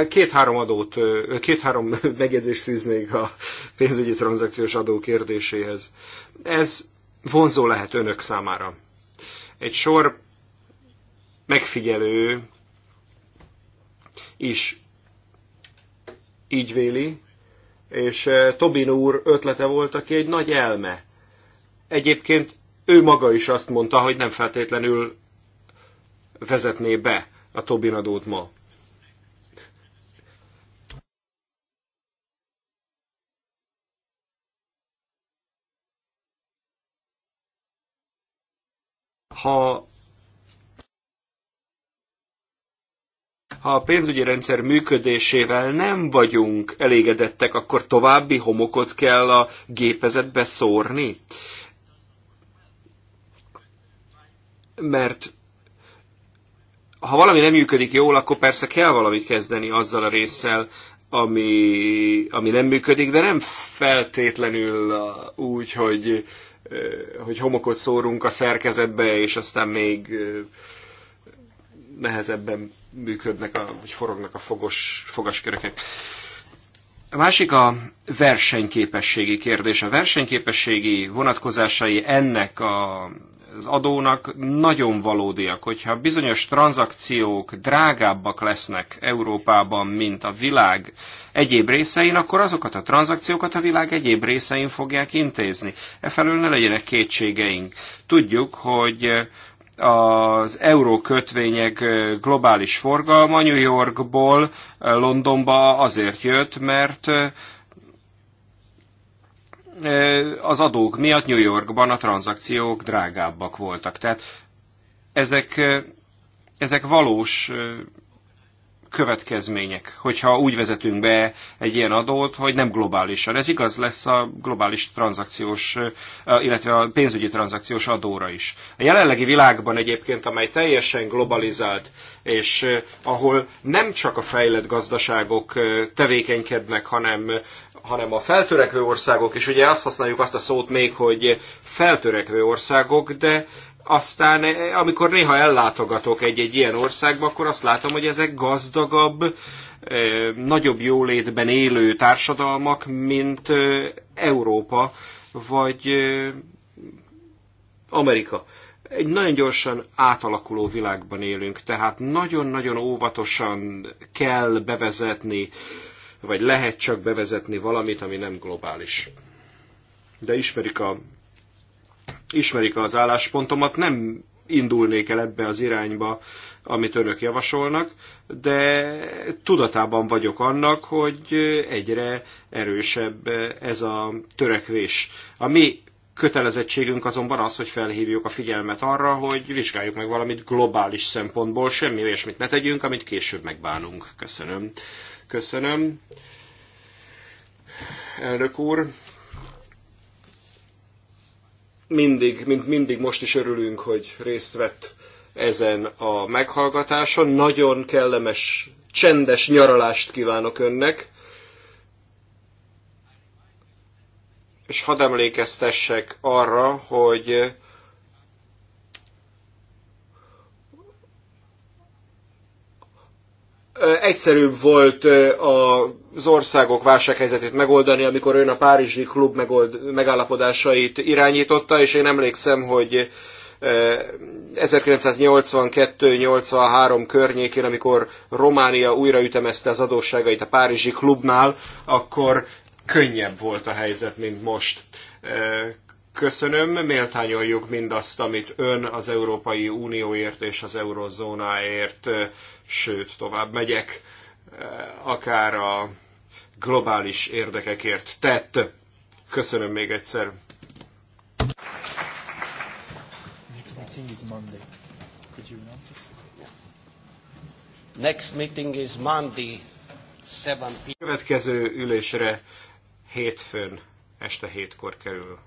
Két-három adót, két-három *laughs* megjegyzést fűznék a pénzügyi tranzakciós adó kérdéséhez. Ez vonzó lehet önök számára. Egy sor megfigyelő is így véli, és eh, Tobin úr ötlete volt, aki egy nagy elme. Egyébként ő maga is azt mondta, hogy nem feltétlenül vezetné be a Tobin adót ma. ha ha a pénzügyi rendszer működésével nem vagyunk elégedettek, akkor további homokot kell a gépezetbe szórni? Mert ha valami nem működik jól, akkor persze kell valamit kezdeni azzal a résszel, ami, ami nem működik, de nem feltétlenül úgy, hogy Eh, hogy homokot szórunk a szerkezetbe, és aztán még eh, nehezebben működnek, a, vagy forognak a fogos, fogaskörökek. A másik a versenyképességi kérdés. A versenyképességi vonatkozásai ennek a az adónak nagyon valódiak. Hogyha bizonyos tranzakciók drágábbak lesznek Európában, mint a világ egyéb részein, akkor azokat a tranzakciókat a világ egyéb részein fogják intézni. Efelől ne legyenek kétségeink. Tudjuk, hogy eh, az eurókötvények eh, globális forgalma New Yorkból eh, Londonba azért jött, mert az adók miatt New Yorkban a tranzakciók drágábbak voltak. Tehát ezek, ezek valós következmények, hogyha úgy vezetünk be egy ilyen adót, hogy nem globálisan. Ez igaz lesz a globális tranzakciós, illetve a pénzügyi tranzakciós adóra is. A jelenlegi világban egyébként, amely teljesen globalizált, és ahol nem csak a fejlett gazdaságok tevékenykednek, hanem hanem a feltörekvő országok, és ugye azt használjuk azt a szót még, hogy feltörekvő országok, de aztán eh, amikor néha ellátogatok egy-egy ilyen országba, akkor azt látom, hogy ezek gazdagabb, eh, nagyobb jólétben élő társadalmak, mint eh, Európa vagy Amerika. Egy nagyon gyorsan átalakuló világban élünk, tehát nagyon-nagyon óvatosan kell bevezetni vagy lehet csak bevezetni valamit, ami nem globális. De ismerik, a, ismerik az álláspontomat, nem indulnék el ebbe az irányba, amit önök javasolnak, de tudatában vagyok annak, hogy egyre erősebb ez a törekvés. A mi kötelezettségünk azonban az, hogy felhívjuk a figyelmet arra, hogy vizsgáljuk meg valamit globális szempontból, semmi olyasmit ne tegyünk, amit később megbánunk. Köszönöm. Köszönöm. Elnök úr, mindig, mint mindig most is örülünk, hogy részt vett ezen a meghallgatáson. Nagyon kellemes, csendes nyaralást kívánok önnek. És hadd emlékeztessek arra, hogy egyszerűbb volt az országok válsághelyzetét megoldani, amikor ön a Párizsi klub megold, megállapodásait irányította, és én emlékszem, hogy 1982-83 környékén, amikor Románia újraütemezte az adósságait a Párizsi klubnál, akkor könnyebb volt a helyzet, mint most. Köszönöm, méltányoljuk mindazt, amit ön az Európai Unióért és az Eurozónáért, sőt, tovább megyek, akár a globális érdekekért tett. Köszönöm még egyszer. Next meeting is Monday, 7 Következő ülésre hétfőn este hétkor kerül